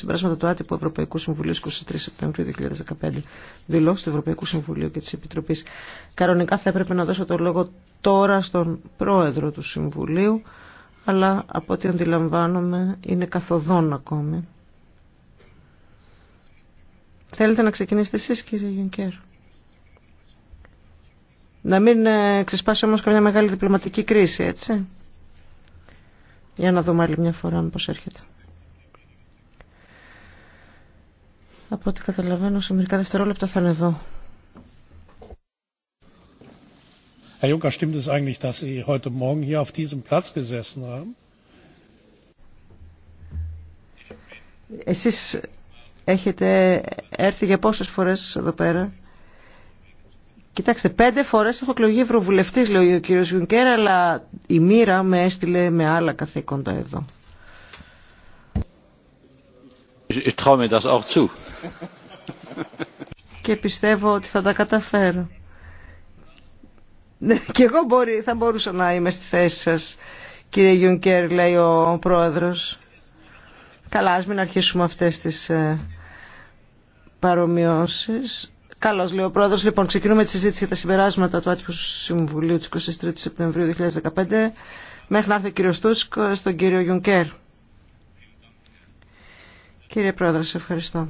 συμπεράσματα του άτυπου Ευρωπαϊκού Συμβουλίου 23 Σεπτεμβρίου 2015, δηλώσει του Ευρωπαϊκού Συμβουλίου και τη Επιτροπή. Κανονικά θα έπρεπε να δώσω το λόγο τώρα στον πρόεδρο του Συμβουλίου, αλλά από ό,τι αντιλαμβάνομαι είναι καθοδόν ακόμη. Θέλετε να ξεκινήσετε εσεί, κύριε Γιουνκέρ. Να μην ε, ξεσπάσει όμω καμιά μεγάλη διπλωματική κρίση, έτσι. Για να δούμε άλλη μια φορά πώ έρχεται. Από ό,τι καταλαβαίνω, σε μερικά δευτερόλεπτα θα είναι εδώ. Herr Juncker, stimmt es eigentlich, dass Sie heute Morgen hier auf diesem Platz gesessen haben? Εσείς έχετε έρθει για πόσες φορές εδώ πέρα. Κοιτάξτε, πέντε φορές έχω εκλογεί ευρωβουλευτής, λέει ο κύριος Γιουνκέρ, αλλά η μοίρα με έστειλε με άλλα καθήκοντα εδώ. Ich traue mir das auch zu και πιστεύω ότι θα τα καταφέρω. Ναι, και εγώ μπορεί, θα μπορούσα να είμαι στη θέση σας, κύριε Γιουνκέρ, λέει ο πρόεδρος. Καλά, ας μην αρχίσουμε αυτές τις ε, παρομοιώσεις. Καλώ, λέει ο πρόεδρος. Λοιπόν, ξεκινούμε τη συζήτηση για τα συμπεράσματα του Άτυπου Συμβουλίου της 23η Σεπτεμβρίου 2015. Μέχρι να έρθει ο κύριο Τούσκ στον κύριο Γιουνκέρ. Κύριε Πρόεδρε, ευχαριστώ.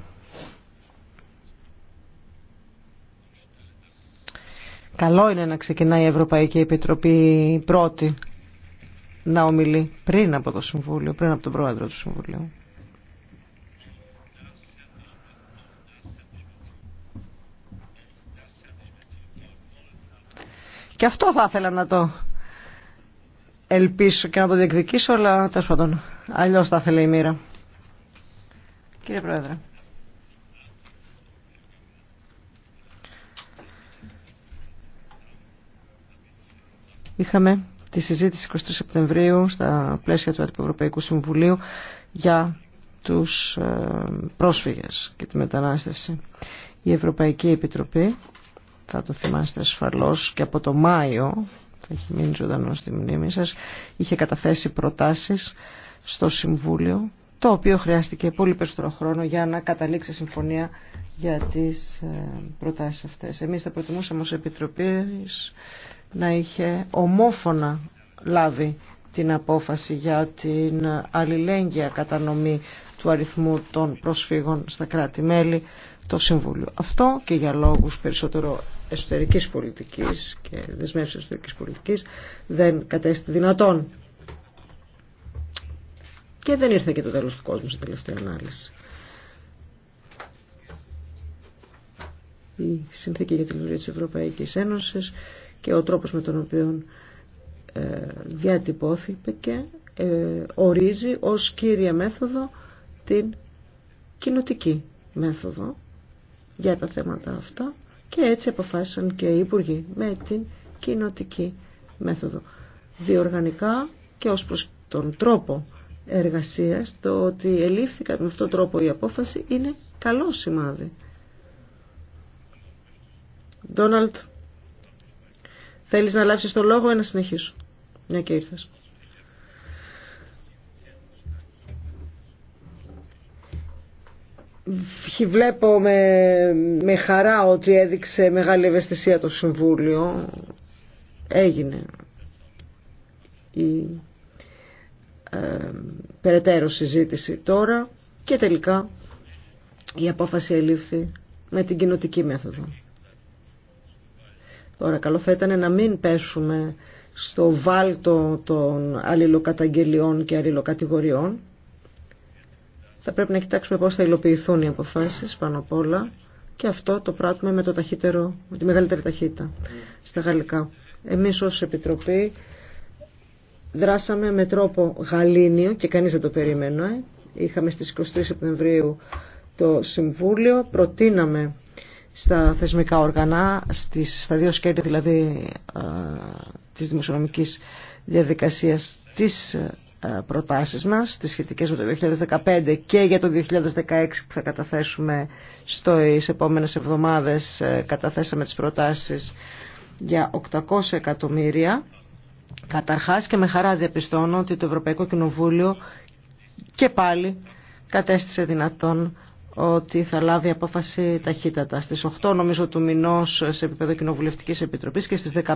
Καλό είναι να ξεκινάει η Ευρωπαϊκή Επιτροπή πρώτη να ομιλεί πριν από το Συμβούλιο, πριν από τον Πρόεδρο του Συμβουλίου. Και αυτό θα ήθελα να το ελπίσω και να το διεκδικήσω, αλλά τέλο πάντων αλλιώ θα ήθελε η μοίρα. Κύριε Πρόεδρε. Είχαμε τη συζήτηση 23 Σεπτεμβρίου στα πλαίσια του Ευρωπαϊκού Συμβουλίου για τους ε, πρόσφυγες και τη μετανάστευση. Η Ευρωπαϊκή Επιτροπή, θα το θυμάστε ασφαλώς και από το Μάιο, θα έχει μείνει ζωντανό στη μνήμη σας, είχε καταθέσει προτάσεις στο Συμβούλιο, το οποίο χρειάστηκε πολύ περισσότερο χρόνο για να καταλήξει συμφωνία για τις ε, προτάσεις αυτές. Εμείς θα προτιμούσαμε ως Επιτροπή να είχε ομόφωνα λάβει την απόφαση για την αλληλέγγυα κατανομή του αριθμού των προσφύγων στα κράτη-μέλη το Συμβούλιο. Αυτό και για λόγους περισσότερο εσωτερικής πολιτικής και δεσμεύσεως εσωτερικής πολιτικής δεν κατέστη δυνατόν. Και δεν ήρθε και το τέλος του κόσμου σε τελευταία ανάλυση. Η συνθήκη για τη λειτουργία της Ευρωπαϊκής Ένωσης και ο τρόπος με τον οποίο ε, διατυπώθηκε και ε, ορίζει ως κύρια μέθοδο την κοινοτική μέθοδο για τα θέματα αυτά και έτσι αποφάσισαν και οι Υπουργοί με την κοινοτική μέθοδο. Διοργανικά και ως προς τον τρόπο εργασίας, το ότι ελήφθηκαν με αυτόν τον τρόπο η απόφαση είναι καλό σημάδι. Donald Θέλεις να λάβεις το λόγο ή να συνεχίσω. Μια και ήρθες. Βλέπω με, με χαρά ότι έδειξε μεγάλη ευαισθησία το Συμβούλιο. Έγινε η ε, περαιτέρω συζήτηση τώρα και τελικά η απόφαση ελήφθη με την κοινοτική μέθοδο. Τώρα καλό θα ήταν να μην πέσουμε στο βάλτο των αλληλοκαταγγελιών και αλληλοκατηγοριών. Θα πρέπει να κοιτάξουμε πώς θα υλοποιηθούν οι αποφάσεις πάνω απ' όλα και αυτό το πράττουμε με, το ταχύτερο, με τη μεγαλύτερη ταχύτητα στα γαλλικά. Εμείς ως Επιτροπή δράσαμε με τρόπο γαλήνιο και κανείς δεν το περίμενε. Είχαμε στις 23 Σεπτεμβρίου το Συμβούλιο, προτείναμε στα θεσμικά όργανα, στις, στα δύο σκέλη δηλαδή α, ε, της δημοσιονομικής διαδικασίας της ε, προτάσεις μας, τις σχετικές με το 2015 και για το 2016 που θα καταθέσουμε εις επόμενες εβδομάδες ε, καταθέσαμε τις προτάσεις για 800 εκατομμύρια. Καταρχάς και με χαρά διαπιστώνω ότι το Ευρωπαϊκό Κοινοβούλιο και πάλι κατέστησε δυνατόν ότι θα λάβει απόφαση ταχύτατα. Στις 8 νομίζω του μηνός σε επίπεδο Κοινοβουλευτικής Επιτροπής και στις 15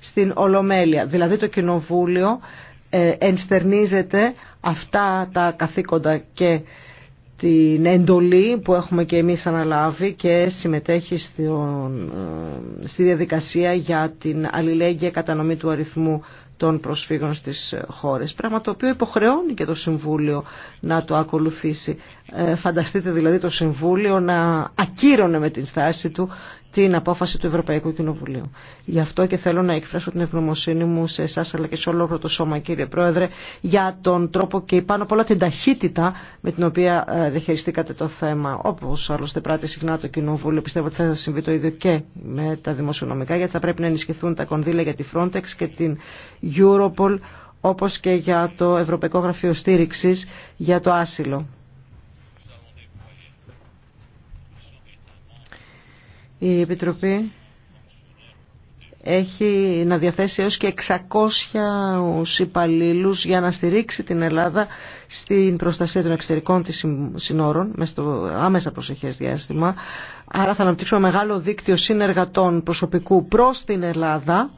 στην Ολομέλεια. Δηλαδή το Κοινοβούλιο ε, ενστερνίζεται αυτά τα καθήκοντα και την εντολή που έχουμε και εμείς αναλάβει και συμμετέχει ε, στη διαδικασία για την αλληλέγγυα κατανομή του αριθμού των προσφύγων στις χώρες. Πράγμα το οποίο υποχρεώνει και το Συμβούλιο να το ακολουθήσει. Ε, φανταστείτε δηλαδή το Συμβούλιο να ακύρωνε με την στάση του την απόφαση του Ευρωπαϊκού Κοινοβουλίου. Γι' αυτό και θέλω να εκφράσω την ευγνωμοσύνη μου σε εσά αλλά και σε όλο το σώμα, κύριε Πρόεδρε, για τον τρόπο και πάνω απ' όλα την ταχύτητα με την οποία ε, διαχειριστήκατε το θέμα. Όπω άλλωστε πράττει συχνά το Κοινοβούλιο, πιστεύω ότι θα συμβεί το ίδιο και με τα δημοσιονομικά, γιατί θα πρέπει να ενισχυθούν τα κονδύλια για τη Frontex και την Europol, όπως και για το Ευρωπαϊκό Γραφείο Στήριξης για το Άσυλο. η Επιτροπή έχει να διαθέσει έως και 600 υπαλλήλους για να στηρίξει την Ελλάδα στην προστασία των εξωτερικών της συνόρων με στο άμεσα προσεχές διάστημα. Άρα θα αναπτύξουμε μεγάλο δίκτυο συνεργατών προσωπικού προς την Ελλάδα.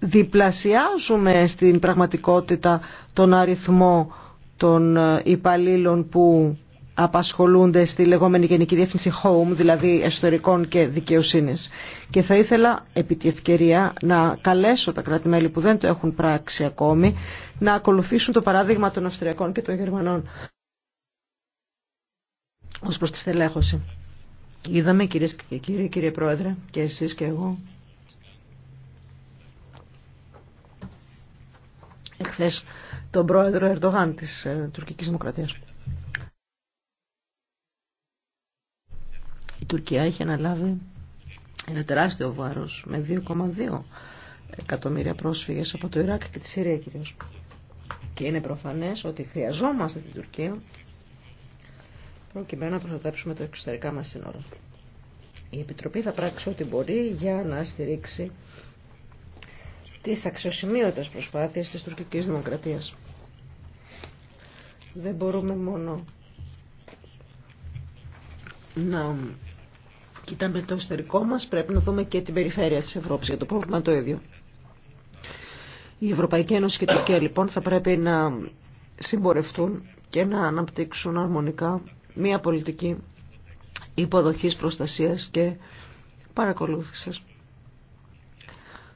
Διπλασιάζουμε στην πραγματικότητα τον αριθμό των ε, υπαλλήλων που απασχολούνται στη λεγόμενη Γενική Διεύθυνση Home, δηλαδή εσωτερικών και δικαιοσύνης. Και θα ήθελα επί τη ευκαιρία να καλέσω τα κράτη-μέλη που δεν το έχουν πράξει ακόμη να ακολουθήσουν το παράδειγμα των Αυστριακών και των Γερμανών ως προς τη στελέχωση. Είδαμε κυρίες και κύριοι, κύριε Πρόεδρε, και εσείς και εγώ, εχθές τον Πρόεδρο Ερντογάν της ε, Τουρκικής Δημοκρατίας. η Τουρκία έχει αναλάβει ένα τεράστιο βάρος με 2,2 εκατομμύρια πρόσφυγες από το Ιράκ και τη Συρία κυρίως. Και είναι προφανές ότι χρειαζόμαστε την Τουρκία προκειμένου να προστατέψουμε τα εξωτερικά μας σύνορα. Η Επιτροπή θα πράξει ό,τι μπορεί για να στηρίξει τις αξιοσημείωτες προσπάθειες της τουρκικής δημοκρατίας. Δεν μπορούμε μόνο να κοιτάμε το εσωτερικό μας, πρέπει να δούμε και την περιφέρεια της Ευρώπης για το πρόβλημα το ίδιο. Η Ευρωπαϊκή Ένωση και η Τουρκία λοιπόν θα πρέπει να συμπορευτούν και να αναπτύξουν αρμονικά μια πολιτική υποδοχής, προστασίας και παρακολούθησης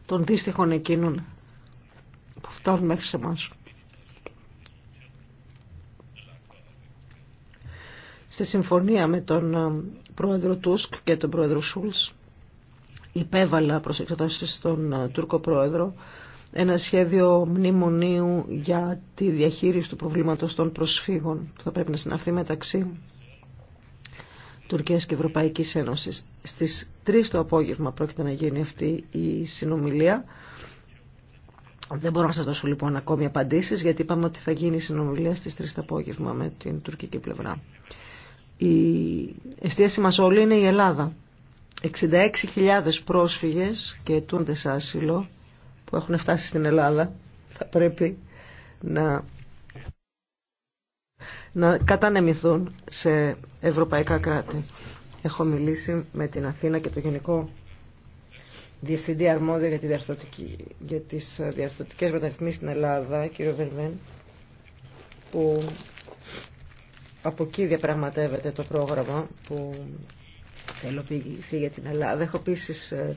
των δύστιχων εκείνων που φτάνουν μέχρι σε εμάς. σε συμφωνία με τον ε, πρόεδρο Τούσκ και τον πρόεδρο Σούλς υπέβαλα προς εξετάσεις στον ε, Τούρκο πρόεδρο ένα σχέδιο μνημονίου για τη διαχείριση του προβλήματος των προσφύγων που θα πρέπει να συναυθεί μεταξύ Τουρκίας και Ευρωπαϊκής Ένωσης. Στις 3 το απόγευμα πρόκειται να γίνει αυτή η συνομιλία. Δεν μπορώ να σας δώσω λοιπόν ακόμη απαντήσεις γιατί είπαμε ότι θα γίνει η συνομιλία στις 3 το απόγευμα με την τουρκική πλευρά η εστίαση μας όλη είναι η Ελλάδα. 66.000 πρόσφυγες και αιτούντες άσυλο που έχουν φτάσει στην Ελλάδα θα πρέπει να, να κατανεμηθούν σε ευρωπαϊκά κράτη. Έχω μιλήσει με την Αθήνα και το Γενικό Διευθυντή Αρμόδιο για, τη για τις διαρθρωτικές μεταρρυθμίσεις στην Ελλάδα, κύριο Βερβέν, που από εκεί διαπραγματεύεται το πρόγραμμα που θέλω πηγηθεί για την Ελλάδα. Έχω επίση ε,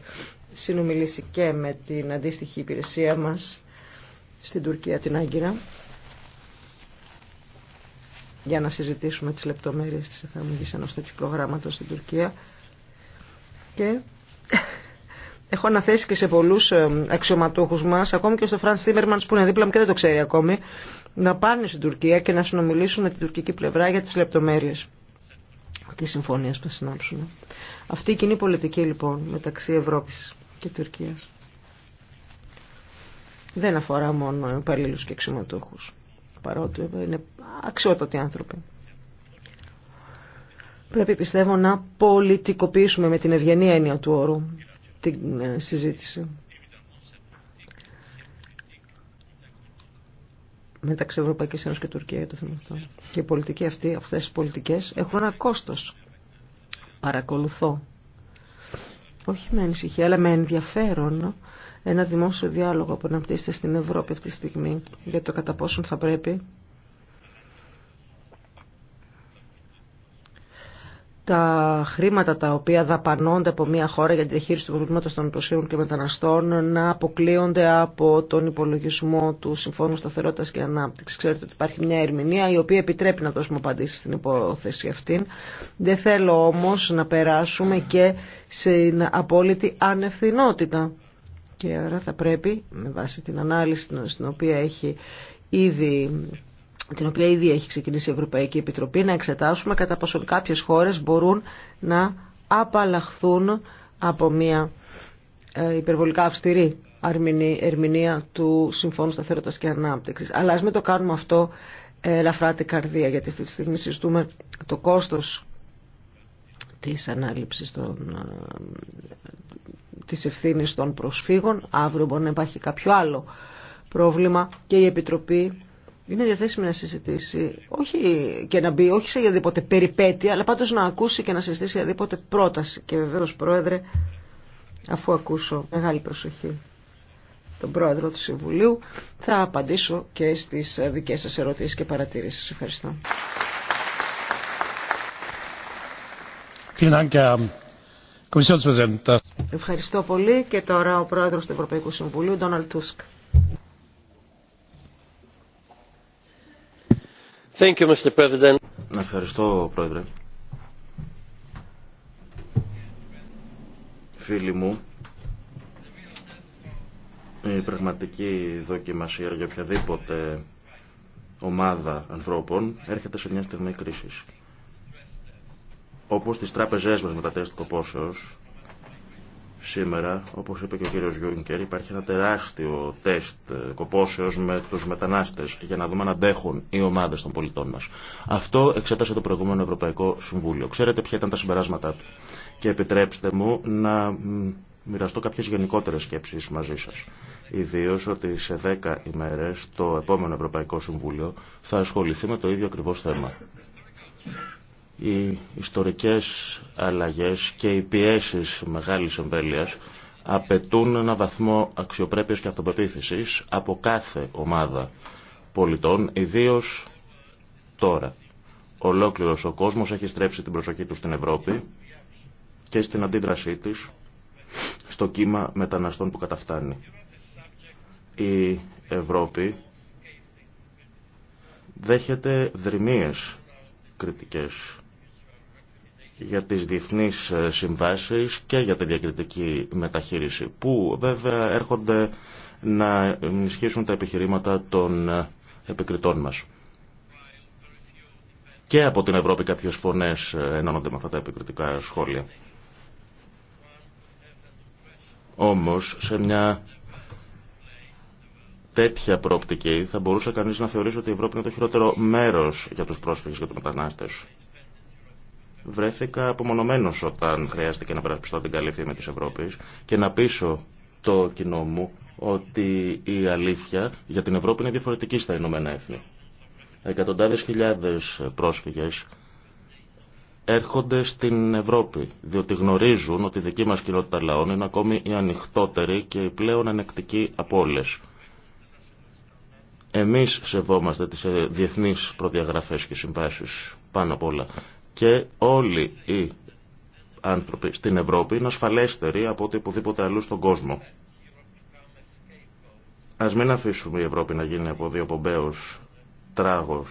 συνομιλήσει και με την αντίστοιχη υπηρεσία μας στην Τουρκία την Άγκυρα για να συζητήσουμε τις λεπτομέρειες της εφαρμογής ενός τέτοιου προγράμματος στην Τουρκία και έχω αναθέσει και σε πολλούς ε, αξιωματούχους μας ακόμη και στο Φραντ Τίμερμαντς που είναι δίπλα μου και δεν το ξέρει ακόμη να πάνε στην Τουρκία και να συνομιλήσουν με την τουρκική πλευρά για τις λεπτομέρειες της συμφωνίας που θα συνάψουν. Αυτή η κοινή πολιτική λοιπόν μεταξύ Ευρώπης και Τουρκίας δεν αφορά μόνο υπαλλήλου και εξωματούχου. παρότι είναι αξιότατοι άνθρωποι. Πρέπει πιστεύω να πολιτικοποιήσουμε με την ευγενή έννοια του όρου την ε, συζήτηση μεταξύ Ευρωπαϊκής Ένωσης και Τουρκία για το θέμα αυτό. Και οι πολιτικοί αυτοί, αυτές οι πολιτικές έχουν ένα κόστος. Παρακολουθώ. Όχι με ανησυχία, αλλά με ενδιαφέρον ένα δημόσιο διάλογο που αναπτύσσεται στην Ευρώπη αυτή τη στιγμή για το κατά πόσον θα πρέπει τα χρήματα τα οποία δαπανώνται από μια χώρα για τη διαχείριση του προβλήματος των προσφύγων και μεταναστών να αποκλείονται από τον υπολογισμό του Συμφώνου Σταθερότητας και Ανάπτυξης. Ξέρετε ότι υπάρχει μια ερμηνεία η οποία επιτρέπει να δώσουμε απαντήσεις στην υπόθεση αυτή. Δεν θέλω όμως να περάσουμε και στην απόλυτη ανευθυνότητα. Και άρα θα πρέπει, με βάση την ανάλυση στην οποία έχει ήδη την οποία ήδη έχει ξεκινήσει η Ευρωπαϊκή Επιτροπή, να εξετάσουμε κατά πόσο κάποιες χώρες μπορούν να απαλλαχθούν από μια ε, υπερβολικά αυστηρή ερμηνεία του Συμφώνου Σταθερότητας και Ανάπτυξης. Αλλά ας μην το κάνουμε αυτό ε, ελαφρά την καρδία, γιατί αυτή τη στιγμή συζητούμε το κόστος της ανάληψης των, ε, της ευθύνης των προσφύγων. Αύριο μπορεί να υπάρχει κάποιο άλλο πρόβλημα και η Επιτροπή είναι διαθέσιμη να συζητήσει όχι και να μπει όχι σε οποιαδήποτε περιπέτεια, αλλά πάντως να ακούσει και να συζητήσει οποιαδήποτε πρόταση. Και βεβαίως, Πρόεδρε, αφού ακούσω μεγάλη προσοχή τον Πρόεδρο του Συμβουλίου, θα απαντήσω και στις δικές σας ερωτήσεις και παρατηρήσεις. Ευχαριστώ. Ευχαριστώ πολύ και τώρα ο Πρόεδρος του Ευρωπαϊκού Συμβουλίου, Ντόναλτ Τούσκ. Ευχαριστώ, Πρόεδρε. Φίλοι μου, η πραγματική δοκιμασία για οποιαδήποτε ομάδα ανθρώπων έρχεται σε μια στιγμή κρίσης. Όπως τις τράπεζές μας με τα τεστ κοπόσεως, Σήμερα, όπως είπε και ο κύριος Γιούγκερ, υπάρχει ένα τεράστιο τεστ ε, κοπόσεως με τους μετανάστες για να δούμε αν αντέχουν οι ομάδες των πολιτών μας. Αυτό εξέτασε το προηγούμενο Ευρωπαϊκό Συμβούλιο. Ξέρετε ποια ήταν τα συμπεράσματά του. Και επιτρέψτε μου να μοιραστώ κάποιες γενικότερες σκέψεις μαζί σας. Ιδίως ότι σε 10 ημέρες το επόμενο Ευρωπαϊκό Συμβούλιο θα ασχοληθεί με το ίδιο ακριβώς θέμα. Οι ιστορικές αλλαγές και οι πιέσεις μεγάλης εμβέλειας απαιτούν ένα βαθμό αξιοπρέπειας και αυτοπεποίθησης από κάθε ομάδα πολιτών, ιδίως τώρα. Ολόκληρος ο κόσμος έχει στρέψει την προσοχή του στην Ευρώπη και στην αντίδρασή της στο κύμα μεταναστών που καταφτάνει. Η Ευρώπη δέχεται δρυμίες κριτικές για τις διεθνείς ε, συμβάσεις και για τη διακριτική μεταχείριση που βέβαια έρχονται να ενισχύσουν τα επιχειρήματα των ε, επικριτών μας. Και από την Ευρώπη κάποιες φωνές ε, ενώνονται με αυτά τα επικριτικά σχόλια. Όμως σε μια τέτοια προοπτική θα μπορούσε κανείς να θεωρήσει ότι η Ευρώπη είναι το χειρότερο μέρος για τους πρόσφυγες και τους μετανάστες βρέθηκα απομονωμένο όταν χρειάστηκε να περασπιστώ την καλή φήμη τη Ευρώπη και να πείσω το κοινό μου ότι η αλήθεια για την Ευρώπη είναι διαφορετική στα Ηνωμένα Έθνη. Εκατοντάδε. χιλιάδε πρόσφυγε έρχονται στην Ευρώπη, διότι γνωρίζουν ότι η δική μα κοινότητα λαών είναι ακόμη η ανοιχτότερη και η πλέον ανεκτική από όλε. Εμείς σεβόμαστε τις ε, διεθνείς προδιαγραφές και συμβάσεις πάνω απ' όλα και όλοι οι άνθρωποι στην Ευρώπη είναι ασφαλέστεροι από ό,τι οπουδήποτε αλλού στον κόσμο. Ας μην αφήσουμε η Ευρώπη να γίνει από δύο πομπέως τράγος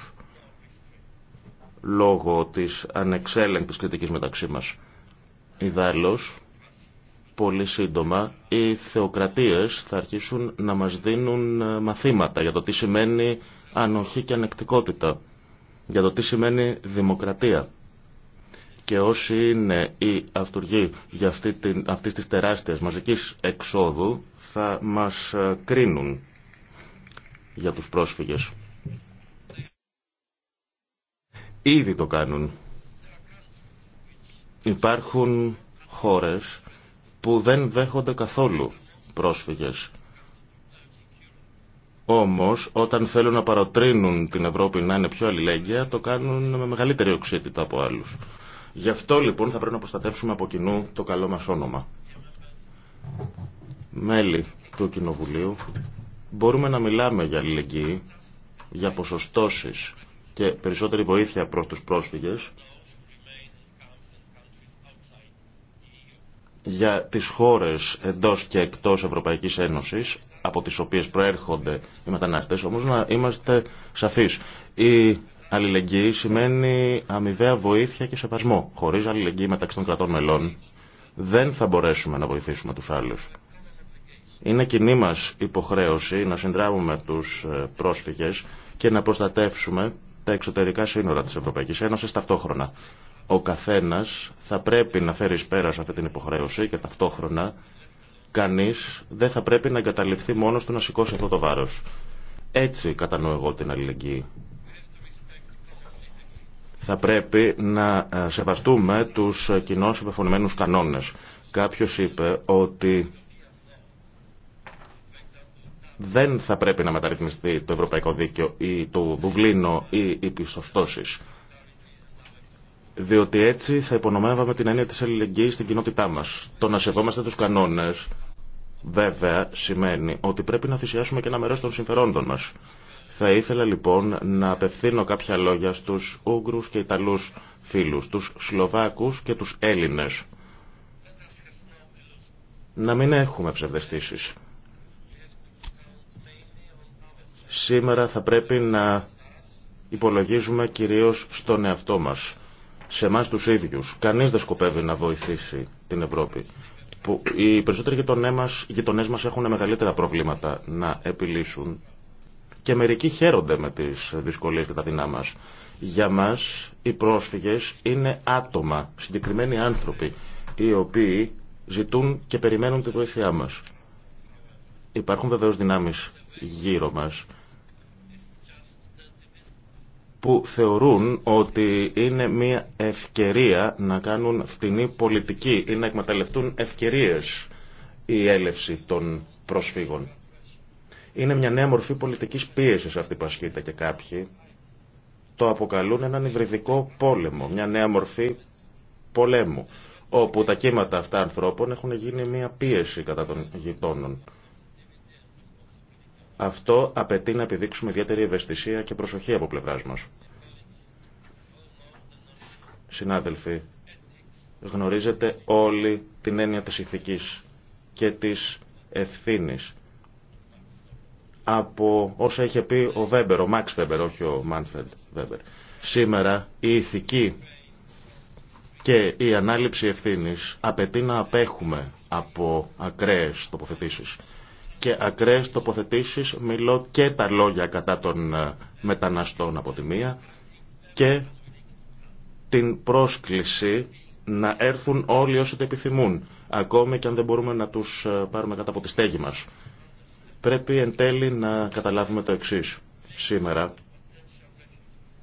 λόγω της ανεξέλεγκτης κριτικής μεταξύ μας. Ιδάλλως, πολύ σύντομα, οι θεοκρατίες θα αρχίσουν να μας δίνουν ε, μαθήματα για το τι σημαίνει ανοχή και ανεκτικότητα, για το τι σημαίνει δημοκρατία και όσοι είναι οι αυτούργοι για αυτή την, αυτής της τεράστιας μαζικής εξόδου θα μας ε, κρίνουν για τους πρόσφυγες. Ήδη το κάνουν. Υπάρχουν χώρες που δεν δέχονται καθόλου πρόσφυγες. Όμως, όταν θέλουν να παροτρύνουν την Ευρώπη να είναι πιο αλληλέγγυα, το κάνουν με μεγαλύτερη οξύτητα από άλλους. Γι' αυτό λοιπόν θα πρέπει να προστατεύσουμε από κοινού το καλό μας όνομα. Μέλη του Κοινοβουλίου, μπορούμε να μιλάμε για αλληλεγγύη, για ποσοστώσεις και περισσότερη βοήθεια προς τους πρόσφυγες, για τις χώρες εντός και εκτός Ευρωπαϊκής Ένωσης, από τις οποίες προέρχονται οι μετανάστες, όμως να είμαστε σαφείς. Αλληλεγγύη σημαίνει αμοιβαία βοήθεια και σεβασμό. χωρί αλληλεγγύη μεταξύ των κρατών μελών δεν θα μπορέσουμε να βοηθήσουμε του άλλου. Είναι κοινή μα υποχρέωση να συντράβουμε του ε, πρόσφυγε και να προστατεύσουμε τα εξωτερικά σύνορα τη Ευρωπαϊκή Ένωση, ταυτόχρονα. Ο καθένα θα πρέπει να φέρει πέρα σε αυτή την υποχρέωση και ταυτόχρονα Κανεί δεν θα πρέπει να εγκαταλειφθεί μόνο του να σηκώσει αυτό το βάρο. Έτσι κατανοώ εγώ την αλληλεγγύη θα πρέπει να ε, σεβαστούμε τους κοινώς επεφωνημένους κανόνες. Κάποιος είπε ότι δεν θα πρέπει να μεταρρυθμιστεί το Ευρωπαϊκό Δίκαιο ή το Δουβλίνο ή οι πιστοστώσεις. Διότι έτσι θα υπονομεύαμε την έννοια της αλληλεγγύης στην κοινότητά μας. Το να σεβόμαστε τους κανόνες βέβαια σημαίνει ότι πρέπει να θυσιάσουμε και ένα μερό των συμφερόντων μας. Θα ήθελα λοιπόν να απευθύνω κάποια λόγια στους Ούγγρους και Ιταλούς φίλους, τους Σλοβάκους και τους Έλληνες. Να μην έχουμε ψευδεστήσεις. Σήμερα θα πρέπει να υπολογίζουμε κυρίως στον εαυτό μας, σε εμά τους ίδιους. Κανείς δεν σκοπεύει να βοηθήσει την Ευρώπη. Που οι περισσότεροι γειτονές μας, γειτονές μας έχουν μεγαλύτερα προβλήματα να επιλύσουν και μερικοί χαίρονται με τις δυσκολίες και τα δεινά μας. Για μας οι πρόσφυγες είναι άτομα, συγκεκριμένοι άνθρωποι, οι οποίοι ζητούν και περιμένουν τη βοήθειά μας. Υπάρχουν βεβαίως δυνάμεις γύρω μας που θεωρούν ότι είναι μια ευκαιρία να κάνουν φτηνή πολιτική ή να εκμεταλλευτούν ευκαιρίες η έλευση των προσφύγων. Είναι μια νέα μορφή πολιτικής πίεσης αυτή που ασκείται και κάποιοι το αποκαλούν έναν υβριδικό πόλεμο, μια νέα μορφή πολέμου, όπου τα κύματα αυτά ανθρώπων έχουν γίνει μια πίεση κατά των γειτόνων. Αυτό απαιτεί να επιδείξουμε ιδιαίτερη ευαισθησία και προσοχή από πλευρά μας. Συνάδελφοι, γνωρίζετε όλοι την έννοια της ηθικής και της ευθύνης από όσα είχε πει ο Βέμπερ, ο Μάξ Βέμπερ, όχι ο Μάνφρεντ Βέμπερ. Σήμερα η ηθική και η ανάληψη ευθύνης απαιτεί να απέχουμε από ακραίες τοποθετήσεις. Και ακραίες τοποθετήσεις μιλώ και τα λόγια κατά των ε, μεταναστών από τη μία και την πρόσκληση να έρθουν όλοι όσοι το επιθυμούν, ακόμη και αν δεν μπορούμε να τους ε, πάρουμε κατά από τη στέγη μας. Πρέπει εν τέλει να καταλάβουμε το εξής. Σήμερα,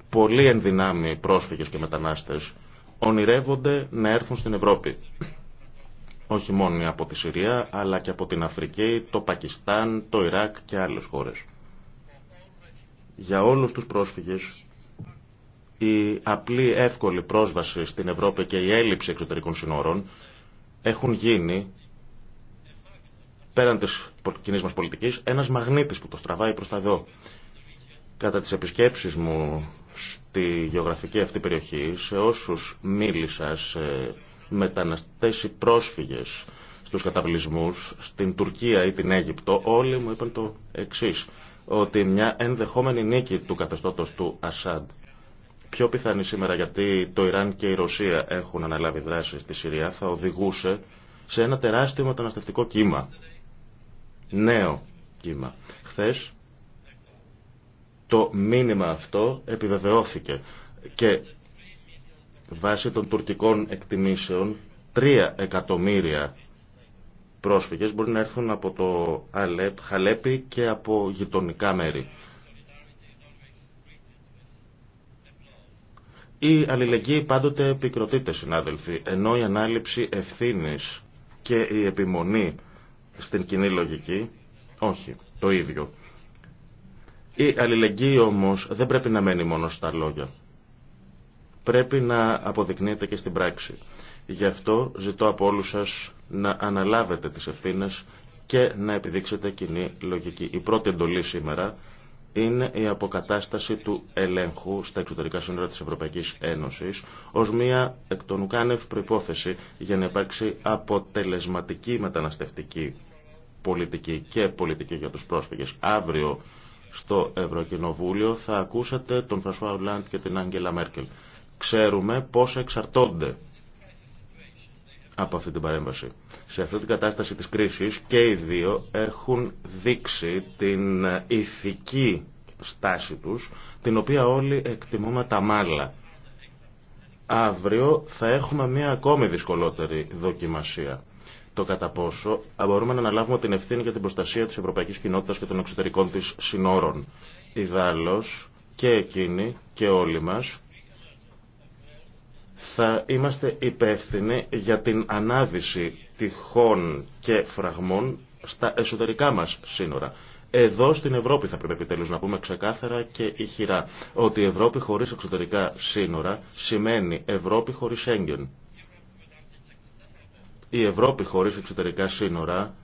πολλοί ενδυνάμοι πρόσφυγες και μετανάστες ονειρεύονται να έρθουν στην Ευρώπη. Όχι μόνο από τη Συρία, αλλά και από την Αφρική, το Πακιστάν, το Ιράκ και άλλες χώρες. Για όλους τους πρόσφυγες, η απλή εύκολη πρόσβαση στην Ευρώπη και η έλλειψη εξωτερικών συνόρων έχουν γίνει πέραν της κοινή μας πολιτικής, ένας μαγνήτης που το στραβάει προς τα εδώ, Κατά τις επισκέψεις μου στη γεωγραφική αυτή περιοχή, σε όσους μίλησα, σε μεταναστές ή πρόσφυγες, στους καταβλισμούς, στην Τουρκία ή την Αίγυπτο, όλοι μου είπαν το εξή: ότι μια ενδεχόμενη νίκη του καθεστώτος του Ασάντ πιο πιθανή σήμερα γιατί το Ιράν και η Ρωσία έχουν αναλάβει δράση στη Συρία θα οδηγούσε σε ένα τεράστιο μεταναστευτικό κύμα νέο κύμα. Χθες το μήνυμα αυτό επιβεβαιώθηκε και βάσει των τουρκικών εκτιμήσεων 3 εκατομμύρια πρόσφυγες μπορεί να έρθουν από το Αλέπ, Χαλέπι και από γειτονικά μέρη. Η αλληλεγγύη πάντοτε επικροτείται, συνάδελφοι, ενώ η ανάληψη ευθύνης και η επιμονή στην κοινή λογική. Όχι, το ίδιο. Η αλληλεγγύη όμως δεν πρέπει να μένει μόνο στα λόγια. Πρέπει να αποδεικνύεται και στην πράξη. Γι' αυτό ζητώ από όλους σας να αναλάβετε τις ευθύνες και να επιδείξετε κοινή λογική. Η πρώτη εντολή σήμερα είναι η αποκατάσταση του ελέγχου στα εξωτερικά σύνορα της Ευρωπαϊκής Ένωσης ως μια εκ των ουκάνευ προϋπόθεση για να υπάρξει αποτελεσματική μεταναστευτική πολιτική και πολιτική για τους πρόσφυγες. Αύριο στο Ευρωκοινοβούλιο θα ακούσατε τον Φρασουά Ουλάντ και την Άγγελα Μέρκελ. Ξέρουμε πώς εξαρτώνται από αυτή την παρέμβαση. Σε αυτή την κατάσταση της κρίσης και οι δύο έχουν δείξει την ηθική στάση τους, την οποία όλοι εκτιμούμε τα μάλα. Αύριο θα έχουμε μια ακόμη δυσκολότερη δοκιμασία. Το κατά πόσο μπορούμε να αναλάβουμε την ευθύνη για την προστασία της ευρωπαϊκής κοινότητας και των εξωτερικών της συνόρων. Ιδάλλως και εκείνοι και όλοι μας θα είμαστε υπεύθυνοι για την ανάδυση τυχών και φραγμών στα εσωτερικά μας σύνορα. Εδώ στην Ευρώπη θα πρέπει επιτέλους να πούμε ξεκάθαρα και ηχηρά ότι η Ευρώπη χωρίς εξωτερικά σύνορα σημαίνει Ευρώπη χωρίς έγκεν. Η Ευρώπη χωρίς εξωτερικά σύνορα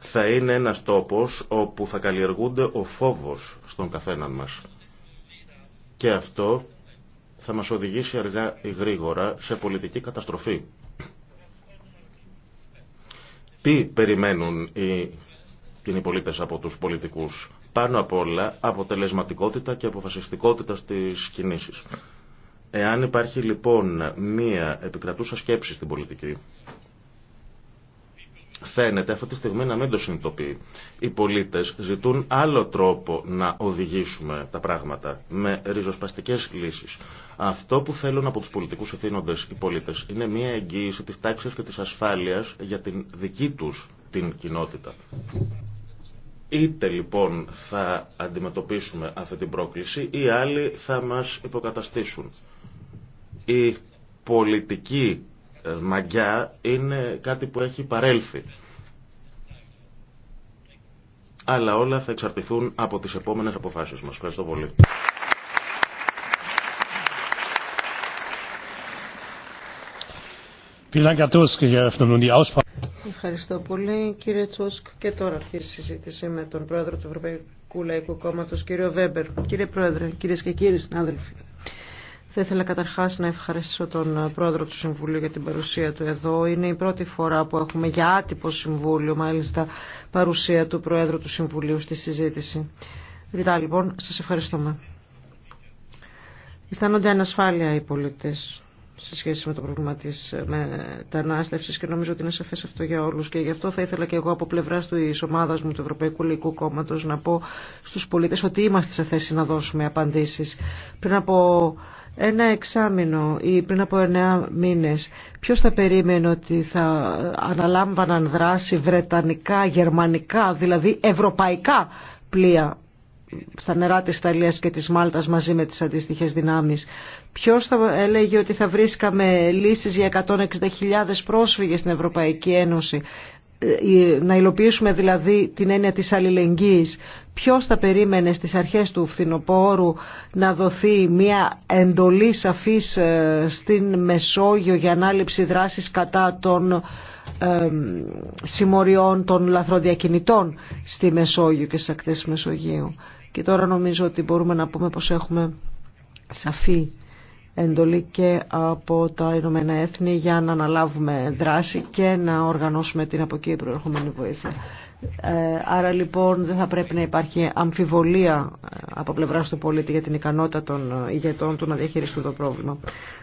θα είναι ένας τόπος όπου θα καλλιεργούνται ο φόβος στον καθέναν μας. Και αυτό θα μας οδηγήσει αργά ή γρήγορα σε πολιτική καταστροφή. Τι περιμένουν οι κοινοί από τους πολιτικούς. Πάνω απ' όλα αποτελεσματικότητα και αποφασιστικότητα στις κινήσεις. Εάν υπάρχει λοιπόν μία επικρατούσα σκέψη στην πολιτική, φαίνεται αυτή τη στιγμή να μην το συνειδητοποιεί. Οι πολίτες ζητούν άλλο τρόπο να οδηγήσουμε τα πράγματα με ριζοσπαστικές λύσεις. Αυτό που θέλουν από τους πολιτικούς ευθύνοντες οι πολίτες είναι μια εγγύηση της τάξης και της ασφάλειας για την δική τους την κοινότητα. Είτε λοιπόν θα αντιμετωπίσουμε αυτή την πρόκληση ή άλλοι θα μας υποκαταστήσουν. Η πολιτική μαγιά είναι κάτι που έχει παρέλθει. Αλλά όλα θα εξαρτηθούν από τις επόμενες αποφάσεις μας. Ευχαριστώ πολύ. Ευχαριστώ πολύ κύριε Τούσκ και τώρα αρχίζει η συζήτηση με τον πρόεδρο του Ευρωπαϊκού Λαϊκού Κόμματος κύριο Βέμπερ. Κύριε Πρόεδρε, κυρίες και κύριοι συνάδελφοι. Θα ήθελα καταρχάς να ευχαριστήσω τον πρόεδρο του Συμβουλίου για την παρουσία του εδώ. Είναι η πρώτη φορά που έχουμε για άτυπο Συμβούλιο, μάλιστα, παρουσία του πρόεδρου του Συμβουλίου στη συζήτηση. Ρητά λοιπόν, σας ευχαριστούμε. Αισθάνονται ανασφάλεια οι πολίτες σε σχέση με το πρόβλημα τη μετανάστευση και νομίζω ότι είναι σαφέ αυτό για όλου. και γι' αυτό θα ήθελα και εγώ από πλευρά τη ομάδα μου του Ευρωπαϊκού Λαϊκού Κόμματο, να πω στου πολίτε ότι είμαστε σε θέση να δώσουμε απαντήσει. Πριν από ένα εξάμεινο ή πριν από εννέα μήνες ποιο θα περίμενε ότι θα αναλάμβαναν δράση βρετανικά, γερμανικά, δηλαδή ευρωπαϊκά πλοία στα νερά της Ιταλίας και της Μάλτας μαζί με τις αντίστοιχες δυνάμεις. Ποιος θα έλεγε ότι θα βρίσκαμε λύσεις για 160.000 πρόσφυγες στην Ευρωπαϊκή Ένωση ε, ε, να υλοποιήσουμε δηλαδή την έννοια της αλληλεγγύης. Ποιος θα περίμενε στις αρχές του φθινοπόρου να δοθεί μια εντολή σαφής ε, στην Μεσόγειο για ανάληψη δράσης κατά των ε, συμμοριών των λαθροδιακινητών στη Μεσόγειο και στις ακτές Μεσογείου. Και τώρα νομίζω ότι μπορούμε να πούμε πως έχουμε σαφή εντολή και από τα Ηνωμένα Έθνη για να αναλάβουμε δράση και να οργανώσουμε την από εκεί προερχόμενη βοήθεια. Ε, άρα λοιπόν δεν θα πρέπει να υπάρχει αμφιβολία ε, από πλευρά του πολίτη για την ικανότητα των ηγετών του να διαχειριστούν το πρόβλημα.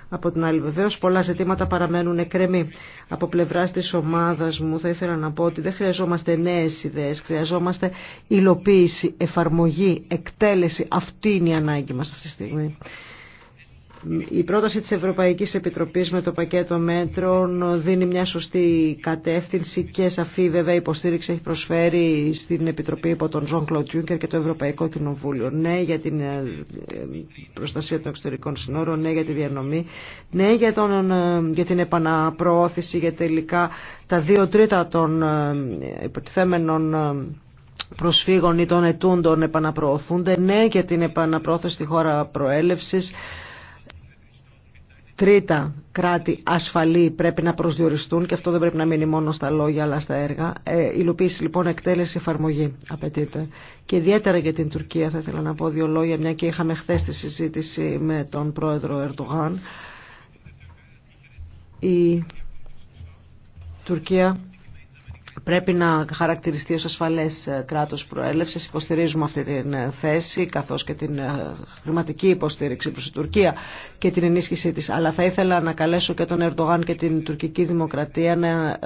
Από την άλλη βεβαίω πολλά ζητήματα παραμένουν εκκρεμή. Από πλευρά τη ομάδα μου θα ήθελα να πω ότι δεν χρειαζόμαστε νέε ιδέε, χρειαζόμαστε υλοποίηση, εφαρμογή, εκτέλεση. Αυτή είναι η ανάγκη μα αυτή τη στιγμή. Η πρόταση της Ευρωπαϊκής Επιτροπής με το πακέτο μέτρων δίνει μια σωστή κατεύθυνση και σαφή βέβαια υποστήριξη έχει προσφέρει στην Επιτροπή υπό τον Ζων Κλοντ και το Ευρωπαϊκό Κοινοβούλιο. Ναι για την ε, προστασία των εξωτερικών συνόρων, ναι για τη διανομή, ναι για, τον, ε, για την επαναπροώθηση για τελικά τα δύο τρίτα των ε, υποτιθέμενων προσφύγων ή των ετούντων επαναπροωθούνται, ναι για την επαναπρόθεση στη χώρα προέλευσης, τρίτα κράτη ασφαλή πρέπει να προσδιοριστούν και αυτό δεν πρέπει να μείνει μόνο στα λόγια αλλά στα έργα. Ε, υλοποίηση λοιπόν, εκτέλεση, εφαρμογή απαιτείται. Και ιδιαίτερα για την Τουρκία θα ήθελα να πω δύο λόγια, μια και είχαμε χθε τη συζήτηση με τον πρόεδρο Ερντογάν. Η Τουρκία πρέπει να χαρακτηριστεί ως ασφαλές ε, κράτος προέλευσης. Υποστηρίζουμε αυτή την ε, θέση καθώς και την ε, χρηματική υποστήριξη προς την Τουρκία και την ενίσχυσή της. Αλλά θα ήθελα να καλέσω και τον Ερντογάν και την τουρκική δημοκρατία να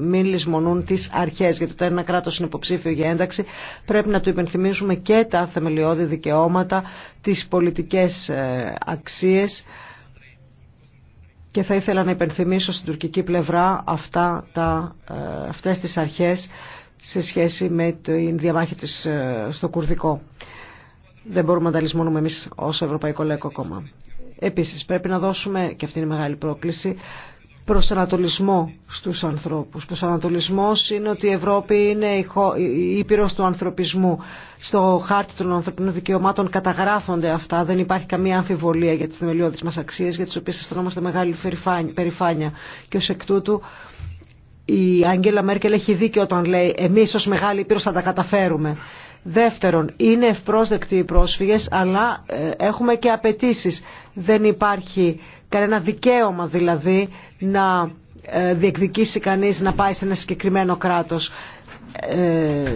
μην λησμονούν τις αρχές γιατί το ένα κράτος είναι υποψήφιο για ένταξη πρέπει να του υπενθυμίσουμε και τα θεμελιώδη δικαιώματα, τις πολιτικές αξίες και θα ήθελα να υπενθυμίσω στην τουρκική πλευρά αυτά τα, ε, αυτές τις αρχές σε σχέση με την διαμάχη της ε, στο Κουρδικό. Δεν μπορούμε να τα λησμονούμε εμείς ως Ευρωπαϊκό Λαϊκό Κόμμα. Επίσης πρέπει να δώσουμε, και αυτή είναι η μεγάλη πρόκληση, προσανατολισμό στους ανθρώπους. Προσανατολισμός είναι ότι η Ευρώπη είναι η ήπειρος του ανθρωπισμού. Στο χάρτη των ανθρωπινών δικαιωμάτων καταγράφονται αυτά. Δεν υπάρχει καμία αμφιβολία για τις θεμελιώδεις μας αξίες, για τις οποίες αισθανόμαστε μεγάλη περηφάνεια. Και ως εκ τούτου η Άγγελα Μέρκελ έχει δίκιο όταν λέει εμείς ως μεγάλη ήπειρος θα τα καταφέρουμε. Δεύτερον, είναι ευπρόσδεκτοι οι πρόσφυγες, αλλά ε, έχουμε και απαιτήσει. Δεν υπάρχει κανένα δικαίωμα δηλαδή να ε, διεκδικήσει κανείς να πάει σε ένα συγκεκριμένο κράτος. Ε,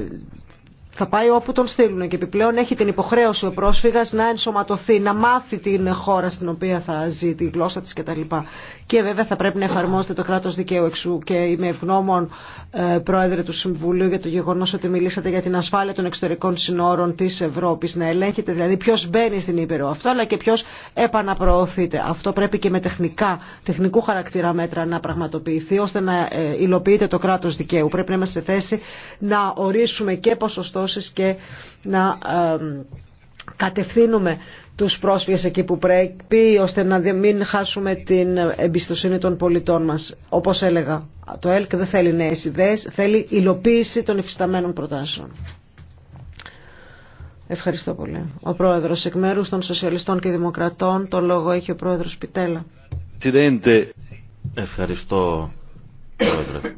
θα πάει όπου τον στείλουν και επιπλέον έχει την υποχρέωση ο πρόσφυγας να ενσωματωθεί, να μάθει την χώρα στην οποία θα ζει, τη γλώσσα της κτλ. Και βέβαια θα πρέπει να εφαρμόζεται το κράτος δικαίου εξού και είμαι ευγνώμων ε, πρόεδρε του Συμβουλίου για το γεγονός ότι μιλήσατε για την ασφάλεια των εξωτερικών συνόρων της Ευρώπης, να ελέγχεται. δηλαδή ποιο μπαίνει στην Ήπειρο αυτό αλλά και ποιο επαναπροωθείται. Αυτό πρέπει και με τεχνικά, τεχνικού χαρακτήρα μέτρα να πραγματοποιηθεί ώστε να ε, υλοποιείται το κράτος δικαίου. Πρέπει να είμαστε σε θέση να ορίσουμε και ποσοστό και να κατευθύνουμε τους πρόσφυγες εκεί που πρέπει ώστε να μην χάσουμε την εμπιστοσύνη των πολιτών μας. Όπως έλεγα, το ΕΛΚ δεν θέλει νέες ιδέες, θέλει υλοποίηση των υφισταμένων προτάσεων. Ευχαριστώ πολύ. Ο Πρόεδρος εκ μέρους των Σοσιαλιστών και Δημοκρατών, το λόγο έχει ο Πρόεδρος Πιτέλα. Ευχαριστώ, Πρόεδρε.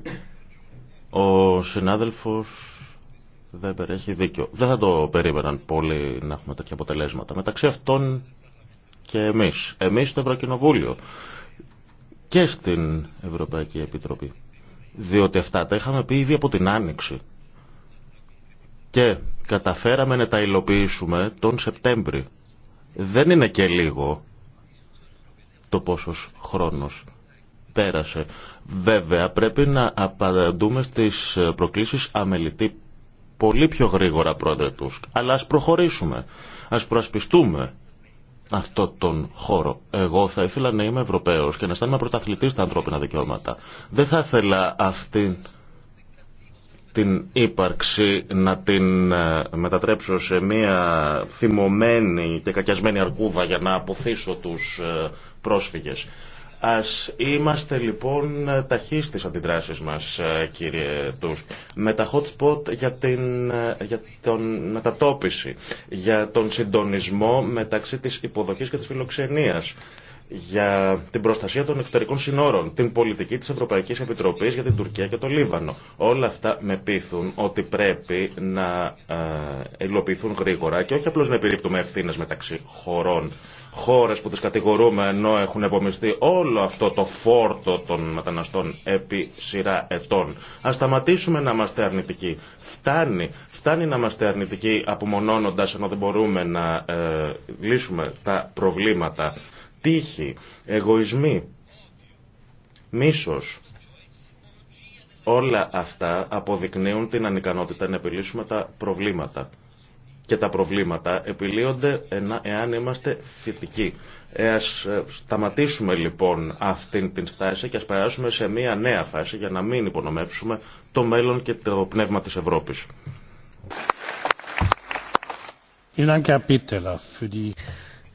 Ο συνάδελφος έχει δίκιο. Δεν θα το περίμεναν πολύ να έχουμε τέτοια αποτελέσματα. Μεταξύ αυτών και εμείς. Εμείς στο Ευρωκοινοβούλιο και στην Ευρωπαϊκή Επιτροπή. Διότι αυτά τα είχαμε πει ήδη από την Άνοιξη. Και καταφέραμε να τα υλοποιήσουμε τον Σεπτέμβρη. Δεν είναι και λίγο το πόσος χρόνος πέρασε. Βέβαια πρέπει να απαντούμε στις προκλήσεις αμελητή πολύ πιο γρήγορα, πρόεδρε Τούσκ. Αλλά ας προχωρήσουμε, ας προασπιστούμε αυτό τον χώρο. Εγώ θα ήθελα να είμαι Ευρωπαίος και να αισθάνομαι πρωταθλητής στα ανθρώπινα δικαιώματα. Δεν θα ήθελα αυτή την ύπαρξη να την ε, μετατρέψω σε μια θυμωμένη και κακιασμένη αρκούδα για να αποθήσω τους ε, πρόσφυγες. Ας είμαστε λοιπόν ταχύ στις αντιδράσεις μας, ε, κύριε Τούς, με τα hot spot για, την, ε, για τον μετατόπιση, για τον συντονισμό μεταξύ της υποδοχής και της φιλοξενίας για την προστασία των εξωτερικών συνόρων, την πολιτική της Ευρωπαϊκής Επιτροπής για την Τουρκία και το Λίβανο. Όλα αυτά με πείθουν ότι πρέπει να ε, υλοποιηθούν γρήγορα και όχι απλώς να επιρρύπτουμε ευθύνε μεταξύ χωρών χώρες που τις κατηγορούμε ενώ έχουν επομιστεί όλο αυτό το φόρτο των μεταναστών επί σειρά ετών. Ας σταματήσουμε να είμαστε αρνητικοί. Φτάνει, φτάνει να είμαστε αρνητικοί απομονώνοντας ενώ δεν μπορούμε να ε, λύσουμε τα προβλήματα. Τύχη, εγωισμοί, μίσος. Όλα αυτά αποδεικνύουν την ανικανότητα να επιλύσουμε τα προβλήματα και τα προβλήματα επιλύονται εάν είμαστε θετικοί. Ε, ας ε, σταματήσουμε λοιπόν αυτήν την στάση και ας περάσουμε σε μια νέα φάση για να μην υπονομεύσουμε το μέλλον και το πνεύμα της Ευρώπης.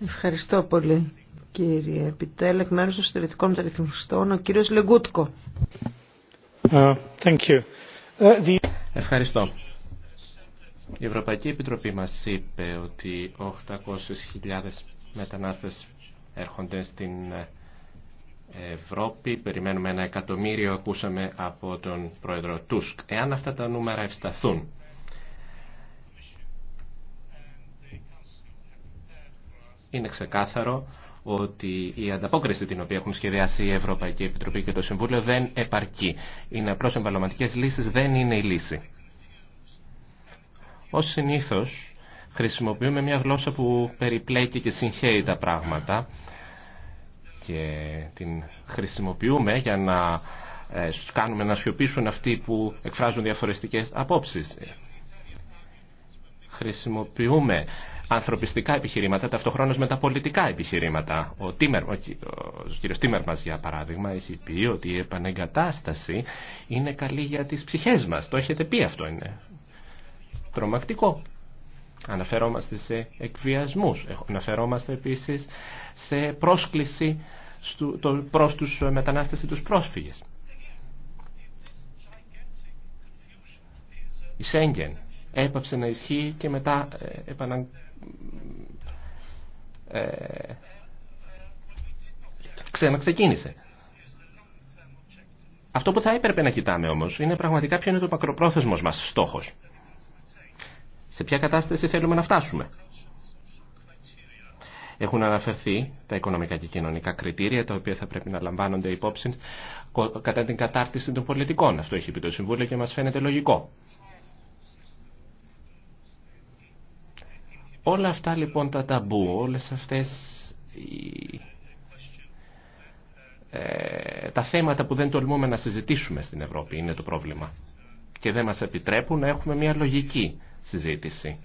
Ευχαριστώ πολύ κύριε Πιτέλα. Εκ μέρους των συντηρητικών μεταρρυθμιστών ο κύριος Λεγκούτκο. Uh, uh Ευχαριστώ. Η Ευρωπαϊκή Επιτροπή μας είπε ότι 800.000 μετανάστες έρχονται στην Ευρώπη. Περιμένουμε ένα εκατομμύριο, ακούσαμε από τον πρόεδρο Τούσκ. Εάν αυτά τα νούμερα ευσταθούν, είναι ξεκάθαρο ότι η ανταπόκριση την οποία έχουν σχεδιάσει η Ευρωπαϊκή Επιτροπή και το Συμβούλιο δεν επαρκεί. Είναι προσεμβαλωματικές λύσεις, δεν είναι η λύση. Ως συνήθως χρησιμοποιούμε μια γλώσσα που περιπλέκει και συγχαίει τα πράγματα και την χρησιμοποιούμε για να ε, κάνουμε να σιωπήσουν αυτοί που εκφράζουν διαφορετικές απόψεις. Χρησιμοποιούμε ανθρωπιστικά επιχειρήματα, ταυτοχρόνως με τα πολιτικά επιχειρήματα. Ο, Τίμερ, ο, κ. Τίμερ μας, για παράδειγμα, έχει πει ότι η επανεγκατάσταση είναι καλή για τις ψυχές μας. Το έχετε πει αυτό, είναι τρομακτικό. Αναφερόμαστε σε εκβιασμούς. Αναφερόμαστε επίσης σε πρόσκληση προς τους μετανάστες ή τους πρόσφυγες. Η Σέγγεν έπαψε να ισχύει και μετά ε, επανα... Ε, ξαναξεκίνησε. Αυτό που θα έπρεπε να κοιτάμε όμως είναι πραγματικά ποιο είναι το μακροπρόθεσμος μας στόχος σε ποια κατάσταση θέλουμε να φτάσουμε. Έχουν αναφερθεί τα οικονομικά και κοινωνικά κριτήρια, τα οποία θα πρέπει να λαμβάνονται υπόψη κατά την κατάρτιση των πολιτικών. Αυτό έχει πει το Συμβούλιο και μας φαίνεται λογικό. Όλα αυτά λοιπόν τα ταμπού, όλες αυτές οι... Ε, τα θέματα που δεν τολμούμε να συζητήσουμε στην Ευρώπη είναι το πρόβλημα. Και δεν μας επιτρέπουν να έχουμε μια λογική συζήτηση.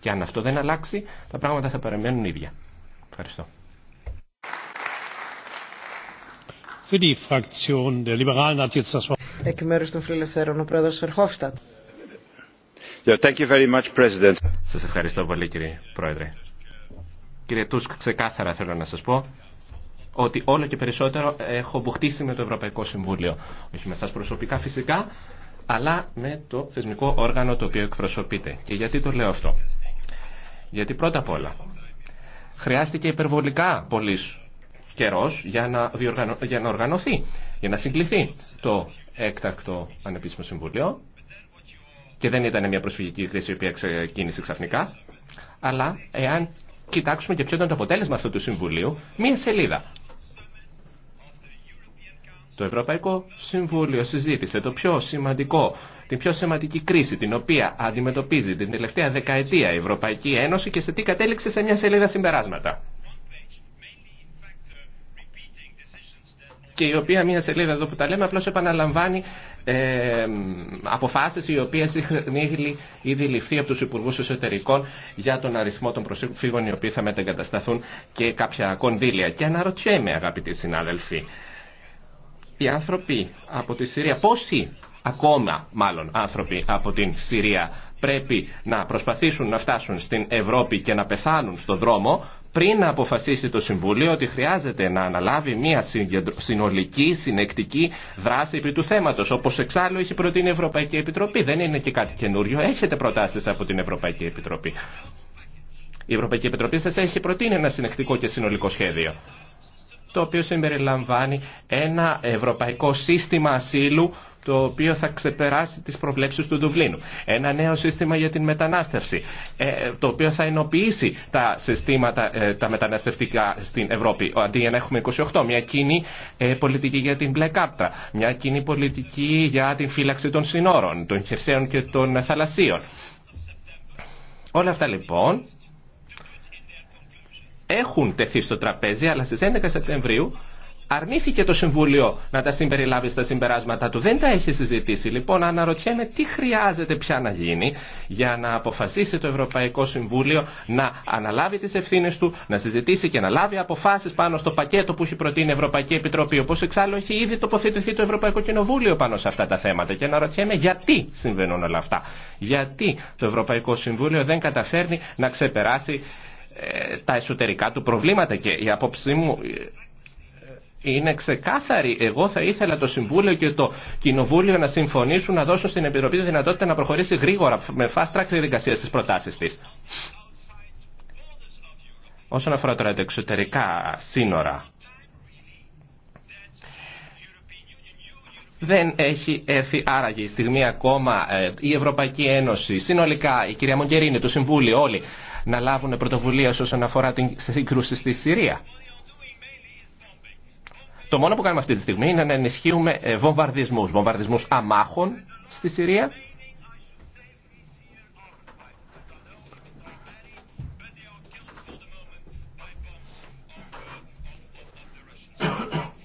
Και αν αυτό δεν αλλάξει, τα πράγματα θα παραμένουν ίδια. Ευχαριστώ. Εκ μέρου των Φιλελευθέρων, ο σας ευχαριστώ πολύ κύριε Πρόεδρε. Κύριε Τούσκ, ξεκάθαρα θέλω να σας πω ότι όλο και περισσότερο έχω μπουχτίσει με το Ευρωπαϊκό Συμβούλιο. Όχι με σας προσωπικά φυσικά, αλλά με το θεσμικό όργανο το οποίο εκπροσωπείται. Και γιατί το λέω αυτό. Γιατί πρώτα απ' όλα χρειάστηκε υπερβολικά πολύ καιρό για, να για να οργανωθεί, για να συγκληθεί το έκτακτο ανεπίσημο συμβουλίο. Και δεν ήταν μια προσφυγική κρίση η οποία ξεκίνησε ξαφνικά. Αλλά εάν κοιτάξουμε και ποιο ήταν το αποτέλεσμα αυτού του συμβουλίου, μία σελίδα το Ευρωπαϊκό Συμβούλιο συζήτησε το πιο σημαντικό, την πιο σημαντική κρίση την οποία αντιμετωπίζει την τελευταία δεκαετία η Ευρωπαϊκή Ένωση και σε τι κατέληξε σε μια σελίδα συμπεράσματα. και η οποία μια σελίδα εδώ που τα λέμε απλώς επαναλαμβάνει ε, αποφάσεις οι οποίες είχαν ήδη ληφθεί από τους Υπουργούς Εσωτερικών για τον αριθμό των προσφύγων οι οποίοι θα μετεγκατασταθούν και κάποια κονδύλια. Και αναρωτιέμαι αγαπητοί συνάδελφοι, οι άνθρωποι από τη Συρία, πόσοι ακόμα μάλλον άνθρωποι από την Συρία πρέπει να προσπαθήσουν να φτάσουν στην Ευρώπη και να πεθάνουν στο δρόμο πριν να αποφασίσει το Συμβουλίο ότι χρειάζεται να αναλάβει μια συνολική, συνεκτική δράση επί του θέματος, όπως εξάλλου έχει προτείνει η Ευρωπαϊκή Επιτροπή. Δεν είναι και κάτι καινούριο. Έχετε προτάσεις από την Ευρωπαϊκή Επιτροπή. Η Ευρωπαϊκή Επιτροπή σας έχει προτείνει ένα συνεκτικό και συνολικό σχέδιο το οποίο συμπεριλαμβάνει ένα ευρωπαϊκό σύστημα ασύλου το οποίο θα ξεπεράσει τις προβλέψεις του Δουβλίνου. Ένα νέο σύστημα για την μετανάστευση, ε, το οποίο θα ενοποιήσει τα συστήματα ε, τα μεταναστευτικά στην Ευρώπη. Αντί για να έχουμε 28, μια κοινή ε, πολιτική για την μπλε κάρτα, μια κοινή πολιτική για την φύλαξη των συνόρων, των χερσαίων και των θαλασσίων. Όλα αυτά λοιπόν έχουν τεθεί στο τραπέζι, αλλά στις 11 Σεπτεμβρίου αρνήθηκε το Συμβούλιο να τα συμπεριλάβει στα συμπεράσματα του. Δεν τα έχει συζητήσει. Λοιπόν, αναρωτιέμαι τι χρειάζεται πια να γίνει για να αποφασίσει το Ευρωπαϊκό Συμβούλιο να αναλάβει τις ευθύνες του, να συζητήσει και να λάβει αποφάσεις πάνω στο πακέτο που έχει προτείνει η Ευρωπαϊκή Επιτροπή. όπως εξάλλου έχει ήδη τοποθετηθεί το Ευρωπαϊκό Κοινοβούλιο πάνω σε αυτά τα θέματα. Και αναρωτιέμαι γιατί συμβαίνουν όλα αυτά. Γιατί το Ευρωπαϊκό Συμβούλιο δεν καταφέρνει να ξεπεράσει ε, τα εσωτερικά του προβλήματα και η απόψη μου ε, ε, είναι ξεκάθαρη. Εγώ θα ήθελα το Συμβούλιο και το Κοινοβούλιο να συμφωνήσουν να δώσουν στην Επιτροπή τη δυνατότητα να προχωρήσει γρήγορα με fast track διαδικασία στις προτάσει τη. Όσον αφορά τώρα τα εξωτερικά σύνορα, δεν έχει έρθει άραγε η στιγμή ακόμα η Ευρωπαϊκή Ένωση, συνολικά η κυρία Μογκερίνη, το Συμβούλιο, όλοι να λάβουν πρωτοβουλία όσον αφορά την σύγκρουση στη Συρία. Το μόνο που κάνουμε αυτή τη στιγμή είναι να ενισχύουμε ε, βομβαρδισμούς, βομβαρδισμούς αμάχων στη Συρία.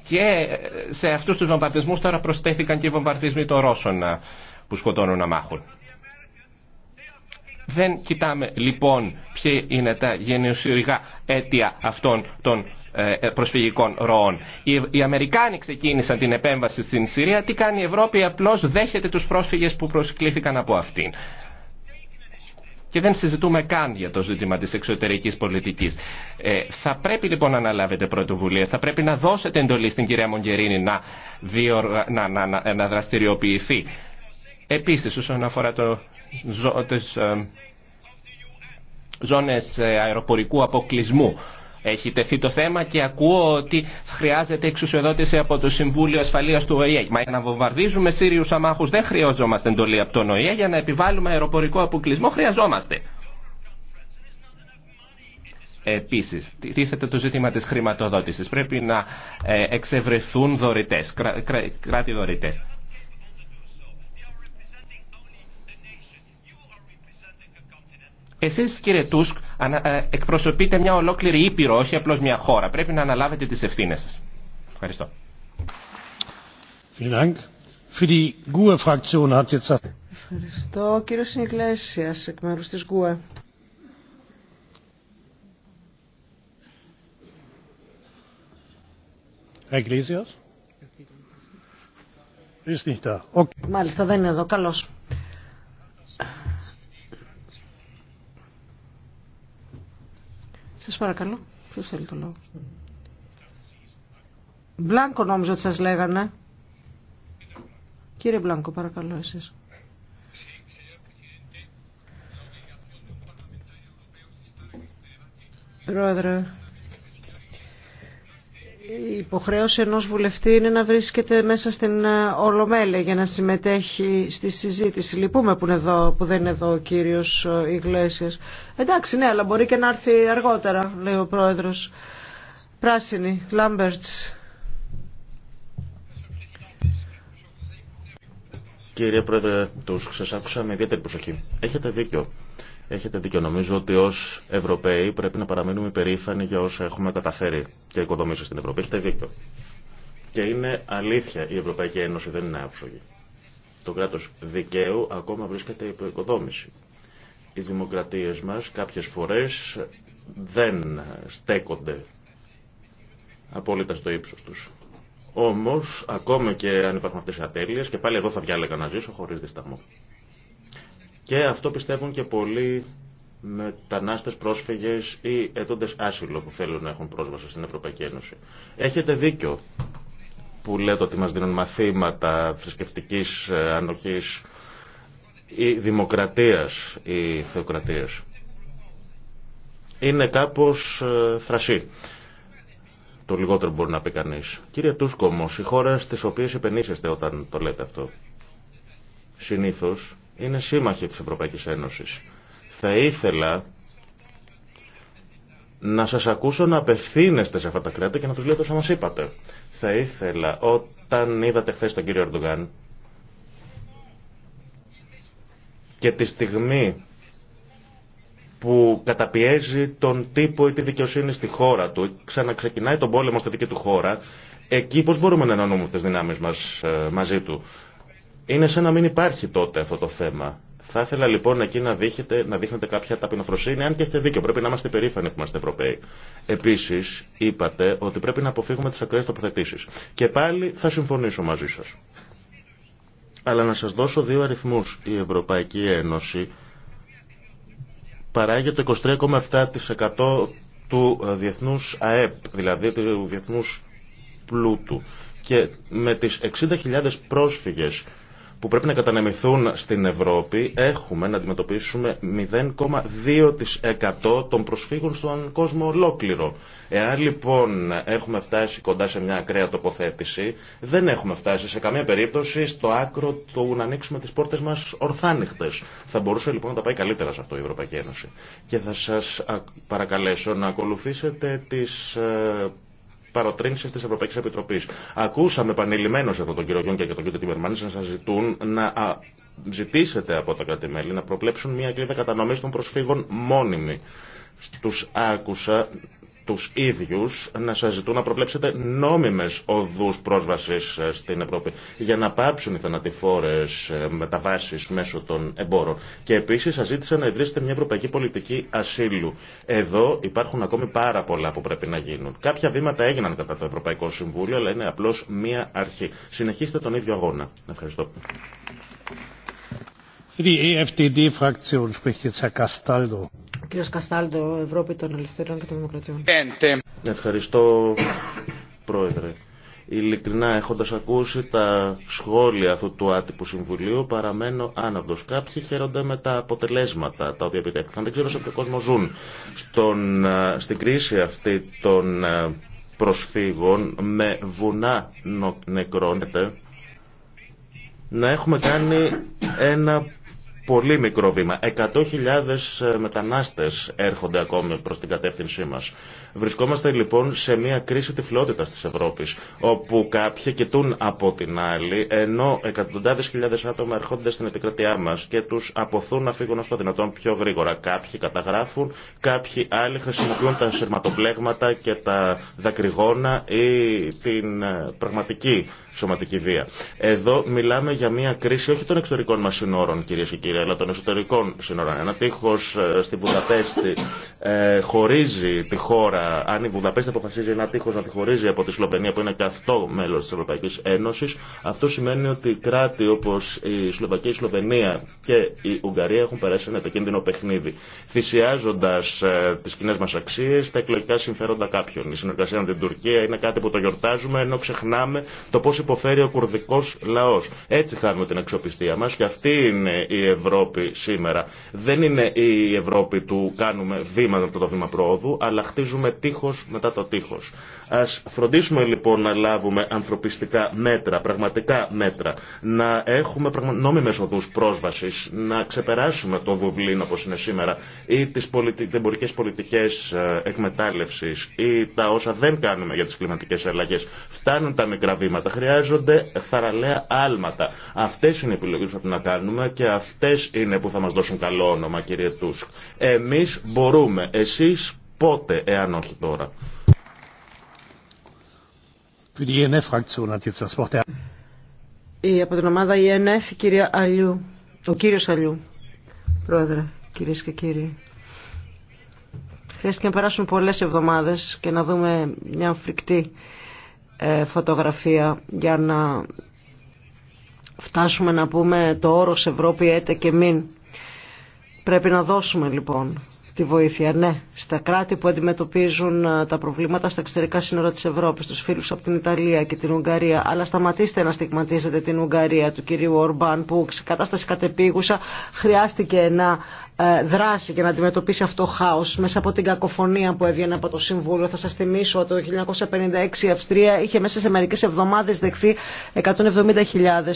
Και ε, σε αυτούς τους βομβαρδισμούς τώρα προσθέθηκαν και οι βομβαρδισμοί των Ρώσων ε, που σκοτώνουν αμάχων. Δεν κοιτάμε λοιπόν ποια είναι τα γενεσιουργά αίτια αυτών των ε, ε, προσφυγικών ροών. Οι Αμερικάνοι ξεκίνησαν την επέμβαση στην Συρία. Τι κάνει η Ευρώπη, απλώς δέχεται τους πρόσφυγες που προσκλήθηκαν από αυτήν. Και δεν συζητούμε καν για το ζήτημα της εξωτερικής πολιτικής. Ε, θα πρέπει λοιπόν να αναλάβετε πρωτοβουλία. θα πρέπει να δώσετε εντολή στην κυρία Μογκερίνη να, να, να, να δραστηριοποιηθεί. Επίσης όσον αφορά το τις ε, ζώνες ε, αεροπορικού αποκλεισμού. Έχει τεθεί το θέμα και ακούω ότι χρειάζεται εξουσιοδότηση από το Συμβούλιο Ασφαλείας του ΟΗΕ. Μα για να βομβαρδίζουμε Σύριους αμάχους δεν χρειαζόμαστε εντολή από τον ΟΗΕ, για να επιβάλλουμε αεροπορικό αποκλεισμό χρειαζόμαστε. Επίση, τίθεται το ζήτημα τη χρηματοδότηση. Πρέπει να ε, εξευρεθούν δωρητέ, κράτη δωρητέ. Εσείς κύριε Τούσκ ε, εκπροσωπείτε μια ολόκληρη ήπειρο, όχι απλώ μια χώρα. Πρέπει να αναλάβετε τι ευθύνε σα. Ευχαριστώ. Ευχαριστώ. Κύριο εκ μέρου τη ΓΚΟΕ. Μάλιστα, δεν είναι εδώ. Καλώς. Σας παρακαλώ. Ποιος θέλει το λόγο. Μπλάνκο νόμιζα ότι σας λέγανε. Κύριε Μπλάνκο, παρακαλώ εσείς. Πρόεδρε, η υποχρέωση ενός βουλευτή είναι να βρίσκεται μέσα στην ε, Ολομέλεια για να συμμετέχει στη συζήτηση. Λυπούμε που, εδώ, που δεν είναι εδώ ο κύριος ε, Ιγλέσιας. Εντάξει, ναι, αλλά μπορεί και να έρθει αργότερα, λέει ο πρόεδρος. Πράσινη, Λάμπερτς. Κύριε Πρόεδρε, τους σας άκουσα με ιδιαίτερη προσοχή. Έχετε δίκιο. Έχετε δίκιο. Νομίζω ότι ω Ευρωπαίοι πρέπει να παραμείνουμε υπερήφανοι για όσα έχουμε καταφέρει και οικοδομήσει στην Ευρώπη. Έχετε δίκιο. Και είναι αλήθεια η Ευρωπαϊκή Ένωση δεν είναι άψογη. Το κράτο δικαίου ακόμα βρίσκεται υπό οικοδόμηση. Οι δημοκρατίε μα κάποιε φορέ δεν στέκονται απόλυτα στο ύψο του. Όμω, ακόμα και αν υπάρχουν αυτέ οι ατέλειε, και πάλι εδώ θα διάλεγα να ζήσω χωρί δισταγμό. Και αυτό πιστεύουν και πολλοί μετανάστε, πρόσφυγε ή ετώντε άσυλο που θέλουν να έχουν πρόσβαση στην Ευρωπαϊκή Ένωση. Έχετε δίκιο που λέτε ότι μα δίνουν μαθήματα θρησκευτική ε, ανοχή ή δημοκρατία ή θεοκρατία. Είναι κάπω ε, θρασί. Το λιγότερο μπορεί να πει κανεί. Κύριε Τούσκο, όμω, οι χώρε στι οποίε επενήσεστε όταν το λέτε αυτό, συνήθω είναι σύμμαχοι της Ευρωπαϊκής Ένωσης. Θα ήθελα να σας ακούσω να απευθύνεστε σε αυτά τα κράτη και να τους λέτε όσα μας είπατε. Θα ήθελα όταν είδατε χθε τον κύριο Ερντογκάν και τη στιγμή που καταπιέζει τον τύπο ή τη δικαιοσύνη στη χώρα του, ξαναξεκινάει τον πόλεμο στη δική του χώρα, εκεί πώς μπορούμε να ενώνουμε τις δυνάμεις μας ε, μαζί του. Είναι σαν να μην υπάρχει τότε αυτό το θέμα. Θα ήθελα λοιπόν εκεί να, να δείχνετε κάποια ταπεινοφροσύνη, αν και έχετε δίκιο. Πρέπει να είμαστε περήφανοι που είμαστε Ευρωπαίοι. Επίση, είπατε ότι πρέπει να αποφύγουμε τι ακραίε τοποθετήσει. Και πάλι θα συμφωνήσω μαζί σα. Αλλά να σα δώσω δύο αριθμού. Η Ευρωπαϊκή Ένωση παράγει το 23,7% του ε, διεθνούς ΑΕΠ, δηλαδή του διεθνού πλούτου. Και με τι 60.000 πρόσφυγε που πρέπει να κατανεμηθούν στην Ευρώπη έχουμε να αντιμετωπίσουμε 0,2% των προσφύγων στον κόσμο ολόκληρο. Εάν λοιπόν έχουμε φτάσει κοντά σε μια ακραία τοποθέτηση, δεν έχουμε φτάσει σε καμία περίπτωση στο άκρο του να ανοίξουμε τις πόρτες μας ορθάνυχτες. Θα μπορούσε λοιπόν να τα πάει καλύτερα σε αυτό η Ευρωπαϊκή Ένωση. Και θα σας παρακαλέσω να ακολουθήσετε τις ε, παροτρύνσει τη Ευρωπαϊκή Επιτροπή. Ακούσαμε επανειλημμένω εδώ τον κύριο Γιόνκια και τον κύριο Τιμερμανή να σα ζητούν να ζητήσετε από τα κράτη-μέλη να προβλέψουν μια κλίδα κατανομή των προσφύγων μόνιμη. Του άκουσα τους ίδιους να σας ζητούν να προβλέψετε νόμιμες οδούς πρόσβασης ε, στην Ευρώπη για να πάψουν οι θανατηφόρες ε, μεταβάσεις μέσω των εμπόρων. Και επίσης σας ζήτησα να ιδρύσετε μια ευρωπαϊκή πολιτική ασύλου. Εδώ υπάρχουν ακόμη πάρα πολλά που πρέπει να γίνουν. Κάποια βήματα έγιναν κατά το Ευρωπαϊκό Συμβούλιο, αλλά είναι απλώς μια αρχή. Συνεχίστε τον ίδιο αγώνα. Ευχαριστώ. die EFDD-Fraktion spricht jetzt Herr Κύριος Καστάλντο, Ευρώπη των Ελευθερών και των Δημοκρατιών. Ευχαριστώ, Πρόεδρε. Ειλικρινά, έχοντας ακούσει τα σχόλια αυτού του άτυπου συμβουλίου, παραμένω άναυδος. Κάποιοι χαίρονται με τα αποτελέσματα τα οποία επιτέχθηκαν. Δεν ξέρω σε ποιο κόσμο ζουν. Στον, στην κρίση αυτή των προσφύγων με βουνά νεκρώνεται να έχουμε κάνει ένα πολύ μικρό βήμα. 100.000 ε, μετανάστες έρχονται ακόμη προς την κατεύθυνσή μας. Βρισκόμαστε λοιπόν σε μια κρίση τυφλότητας της Ευρώπης, όπου κάποιοι κοιτούν από την άλλη, ενώ εκατοντάδες χιλιάδες άτομα έρχονται στην επικρατειά μας και τους αποθούν να φύγουν ως το δυνατόν πιο γρήγορα. Κάποιοι καταγράφουν, κάποιοι άλλοι χρησιμοποιούν τα σειρματοπλέγματα και τα δακρυγόνα ή την ε, πραγματική σωματική βία. Εδώ μιλάμε για μια κρίση όχι των εξωτερικών μα συνόρων, κυρίε και κύριοι, αλλά των εσωτερικών σύνορων. Ένα τείχο ε, στη Βουδαπέστη ε, χωρίζει τη χώρα. Αν η Βουδαπέστη αποφασίζει ένα τείχο να τη χωρίζει από τη Σλοβενία, που είναι και αυτό μέλο τη Ευρωπαϊκή Ένωση, αυτό σημαίνει ότι κράτη όπω η Σλοβακία, η Σλοβενία και η Ουγγαρία έχουν περάσει ένα επικίνδυνο παιχνίδι. Θυσιάζοντα ε, τι κοινέ μα αξίε, τα εκλογικά συμφέροντα κάποιων. Η συνεργασία με την Τουρκία είναι κάτι που το γιορτάζουμε, ενώ ξεχνάμε το πώ υποφέρει ο κουρδικό λαό. Έτσι χάνουμε την αξιοπιστία μα και αυτή είναι η Ευρώπη σήμερα. Δεν είναι η Ευρώπη του κάνουμε βήμα από το βήμα πρόοδου, αλλά χτίζουμε τείχο μετά το τείχο. Α φροντίσουμε λοιπόν να λάβουμε ανθρωπιστικά μέτρα, πραγματικά μέτρα, να έχουμε νόμιμε οδού πρόσβαση, να ξεπεράσουμε το Δουβλίνο όπω είναι σήμερα ή τι εμπορικέ πολιτικέ ε, εκμετάλλευση ή τα όσα δεν κάνουμε για τι κλιματικέ αλλαγέ. Φτάνουν τα μικρά βήματα, χρειάζονται θαραλέα άλματα. Αυτέ είναι οι επιλογέ που πρέπει να κάνουμε και αυτέ είναι που θα μα δώσουν καλό όνομα, κύριε Τούσκ. Εμεί μπορούμε. Εσεί πότε, εάν όχι τώρα. E η από την ομάδα ΙΕΝΕΦ, e η κυρία Αλιού. Ο κύριος Αλιού. Πρόεδρε, κυρίες και κύριοι. Χρειάστηκε να περάσουν πολλές εβδομάδες και να δούμε μια φρικτή ε, φωτογραφία για να φτάσουμε να πούμε το όρος Ευρώπη έτε και μην. Πρέπει να δώσουμε λοιπόν τη βοήθεια, ναι, στα κράτη που αντιμετωπίζουν ε, τα προβλήματα στα εξωτερικά σύνορα της Ευρώπης, τους φίλους από την Ιταλία και την Ουγγαρία. Αλλά σταματήστε να στιγματίζετε την Ουγγαρία του κυρίου Ορμπάν που σε κατάσταση κατεπίγουσα χρειάστηκε να ε, δράση για να αντιμετωπίσει αυτό το χάο μέσα από την κακοφωνία που έβγαινε από το Συμβούλιο. Θα σα θυμίσω ότι το 1956 η Αυστρία είχε μέσα σε μερικέ εβδομάδε δεχθεί 170.000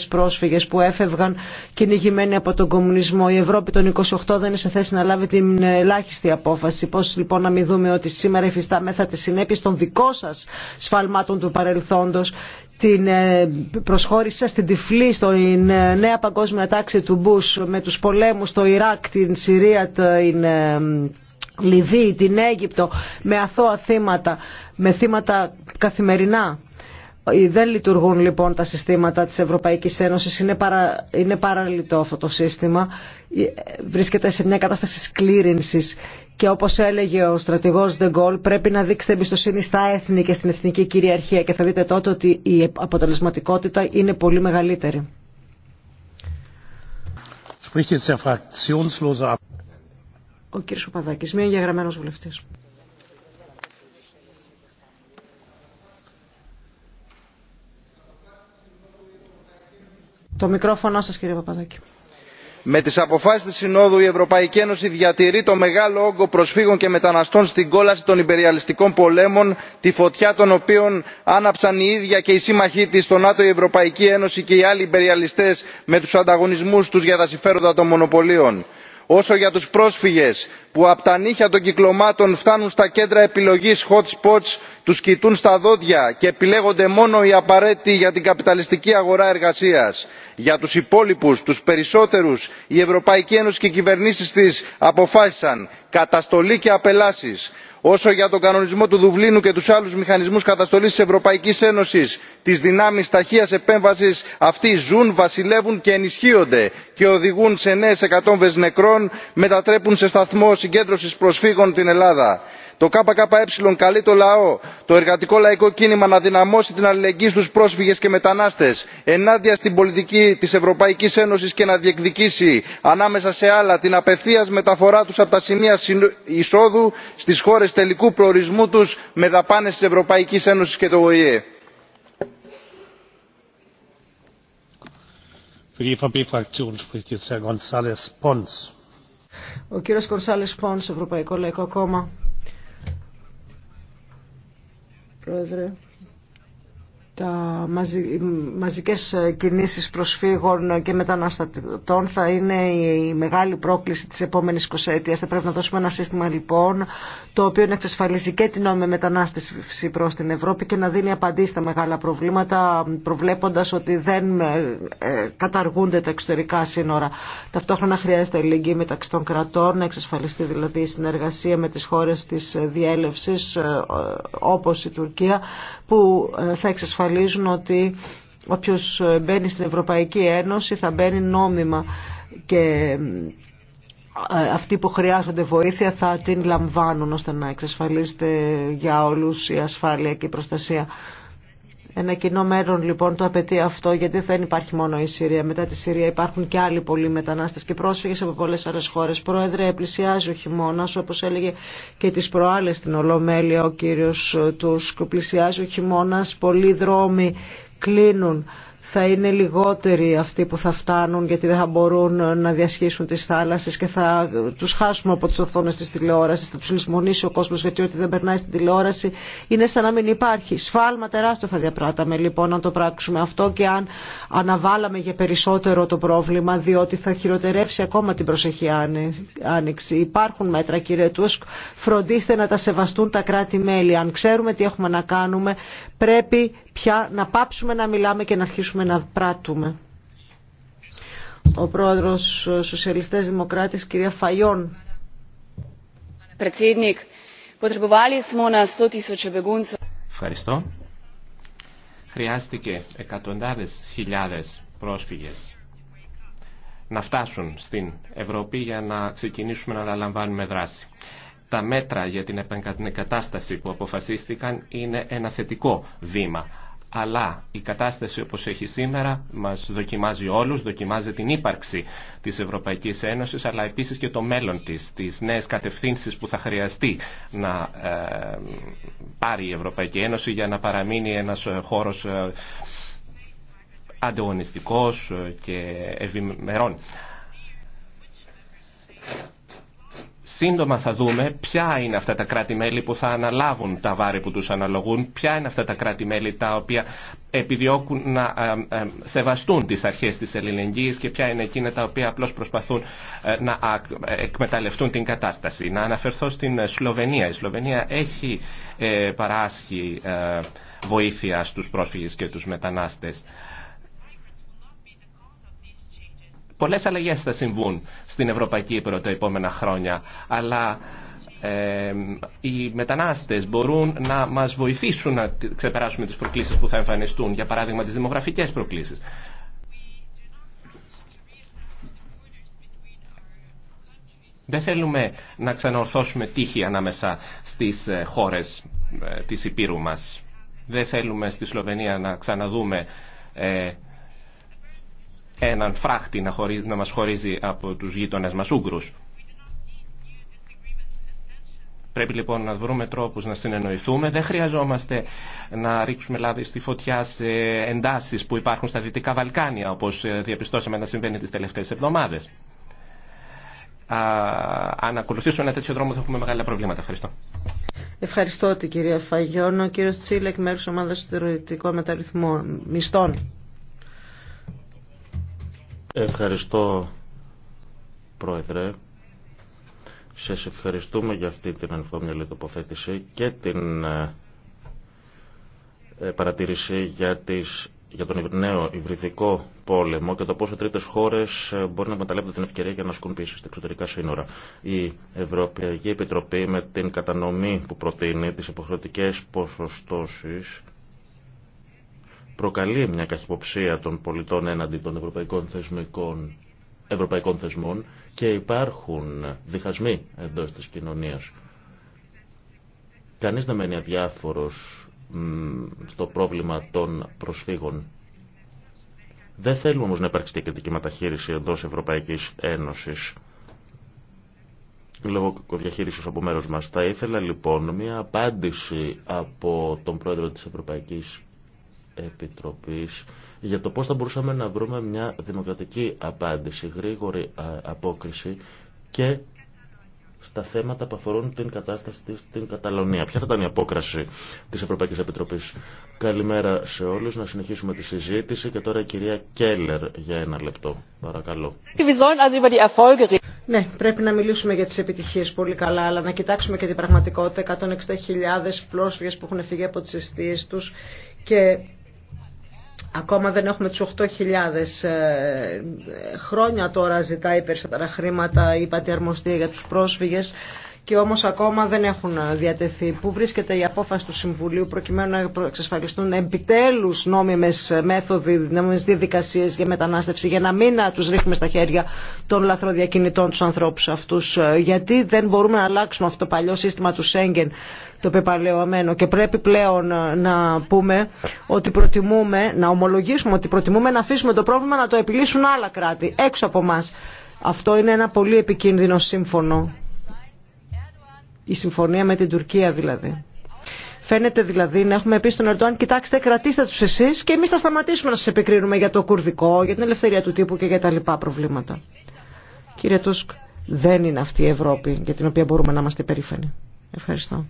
πρόσφυγε που έφευγαν κυνηγημένοι από τον κομμουνισμό. Η Ευρώπη των 28 δεν είναι σε θέση να λάβει την ελάχιστη απόφαση. Πώ λοιπόν να μην δούμε ότι σήμερα υφιστάμεθα τι συνέπειε των δικών σα σφαλμάτων του παρελθόντο την ε, προσχώρησα στην τυφλή, στην ε, νέα παγκόσμια τάξη του Μπούς με τους πολέμους στο Ιράκ, την Συρία, την ε, Λιβύη, την Αίγυπτο με αθώα θύματα, με θύματα καθημερινά. Δεν λειτουργούν λοιπόν τα συστήματα της Ευρωπαϊκής Ένωσης, είναι, παρα, είναι παραλυτό αυτό το σύστημα, βρίσκεται σε μια κατάσταση σκλήρινσης και όπω έλεγε ο στρατηγός Δεγκόλ, πρέπει να δείξετε εμπιστοσύνη στα έθνη και στην εθνική κυριαρχία και θα δείτε τότε ότι η αποτελεσματικότητα είναι πολύ μεγαλύτερη. Ο κύριος Παπαδάκης, μία βουλευτής. Το μικρόφωνο σας κύριε Παπαδάκη με τις αποφάσεις της συνόδου η ευρωπαϊκή ένωση διατηρεί το μεγάλο όγκο προσφύγων και μεταναστών στην κόλαση των υπεριαλιστικών πολέμων τη φωτιά των οποίων άναψαν η ίδια και οι σύμμαχοί της το νατο η ευρωπαϊκή ένωση και οι άλλοι υπεριαλιστές με τους ανταγωνισμούς τους για τα συμφέροντα των μονοπωλίων. όσο για τους πρόσφυγες που από τα νύχια των κυκλωμάτων φτάνουν στα κέντρα επιλογής hot spots τους κοιτούν στα δόντια και επιλέγονται μόνο οι απαραίτητοι για την καπιταλιστική αγορά εργασίας για τους υπόλοιπους τους περισσότερους η ευρωπαϊκή ένωση και οι κυβερνήσεις της αποφάσισαν καταστολή και απελάσεις. όσο για τον κανονισμό του δουβλίνου και τους άλλους μηχανισμούς καταστολής της ευρωπαϊκής ένωσης τις δυνάμεις ταχείας επέμβασης αυτοί ζουν βασιλεύουν και ενισχύονται και οδηγούν σε νέες εκατόμβες νεκρών μετατρέπουν σε σταθμό συγκέντρωσης προσφύγων την ελλάδα το κκε καλεί το λαό το εργατικό λαϊκό κίνημα να δυναμώσει την αλληλεγγύη στους πρόσφυγες και μετανάστες ενάντια στην πολιτική της ευρωπαϊκής ένωσης και να διεκδικήσει ανάμεσα σε άλλα την απευθείας μεταφορά τους από τα σημεία εισόδου στις χώρες τελικού προορισμού τους με δαπάνες της ευρωπαϊκής ένωσης και το οηε. Ο Ευρωπαϊκό Λαϊκό Κόμμα. Πρόεδρε, τα μαζικές κινήσεις προσφύγων και μεταναστατών θα είναι η μεγάλη πρόκληση της επόμενης 20 Θα πρέπει να δώσουμε ένα σύστημα λοιπόν το οποίο να εξασφαλίζει και την νόμιμη μετανάστευση προς την Ευρώπη και να δίνει απαντήσεις στα μεγάλα προβλήματα προβλέποντας ότι δεν ε, ε, καταργούνται τα εξωτερικά σύνορα. Ταυτόχρονα χρειάζεται ελληνική μεταξύ των κρατών, να εξασφαλιστεί δηλαδή η συνεργασία με τις χώρες της διέλευσης ε, όπως η Τουρκία που θα εξασφαλίσει διασφαλίζουν ότι όποιος μπαίνει στην Ευρωπαϊκή Ένωση θα μπαίνει νόμιμα και ε, αυτοί που χρειάζονται βοήθεια θα την λαμβάνουν ώστε να εξασφαλίσετε για όλους η ασφάλεια και η προστασία. Ένα κοινό μέλλον λοιπόν το απαιτεί αυτό γιατί δεν υπάρχει μόνο η Συρία. Μετά τη Συρία υπάρχουν και άλλοι πολλοί μετανάστες και πρόσφυγες από πολλές άλλες χώρες. Πρόεδρε, πλησιάζει ο χειμώνα, όπως έλεγε και τις προάλλες στην Ολομέλεια ο κύριος Τούσκ. Πλησιάζει ο χειμώνα, πολλοί δρόμοι κλείνουν θα είναι λιγότεροι αυτοί που θα φτάνουν γιατί δεν θα μπορούν να διασχίσουν τις θάλασσες και θα τους χάσουμε από τις οθόνες της τηλεόρασης, θα τους λησμονήσει ο κόσμος γιατί ό,τι δεν περνάει στην τηλεόραση είναι σαν να μην υπάρχει. Σφάλμα τεράστιο θα διαπράταμε λοιπόν αν το πράξουμε αυτό και αν αναβάλαμε για περισσότερο το πρόβλημα διότι θα χειροτερεύσει ακόμα την προσεχή άνοιξη. Υπάρχουν μέτρα κύριε Τούσκ, φροντίστε να τα σεβαστούν τα κράτη-μέλη. Αν ξέρουμε τι έχουμε να κάνουμε πρέπει πια να πάψουμε να μιλάμε και να αρχίσουμε να πράττουμε. Ο πρόεδρος Σοσιαλιστές Δημοκράτης, κυρία Φαϊόν. Ευχαριστώ. Χρειάστηκε εκατοντάδες χιλιάδες πρόσφυγες να φτάσουν στην Ευρώπη για να ξεκινήσουμε να αναλαμβάνουμε δράση. Τα μέτρα για την επανεκατάσταση που αποφασίστηκαν είναι ένα θετικό βήμα, αλλά η κατάσταση όπως έχει σήμερα μας δοκιμάζει όλους, δοκιμάζει την ύπαρξη της Ευρωπαϊκής Ένωσης, αλλά επίσης και το μέλλον της, τις νέες κατευθύνσεις που θα χρειαστεί να ε, πάρει η Ευρωπαϊκή Ένωση για να παραμείνει ένας ε, χώρος ε, ανταγωνιστικός και ευημερών. Σύντομα θα δούμε ποια είναι αυτά τα κράτη-μέλη που θα αναλάβουν τα βάρη που τους αναλογούν, ποια είναι αυτά τα κράτη-μέλη τα οποία επιδιώκουν να ε, ε, σεβαστούν τις αρχές της ελληνικής και ποια είναι εκείνα τα οποία απλώς προσπαθούν ε, να εκμεταλλευτούν την κατάσταση. Να αναφερθώ στην Σλοβενία. Η Σλοβενία έχει παράσχει βοήθεια στους πρόσφυγες και τους μετανάστες. Πολλέ αλλαγέ θα συμβούν στην Ευρωπαϊκή Ήπειρο τα επόμενα χρόνια, αλλά οι μετανάστες μπορούν να μας βοηθήσουν να ξεπεράσουμε τις προκλήσεις που θα εμφανιστούν, για παράδειγμα τις δημογραφικές προκλήσεις. Δεν θέλουμε να ξαναορθώσουμε τύχη ανάμεσα στις ε, χώρες ε, της Υπήρου μας. Δεν θέλουμε στη Σλοβενία να ξαναδούμε ε, έναν φράχτη να, χωρίζει, να μας χωρίζει από τους γείτονες μας Ούγκρους. Πρέπει λοιπόν να βρούμε τρόπους να συνεννοηθούμε. Δεν χρειαζόμαστε να ρίξουμε λάδι στη φωτιά σε εντάσεις που υπάρχουν στα Δυτικά Βαλκάνια, όπως ε, διαπιστώσαμε να συμβαίνει τις τελευταίες εβδομάδες. Αν ακολουθήσουμε ένα τέτοιο δρόμο θα έχουμε μεγάλα προβλήματα. Ευχαριστώ. Ευχαριστώ την κυρία Φαγιώνο. Ο κύριος Τσίλεκ, μέρους ομάδας συντηρητικών μεταρρυθμών. Μισθών. Ευχαριστώ, Πρόεδρε. Σε ευχαριστούμε για αυτή την ανοιχτόμυαλη τοποθέτηση και την ε, ε, παρατήρηση για, τις, για τον νέο υβριδικό πόλεμο και το πόσο τρίτες χώρες ε, μπορεί να μεταλλεύονται την ευκαιρία για να ασκούν πίσω στα εξωτερικά σύνορα. Η Ευρωπαϊκή Επιτροπή με την κατανομή που προτείνει τις υποχρεωτικές ποσοστώσεις προκαλεί μια καχυποψία των πολιτών έναντι των ευρωπαϊκών, θεσμών και υπάρχουν διχασμοί εντός της κοινωνίας. Κανείς δεν μένει αδιάφορος στο πρόβλημα των προσφύγων. Δεν θέλουμε όμως να υπάρξει και κριτική μεταχείριση εντός Ευρωπαϊκής Ένωσης λόγω διαχείρισης από μέρος μας. Θα ήθελα λοιπόν μια απάντηση από τον πρόεδρο της Ευρωπαϊκής Επιτροπής για το πώς θα μπορούσαμε να βρούμε μια δημοκρατική απάντηση, γρήγορη απόκριση και στα θέματα που αφορούν την κατάσταση της, στην Καταλωνία. Ποια θα ήταν η απόκραση της Ευρωπαϊκής Επιτροπής. Καλημέρα σε όλους, να συνεχίσουμε τη συζήτηση και τώρα η κυρία Κέλλερ για ένα λεπτό. Παρακαλώ. Ναι, πρέπει να μιλήσουμε για τις επιτυχίες πολύ καλά, αλλά να κοιτάξουμε και την πραγματικότητα 160.000 πρόσφυγες που έχουν φύγει από τις αιστείες τους και Ακόμα δεν έχουμε τους 8.000 ε, χρόνια τώρα ζητάει περισσότερα χρήματα η πατιαρμοστία για τους πρόσφυγες και όμως ακόμα δεν έχουν ε, διατεθεί. Πού βρίσκεται η απόφαση του Συμβουλίου προκειμένου να εξασφαλιστούν επιτέλους νόμιμες ε, μέθοδοι, νόμιμες διαδικασίες για μετανάστευση για να μην τους ρίχνουμε στα χέρια των λαθροδιακινητών τους ανθρώπους αυτούς. Γιατί δεν μπορούμε να αλλάξουμε αυτό το παλιό σύστημα του Σέγγεν το πεπαλαιωμένο και πρέπει πλέον να πούμε ότι προτιμούμε, να ομολογήσουμε ότι προτιμούμε να αφήσουμε το πρόβλημα να το επιλύσουν άλλα κράτη έξω από εμά. Αυτό είναι ένα πολύ επικίνδυνο σύμφωνο. Η συμφωνία με την Τουρκία δηλαδή. Φαίνεται δηλαδή να έχουμε πει στον Ερντοάν, κοιτάξτε, κρατήστε του εσεί και εμεί θα σταματήσουμε να σα επικρίνουμε για το κουρδικό, για την ελευθερία του τύπου και για τα λοιπά προβλήματα. Κύριε Τούσκ, δεν είναι αυτή η Ευρώπη για την οποία μπορούμε να είμαστε περήφανοι. Ευχαριστώ.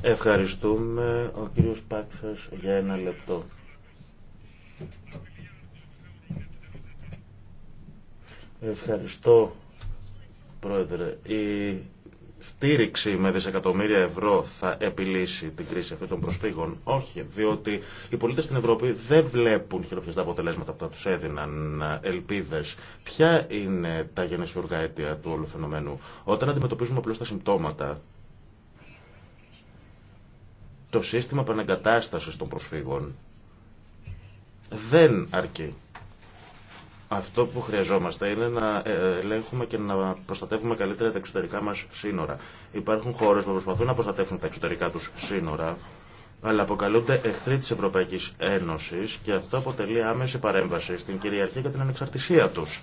Ευχαριστούμε. Ο κύριος Πάξας για ένα λεπτό. Ευχαριστώ, Πρόεδρε. Η στήριξη με δισεκατομμύρια ευρώ θα επιλύσει την κρίση αυτών των προσφύγων. Όχι, διότι οι πολίτε στην Ευρώπη δεν βλέπουν χειροπιαστά αποτελέσματα που θα του έδιναν ελπίδε. Ποια είναι τα γενεσιουργά αίτια του όλου φαινομένου. Όταν αντιμετωπίζουμε απλώ τα συμπτώματα, το σύστημα επανεγκατάστασης των προσφύγων δεν αρκεί. Αυτό που χρειαζόμαστε είναι να ε, ελέγχουμε και να προστατεύουμε καλύτερα τα εξωτερικά μας σύνορα. Υπάρχουν χώρες που προσπαθούν να προστατεύουν τα εξωτερικά τους σύνορα, αλλά αποκαλούνται εχθροί της Ευρωπαϊκής Ένωσης και αυτό αποτελεί άμεση παρέμβαση στην κυριαρχία και την ανεξαρτησία τους.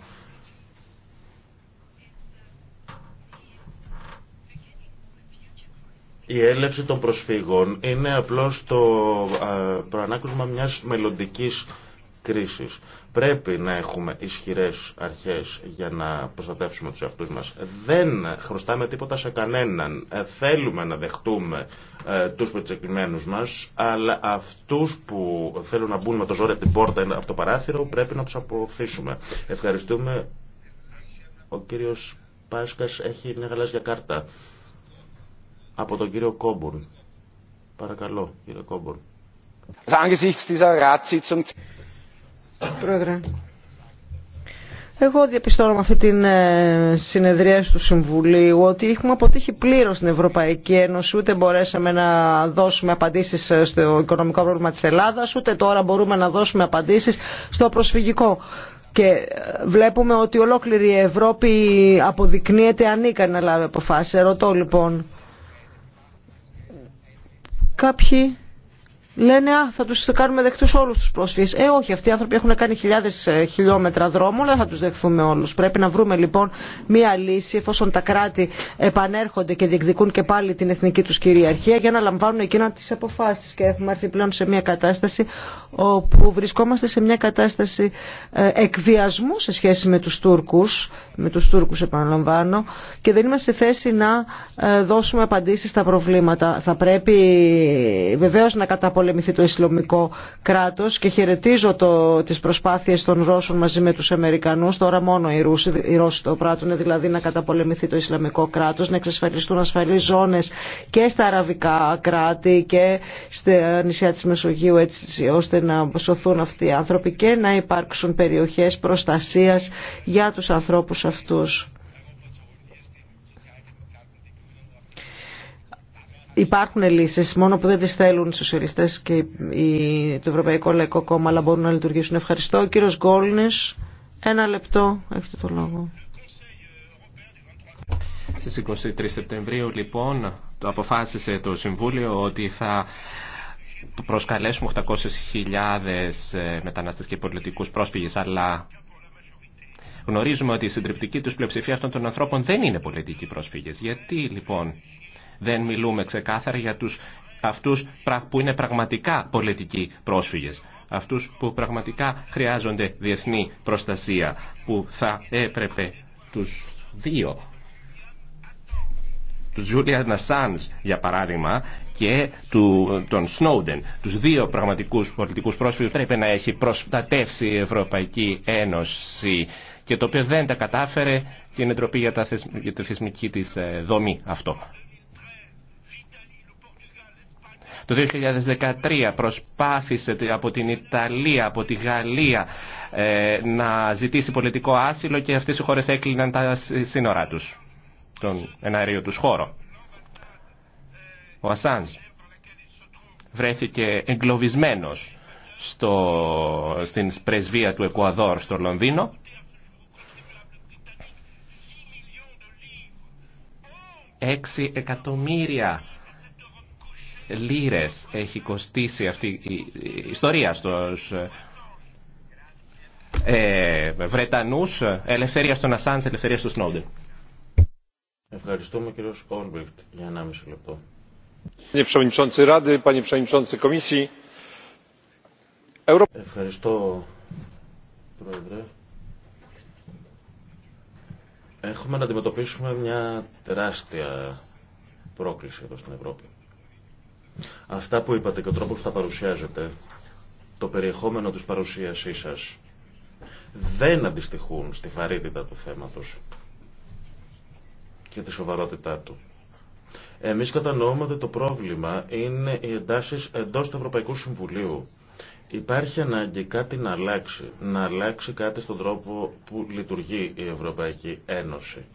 Η έλευση των προσφύγων είναι απλώς το προανάκουσμα μιας μελλοντική κρίσης. Πρέπει να έχουμε ισχυρές αρχές για να προστατεύσουμε τους εαυτούς μας. Δεν χρωστάμε τίποτα σε κανέναν. Ε, θέλουμε να δεχτούμε ε, τους πετσεκλημένους μας, αλλά αυτούς που θέλουν να μπουν με το ζόρι από την πόρτα, από το παράθυρο, πρέπει να τους αποθήσουμε. Ευχαριστούμε. Ο κύριος Πάσκας έχει μια γαλάζια κάρτα από τον κύριο Κόμπορν. Παρακαλώ, κύριε Κόμπορν. Πρόεδρε, εγώ διαπιστώνω με αυτή τη ε, συνεδρία του Συμβουλίου ότι έχουμε αποτύχει πλήρως στην Ευρωπαϊκή Ένωση. Ούτε μπορέσαμε να δώσουμε απαντήσεις ε, στο οικονομικό πρόβλημα της Ελλάδας, ούτε τώρα μπορούμε να δώσουμε απαντήσεις στο προσφυγικό. Και ε, βλέπουμε ότι ολόκληρη η Ευρώπη αποδεικνύεται ανίκανη να λάβει αποφάσεις. Ρωτώ, λοιπόν Κάποιοι λένε α, θα τους κάνουμε δεχτού όλους τους πρόσφυγες. Ε, όχι, αυτοί οι άνθρωποι έχουν κάνει χιλιάδες ε, χιλιόμετρα δρόμου, αλλά θα τους δεχθούμε όλους. Πρέπει να βρούμε λοιπόν μία λύση εφόσον τα κράτη επανέρχονται και διεκδικούν και πάλι την εθνική τους κυριαρχία για να λαμβάνουν εκείνα τις αποφάσεις. Και έχουμε έρθει πλέον σε μία κατάσταση όπου βρισκόμαστε σε μία κατάσταση ε, εκβιασμού σε σχέση με τους Τούρκους, με τους Τούρκους επαναλαμβάνω, και δεν είμαστε σε θέση να ε, δώσουμε απαντήσει στα προβλήματα. Θα πρέπει βεβαίως να καταπολεμήσουμε πολεμηθεί το Ισλαμικό κράτος και χαιρετίζω το, τις προσπάθειες των Ρώσων μαζί με τους Αμερικανούς. Τώρα μόνο οι Ρώσοι, οι Ρώσοι το πράττουν, δηλαδή να καταπολεμηθεί το Ισλαμικό κράτος, να εξασφαλιστούν ασφαλείς ζώνες και στα αραβικά κράτη και στα νησιά της Μεσογείου έτσι ώστε να σωθούν αυτοί οι άνθρωποι και να υπάρξουν περιοχές προστασίας για τους ανθρώπους αυτούς. Υπάρχουν λύσει, μόνο που δεν τις θέλουν οι σοσιαλιστές και το Ευρωπαϊκό Λαϊκό Κόμμα, αλλά μπορούν να λειτουργήσουν. Ευχαριστώ. Ο κύριος Γκόλνη, ένα λεπτό, έχετε το λόγο. Στις 23 Σεπτεμβρίου, λοιπόν, το αποφάσισε το Συμβούλιο ότι θα προσκαλέσουμε 800.000 ε, μετανάστες και πολιτικούς πρόσφυγες, αλλά γνωρίζουμε ότι η συντριπτική τους πλειοψηφία αυτών των ανθρώπων δεν είναι πολιτικοί πρόσφυγες. Γιατί, λοιπόν, δεν μιλούμε ξεκάθαρα για τους αυτούς που είναι πραγματικά πολιτικοί πρόσφυγες, αυτούς που πραγματικά χρειάζονται διεθνή προστασία, που θα έπρεπε τους δύο του Τζούλια Νασάνς για παράδειγμα και του, τον Σνόντεν τους δύο πραγματικούς πολιτικούς πρόσφυγες πρέπει να έχει προστατεύσει η Ευρωπαϊκή Ένωση και το οποίο δεν τα κατάφερε και είναι για, τα, για τη θεσμική της ε, δομή αυτό. Το 2013 προσπάθησε από την Ιταλία, από τη Γαλλία ε, να ζητήσει πολιτικό άσυλο και αυτές οι χώρες έκλειναν τα σύνορά τους, τον εναερίο τους χώρο. Ο Ασάνς βρέθηκε εγκλωβισμένος στο, στην πρεσβεία του Εκουαδόρ στο Λονδίνο. Έξι εκατομμύρια λίρες έχει κοστίσει αυτή η ιστορία στους ε, Βρετανούς ελευθερία στον Ασάνς, ελευθερία στον Σνόντεν. Ευχαριστούμε κύριο Σκόρμπιχτ για 1,5 λεπτό. Ευχαριστώ, Πρόεδρε. Έχουμε να αντιμετωπίσουμε μια τεράστια πρόκληση εδώ στην Ευρώπη. Αυτά που είπατε και ο τρόπος που τα παρουσιάζετε, το περιεχόμενο της παρουσίασής σας, δεν αντιστοιχούν στη βαρύτητα του θέματος και τη σοβαρότητά του. Εμείς κατανοούμε ότι το πρόβλημα είναι οι εντάσεις εντός του Ευρωπαϊκού Συμβουλίου. Υπάρχει ανάγκη κάτι να αλλάξει, να αλλάξει κάτι στον τρόπο που λειτουργεί η Ευρωπαϊκή Ένωση.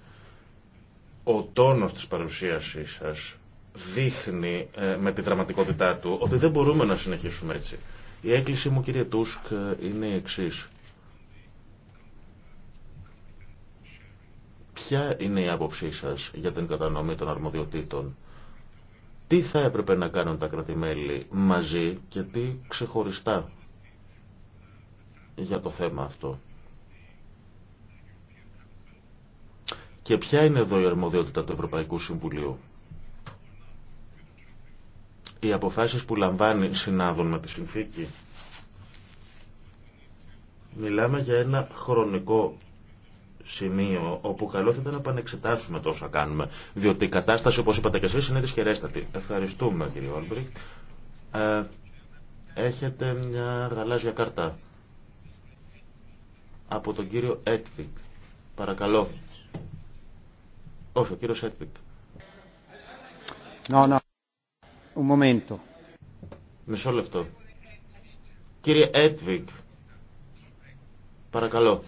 Ο τόνος της παρουσίασής σας δείχνει ε, με τη δραματικότητά του ότι δεν μπορούμε να συνεχίσουμε έτσι. Η έκκληση μου κύριε Τούσκ ε, είναι η εξή. Ποια είναι η άποψή σας για την κατανομή των αρμοδιοτήτων. Τι θα έπρεπε να κάνουν τα κρατημέλη μαζί και τι ξεχωριστά για το θέμα αυτό. Και ποια είναι εδώ η αρμοδιότητα του Ευρωπαϊκού Συμβουλίου οι αποφάσεις που λαμβάνει συνάδουν με τη συνθήκη. Μιλάμε για ένα χρονικό σημείο όπου καλό θα ήταν να πανεξετάσουμε το όσα κάνουμε. Διότι η κατάσταση, όπως είπατε και εσείς, είναι δυσχερέστατη. Ευχαριστούμε, κύριε Όλμπριχτ. Ε, έχετε μια γαλάζια κάρτα από τον κύριο Έτβικ. Παρακαλώ. Όχι, ο κύριος Έτβικ. No, Un momento. Μισό λεπτό. Κύριε Έτβικ, παρακαλώ.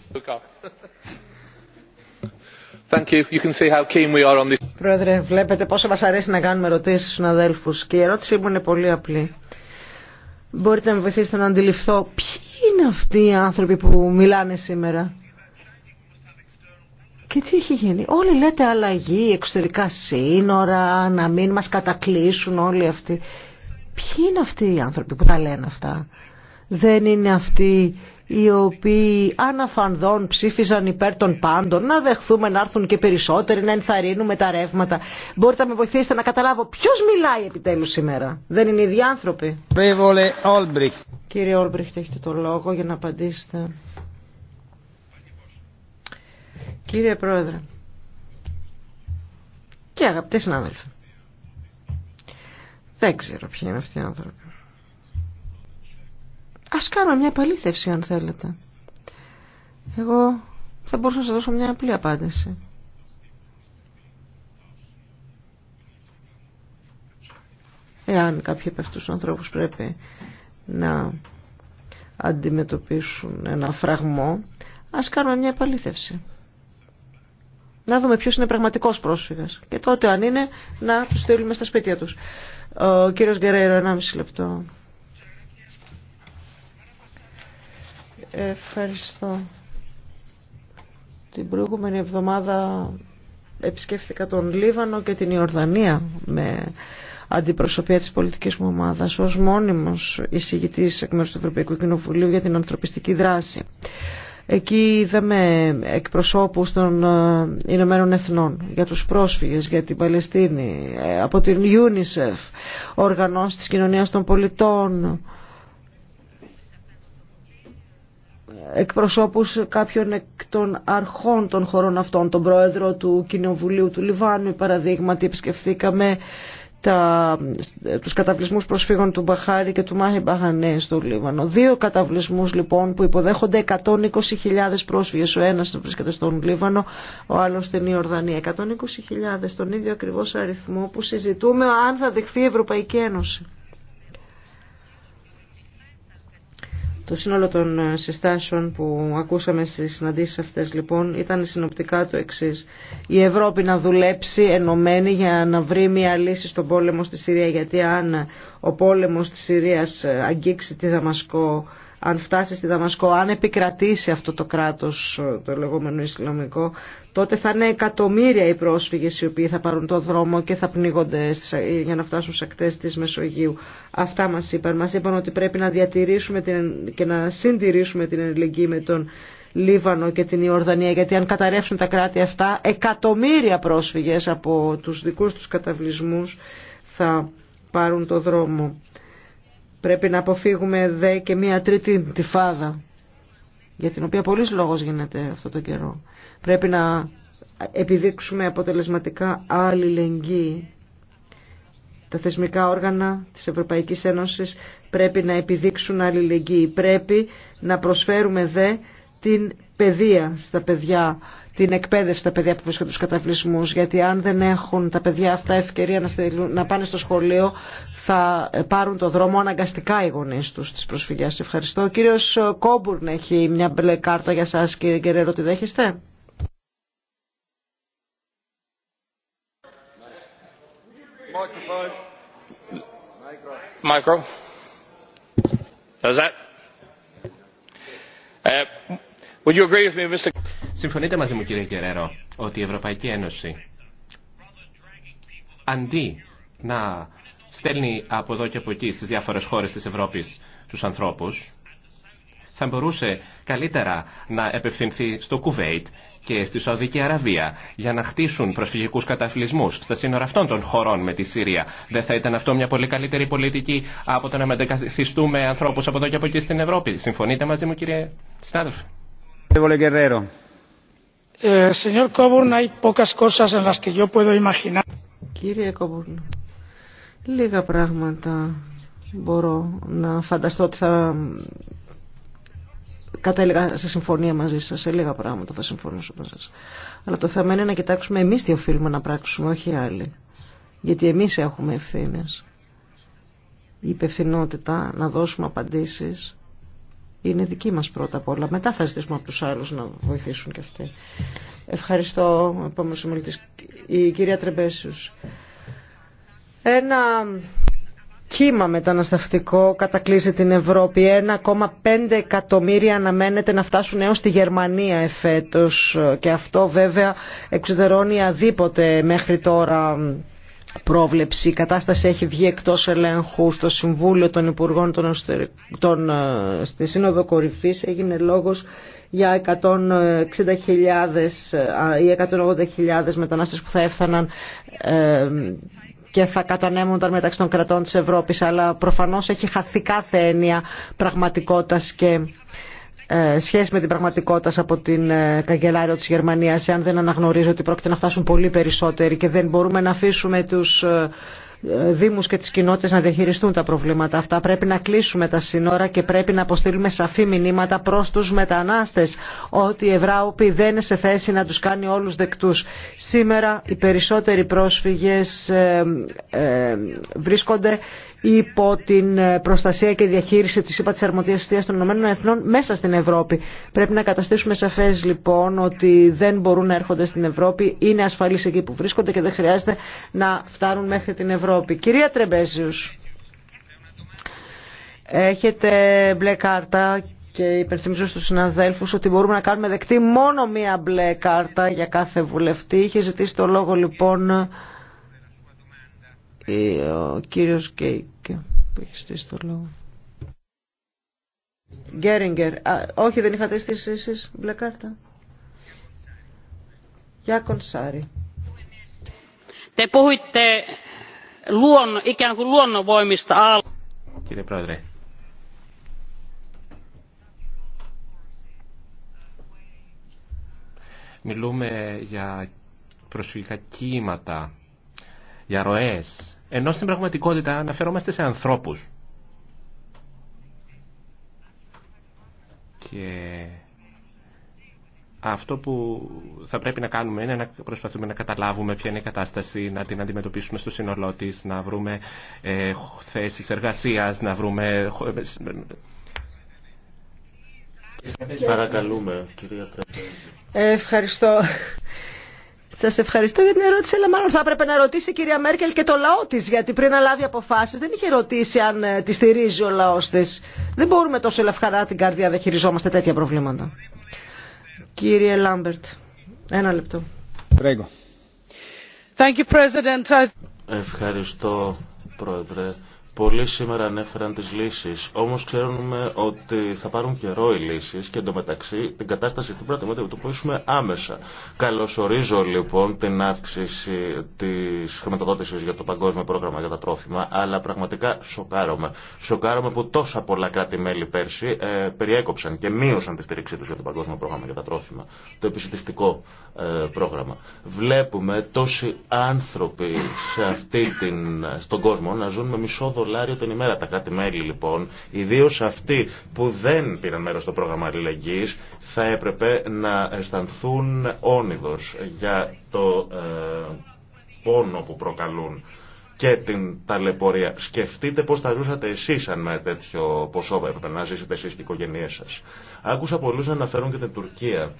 Thank you. You can see how keen we are on this. Πρόεδρε, βλέπετε πόσο μας αρέσει να κάνουμε ερωτήσεις στους συναδέλφους και η ερώτησή μου είναι πολύ απλή. Μπορείτε να με βοηθήσετε να αντιληφθώ ποιοι είναι αυτοί οι άνθρωποι που μιλάνε σήμερα τι έχει γίνει. Όλοι λέτε αλλαγή, εξωτερικά σύνορα, να μην μας κατακλείσουν όλοι αυτοί. Ποιοι είναι αυτοί οι άνθρωποι που τα λένε αυτά. Δεν είναι αυτοί οι οποίοι αναφανδόν ψήφιζαν υπέρ των πάντων, να δεχθούμε να έρθουν και περισσότεροι, να ενθαρρύνουμε τα ρεύματα. Μπορείτε να με βοηθήσετε να καταλάβω ποιο μιλάει επιτέλους σήμερα. Δεν είναι οι ίδιοι άνθρωποι. Κύριε Όλμπριχτ, έχετε το λόγο για να απαντήσετε. Κύριε Πρόεδρε και αγαπητοί συνάδελφοι, δεν ξέρω ποιοι είναι αυτοί οι άνθρωποι. Ας κάνω μια επαλήθευση αν θέλετε. Εγώ θα μπορούσα να σας δώσω μια απλή απάντηση. Εάν κάποιοι από αυτούς τους ανθρώπους πρέπει να αντιμετωπίσουν ένα φραγμό, ας κάνουμε μια επαλήθευση να δούμε ποιο είναι πραγματικός πρόσφυγας. Και τότε αν είναι να του στείλουμε στα σπίτια τους. Ο κύριος Γκερέρο, 1,5 λεπτό. Ευχαριστώ. Την προηγούμενη εβδομάδα επισκέφθηκα τον Λίβανο και την Ιορδανία με αντιπροσωπεία της πολιτικής μου ομάδας ως μόνιμος εισηγητής εκ μέρους του Ευρωπαϊκού Κοινοβουλίου για την ανθρωπιστική δράση. Εκεί είδαμε εκπροσώπους των ε, Ηνωμένων Εθνών για τους πρόσφυγες, για την Παλαιστίνη, ε, από την UNICEF, οργανώσεις της κοινωνίας των πολιτών, εκπροσώπους κάποιων εκ των αρχών των χωρών αυτών, τον πρόεδρο του Κοινοβουλίου του Λιβάνου, παραδείγματι επισκεφθήκαμε τα, τους καταβλισμούς προσφύγων του Μπαχάρη και του Μάχη Μπαχανέ στο Λίβανο. Δύο καταβλισμούς λοιπόν που υποδέχονται 120.000 πρόσφυγες. Ο ένας βρίσκεται στον Λίβανο, ο άλλος στην Ιορδανία. 120.000, τον ίδιο ακριβώς αριθμό που συζητούμε αν θα δεχθεί η Ευρωπαϊκή Ένωση. Το σύνολο των ε, συστάσεων που ακούσαμε στις συναντήσεις αυτές λοιπόν ήταν συνοπτικά το εξής. Η Ευρώπη να δουλέψει ενωμένη για να βρει μια λύση στον πόλεμο στη Συρία γιατί αν ο πόλεμος της Συρίας ε, αγγίξει τη Δαμασκό αν φτάσει στη Δαμασκό, αν επικρατήσει αυτό το κράτος, το λεγόμενο Ισλαμικό, τότε θα είναι εκατομμύρια οι πρόσφυγες οι οποίοι θα πάρουν το δρόμο και θα πνίγονται για να φτάσουν σε ακτές της Μεσογείου. Αυτά μας είπαν. Μας είπαν ότι πρέπει να διατηρήσουμε την, και να συντηρήσουμε την ελληνική με τον Λίβανο και την Ιορδανία, γιατί αν καταρρεύσουν τα κράτη αυτά, εκατομμύρια πρόσφυγες από τους δικούς τους καταβλισμούς θα πάρουν το δρόμο. Πρέπει να αποφύγουμε δε και μία τρίτη τυφάδα, για την οποία πολλής λόγος γίνεται αυτό το καιρό. Πρέπει να επιδείξουμε αποτελεσματικά αλληλεγγύη. Τα θεσμικά όργανα της Ευρωπαϊκής Ένωσης πρέπει να επιδείξουν αλληλεγγύη. Πρέπει να προσφέρουμε δε την παιδεία στα παιδιά, την εκπαίδευση στα παιδιά που βρίσκονται στους γιατί αν δεν έχουν τα παιδιά αυτά ευκαιρία να, στελούν, να πάνε στο σχολείο, θα πάρουν το δρόμο αναγκαστικά οι γονείς τους της προσφυγιάς. Ευχαριστώ. Ο κύριος Κόμπουρν έχει μια μπλε κάρτα για σας, κύριε Γκερέρο, τη δέχεστε. Micro. Does that? Ε, Συμφωνείτε μαζί μου κύριε Κεραίρο ότι η Ευρωπαϊκή Ένωση αντί να στέλνει από εδώ και από εκεί στις διάφορες χώρες της Ευρώπης τους ανθρώπους θα μπορούσε καλύτερα να επευθυνθεί στο Κουβέιτ και στη Σαουδική Αραβία για να χτίσουν προσφυγικούς καταφυλισμούς στα σύνορα αυτών των χωρών με τη Συρία. Δεν θα ήταν αυτό μια πολύ καλύτερη πολιτική από το να μετακαθιστούμε ανθρώπους από εδώ και από εκεί στην Ευρώπη. Συμφωνείτε μαζί μου κύριε συνάδελφε. Κύριε Κόμπουρν, λίγα πράγματα μπορώ να φανταστώ ότι θα κατέληγα σε συμφωνία μαζί σας, σε λίγα πράγματα θα συμφωνήσω μαζί σας. Αλλά το θέμα είναι να κοιτάξουμε εμείς τι οφείλουμε να πράξουμε, όχι άλλοι. Γιατί εμείς έχουμε ευθύνες. Η υπευθυνότητα να δώσουμε απαντήσεις είναι δική μας πρώτα απ' όλα. Μετά θα ζητήσουμε από τους άλλους να βοηθήσουν και αυτοί. Ευχαριστώ, επόμενος ομιλητής, η κυρία Τρεμπέσιους. Ένα κύμα μεταναστευτικό κατακλείζει την Ευρώπη. 1,5 εκατομμύρια αναμένεται να φτάσουν έως τη Γερμανία εφέτος και αυτό βέβαια εξωτερώνει αδίποτε μέχρι τώρα πρόβλεψη. Η κατάσταση έχει βγει εκτό ελέγχου στο Συμβούλιο των Υπουργών των, ε, στη Σύνοδο Κορυφή. Έγινε λόγος για 160.000 ε, ή 180.000 μετανάστες που θα έφθαναν ε, και θα κατανέμονταν μεταξύ των κρατών της Ευρώπης. Αλλά προφανώς έχει χαθεί κάθε έννοια πραγματικότητας και ε, σχέση με την πραγματικότητα από την ε, καγκελάριο της Γερμανίας εάν δεν αναγνωρίζει ότι πρόκειται να φτάσουν πολύ περισσότεροι και δεν μπορούμε να αφήσουμε τους ε, δήμους και τις κοινότητε να διαχειριστούν τα προβλήματα αυτά. Πρέπει να κλείσουμε τα σύνορα και πρέπει να αποστείλουμε σαφή μηνύματα προς τους μετανάστες ότι η Ευρώπη δεν είναι σε θέση να του κάνει όλου δεκτού. Σήμερα οι περισσότεροι πρόσφυγες βρίσκονται υπό την ε, προστασία και διαχείριση της ΥΠΑ της των Ηνωμένων Εθνών μέσα στην Ευρώπη. Πρέπει να καταστήσουμε σαφές λοιπόν ότι δεν μπορούν να έρχονται στην Ευρώπη, είναι ασφαλείς εκεί που βρίσκονται και δεν χρειάζεται να φτάνουν μέχρι την Ευρώπη. Κυρία Τρεμπέζιους, έχετε μπλε κάρτα και υπενθυμίζω στους συναδέλφους ότι μπορούμε να κάνουμε δεκτή μόνο μία μπλε κάρτα για κάθε βουλευτή. Είχε ζητήσει το λόγο λοιπόν ο κύριος Κέικ που έχει στήσει το λόγο. Γκέριγκερ. όχι, δεν είχατε στήσει εσείς μπλε κάρτα. Γιάκον Σάρι. Te puhuitte luon, ikään kuin luonnonvoimista Κύριε Πρόεδρε, μιλούμε για προσφυγικά κύματα, για ροές, ενώ στην πραγματικότητα αναφερόμαστε σε ανθρώπους. Και αυτό που θα πρέπει να κάνουμε είναι να προσπαθούμε να καταλάβουμε ποια είναι η κατάσταση, να την αντιμετωπίσουμε στο σύνολό τη, να βρούμε ε, θέσεις εργασίας, να βρούμε... Ε, ε, Παρακαλούμε, κυρία Ευχαριστώ. Σα ευχαριστώ για την ερώτηση, αλλά μάλλον θα έπρεπε να ρωτήσει η κυρία Μέρκελ και το λαό τη, γιατί πριν να λάβει αποφάσεις δεν είχε ρωτήσει αν ε, τη στηρίζει ο λαός της. Δεν μπορούμε τόσο ελευχαρά την καρδιά να χειριζόμαστε τέτοια προβλήματα. Κύριε Λάμπερτ, ένα λεπτό. Thank Ευχαριστώ, Πρόεδρε. Πολλοί σήμερα ανέφεραν τις λύσεις, όμως ξέρουμε ότι θα πάρουν καιρό οι λύσεις και εντωμεταξύ την κατάσταση του την πρέπει του πούσουμε άμεσα. Καλωσορίζω λοιπόν την αύξηση της χρηματοδότησης για το παγκόσμιο πρόγραμμα για τα τρόφιμα, αλλά πραγματικά σοκάρομαι. Σοκάρομαι που τόσα πολλά κράτη-μέλη πέρσι ε, περιέκοψαν και μείωσαν τη στήριξή τους για το παγκόσμιο πρόγραμμα για τα τρόφιμα, το επισητιστικό ε, πρόγραμμα. Βλέπουμε τόσοι άνθρωποι σε αυτή την, στον κόσμο να ζουν με μισό δολάριο την ημέρα. Τα κάτι μελη λοιπόν, ιδίω αυτοί που δεν πήραν μέρο στο πρόγραμμα αλληλεγγύη, θα έπρεπε να αισθανθούν όνειδο για το ε, πόνο που προκαλούν και την ταλαιπωρία. Σκεφτείτε πώς θα ζούσατε εσείς αν με τέτοιο ποσό έπρεπε να ζήσετε εσείς και οι οικογένειές σας. Άκουσα πολλούς να αναφέρουν και την Τουρκία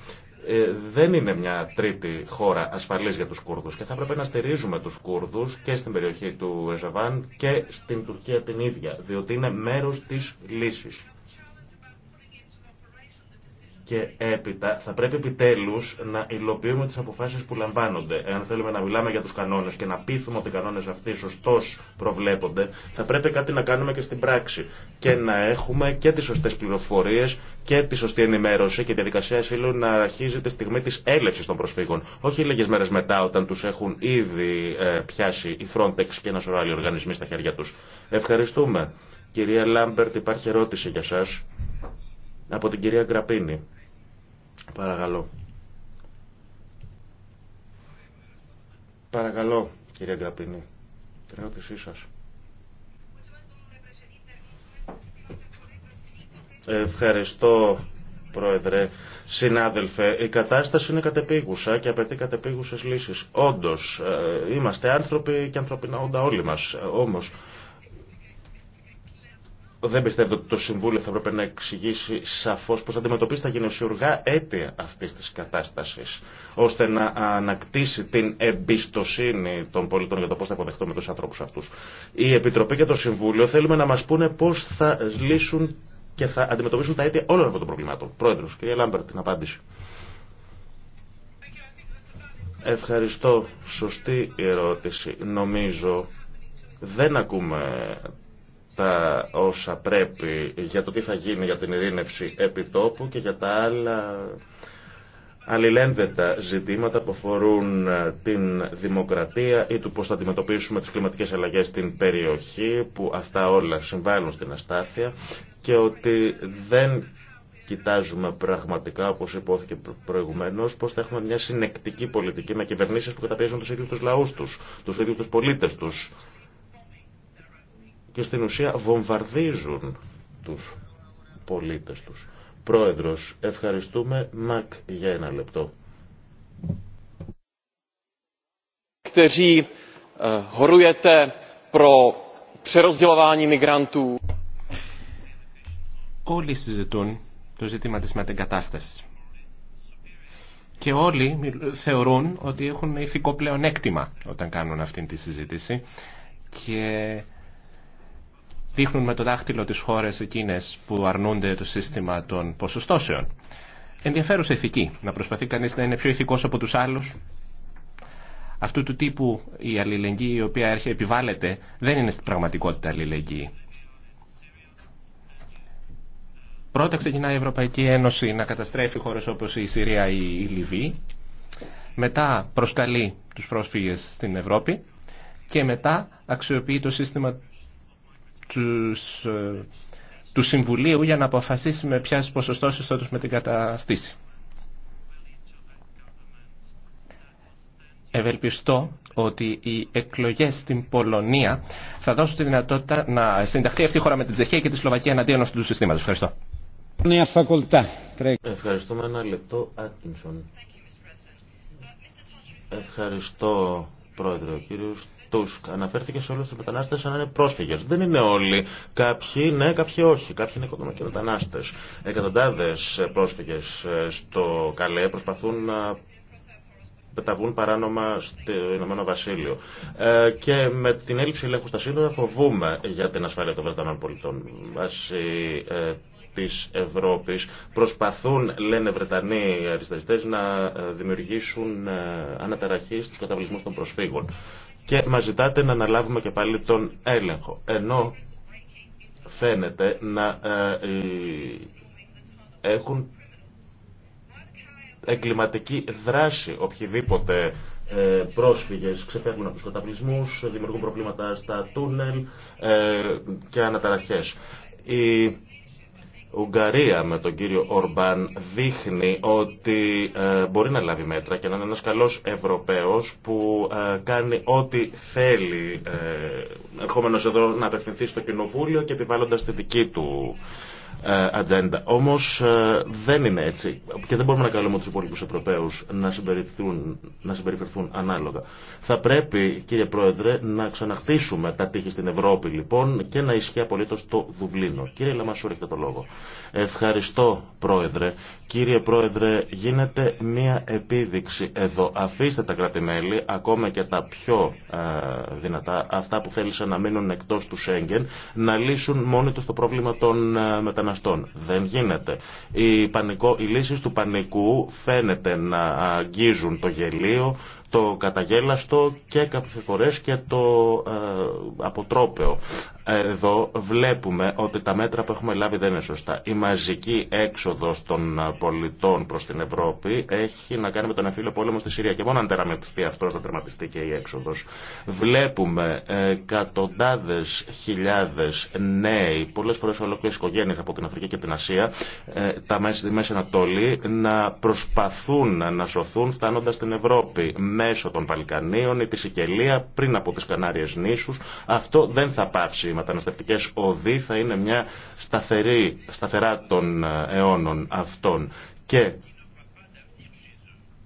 ε, δεν είναι μια τρίτη χώρα ασφαλής για τους Κούρδους και θα πρέπει να στηρίζουμε τους Κούρδους και στην περιοχή του Εζαβάν και στην Τουρκία την ίδια, διότι είναι μέρος της λύσης. Και έπειτα θα πρέπει επιτέλου να υλοποιούμε τι αποφάσει που λαμβάνονται. Εάν θέλουμε να μιλάμε για του κανόνε και να πείθουμε ότι οι κανόνε αυτοί σωστώ προβλέπονται, θα πρέπει κάτι να κάνουμε και στην πράξη. Και να έχουμε και τι σωστέ πληροφορίε και τη σωστή ενημέρωση και τη διαδικασία ασύλου να αρχίζει τη στιγμή τη έλευση των προσφύγων. Όχι λίγε μέρε μετά όταν του έχουν ήδη ε, πιάσει η Frontex και ένα σωρό άλλοι οργανισμοί στα χέρια του. Ευχαριστούμε. Κυρία Λάμπερτ, υπάρχει ερώτηση για σας από την κυρία Γκραπίνη. Παρακαλώ. Παρακαλώ, κύριε Γκραπίνη, την ερώτησή σα. Ευχαριστώ, Πρόεδρε. Συνάδελφε, η κατάσταση είναι κατεπίγουσα και απαιτεί κατεπίγουσες λύσεις. Όντως, ε, είμαστε άνθρωποι και ανθρωπινά όντα όλοι μα. Ε, όμως δεν πιστεύετε ότι το Συμβούλιο θα έπρεπε να εξηγήσει σαφώ πώ αντιμετωπίσει τα γενεσιουργά αίτια αυτή τη κατάσταση, ώστε να ανακτήσει την εμπιστοσύνη των πολιτών για το πώ θα αποδεχτούμε του ανθρώπου αυτού. Η Επιτροπή και το Συμβούλιο θέλουμε να μα πούνε πώ θα λύσουν και θα αντιμετωπίσουν τα αίτια όλων αυτών των προβλημάτων. Πρόεδρο, κυρία Λάμπερτ, την απάντηση. Ευχαριστώ. Σωστή ερώτηση. Νομίζω δεν ακούμε τα όσα πρέπει για το τι θα γίνει για την ειρήνευση τόπου και για τα άλλα αλληλένδετα ζητήματα που αφορούν ε, την δημοκρατία ή του πώς θα αντιμετωπίσουμε τις κλιματικές αλλαγές στην περιοχή που αυτά όλα συμβάλλουν στην αστάθεια και ότι δεν κοιτάζουμε πραγματικά, όπως υπόθηκε προηγουμένως, πώς θα έχουμε μια συνεκτική πολιτική με κυβερνήσεις που καταπιέζουν τους ίδιους τους λαούς τους, τους ίδιους τους πολίτες τους, και στην ουσία βομβαρδίζουν τους πολίτες τους. Πρόεδρος, ευχαριστούμε. Μακ, για ένα λεπτό. Ε, όλοι συζητούν το ζήτημα της μετεγκατάστασης. Και όλοι θεωρούν ότι έχουν ηθικό πλεονέκτημα όταν κάνουν αυτή τη συζήτηση. Και δείχνουν με το δάχτυλο τις χώρες εκείνες που αρνούνται το σύστημα των ποσοστώσεων. Ενδιαφέρουσα ηθική, να προσπαθεί κανείς να είναι πιο ηθικός από τους άλλους. Αυτού του τύπου η αλληλεγγύη η οποία έρχεται επιβάλλεται δεν είναι στην πραγματικότητα αλληλεγγύη. Πρώτα ξεκινά η Ευρωπαϊκή Ένωση να καταστρέφει χώρες όπως η Συρία ή η Λιβύη. Μετά προσκαλεί τους πρόσφυγες στην Ευρώπη και μετά αξιοποιεί το σύστημα τους, ε, του Συμβουλίου για να αποφασίσει με ποιες ποσοστώσεις θα τους μετεγκαταστήσει. Ευελπιστώ ότι οι εκλογές στην Πολωνία θα δώσουν τη δυνατότητα να συνταχθεί αυτή η χώρα με την Τσεχία και τη Σλοβακία εναντίον αυτού του συστήματος. Ευχαριστώ. Ευχαριστούμε ένα λεπτό, Άτκινσον. Ευχαριστώ, Πρόεδρε. Ο κύριος Τούσκ αναφέρθηκε σε όλου του μετανάστε σαν να είναι πρόσφυγε. Δεν είναι όλοι. Κάποιοι ναι, κάποιοι όχι. Κάποιοι είναι οικονομικοί μετανάστε. Εκατοντάδε πρόσφυγε ε, στο Καλέ προσπαθούν να πεταβούν παράνομα στο Ηνωμένο Βασίλειο. Ε, και με την έλλειψη ελέγχου στα σύνορα φοβούμε για την ασφάλεια των Βρετανών πολιτών. Βάσει ε, τη Ευρώπη προσπαθούν, λένε Βρετανοί αριστεριστέ, να ε, δημιουργήσουν ε, αναταραχή στου καταβλισμού των προσφύγων και μας ζητάτε να αναλάβουμε και πάλι τον έλεγχο. Ενώ φαίνεται να ε, έχουν εγκληματική δράση οποιοδήποτε ε, πρόσφυγες ξεφεύγουν από τους καταπλησμούς, δημιουργούν προβλήματα στα τούνελ ε, και αναταραχές. Ουγγαρία με τον κύριο Ορμπάν δείχνει ότι ε, μπορεί να λάβει μέτρα και να είναι ένας καλός Ευρωπαίος που ε, κάνει ό,τι θέλει ε, ερχόμενος εδώ να απευθυνθεί στο Κοινοβούλιο και επιβάλλοντας τη δική του ατζέντα. Ε, Όμως ε, δεν είναι έτσι και δεν μπορούμε να καλούμε του υπόλοιπου Ευρωπαίους να, συμπεριφερθούν, να συμπεριφερθούν ανάλογα. Θα πρέπει κύριε Πρόεδρε να ξαναχτίσουμε τα τείχη στην Ευρώπη λοιπόν και να ισχύει απολύτω το Δουβλίνο. Κύριε Λαμασούρη, έχετε το λόγο. Ευχαριστώ Πρόεδρε. Κύριε Πρόεδρε γίνεται μία επίδειξη εδώ. Αφήστε τα κρατημέλη ακόμα και τα πιο ε, δυνατά αυτά που θέλησαν να μείνουν εκτό του Σέγγεν να λύσουν μόνοι του το πρόβλημα των μεταναστών δεν γίνεται. Οι, πανικό, οι λύσεις του πανικού φαίνεται να αγγίζουν το γελίο, το καταγέλαστο και κάποιες φορές και το ε, αποτρόπαιο. Εδώ βλέπουμε ότι τα μέτρα που έχουμε λάβει δεν είναι σωστά. Η μαζική έξοδος των πολιτών προς την Ευρώπη έχει να κάνει με τον εμφύλιο πόλεμο στη Συρία. Και μόνο αν τεραμετιστεί αυτός θα τερματιστεί και η έξοδος. Βλέπουμε ε, εκατοντάδες χιλιάδες νέοι, πολλές φορές ολόκληρες οικογένειες από την Αφρική και την Ασία, ε, τα μέσα στη Μέση Ανατολή, να προσπαθούν να σωθούν φτάνοντας στην Ευρώπη μέσω των Βαλκανίων ή τη Σικελία πριν από τις Κανάριες νήσους. Αυτό δεν θα πάψει μεταναστευτικέ οδοί θα είναι μια σταθερά των ε, αιώνων αυτών. Και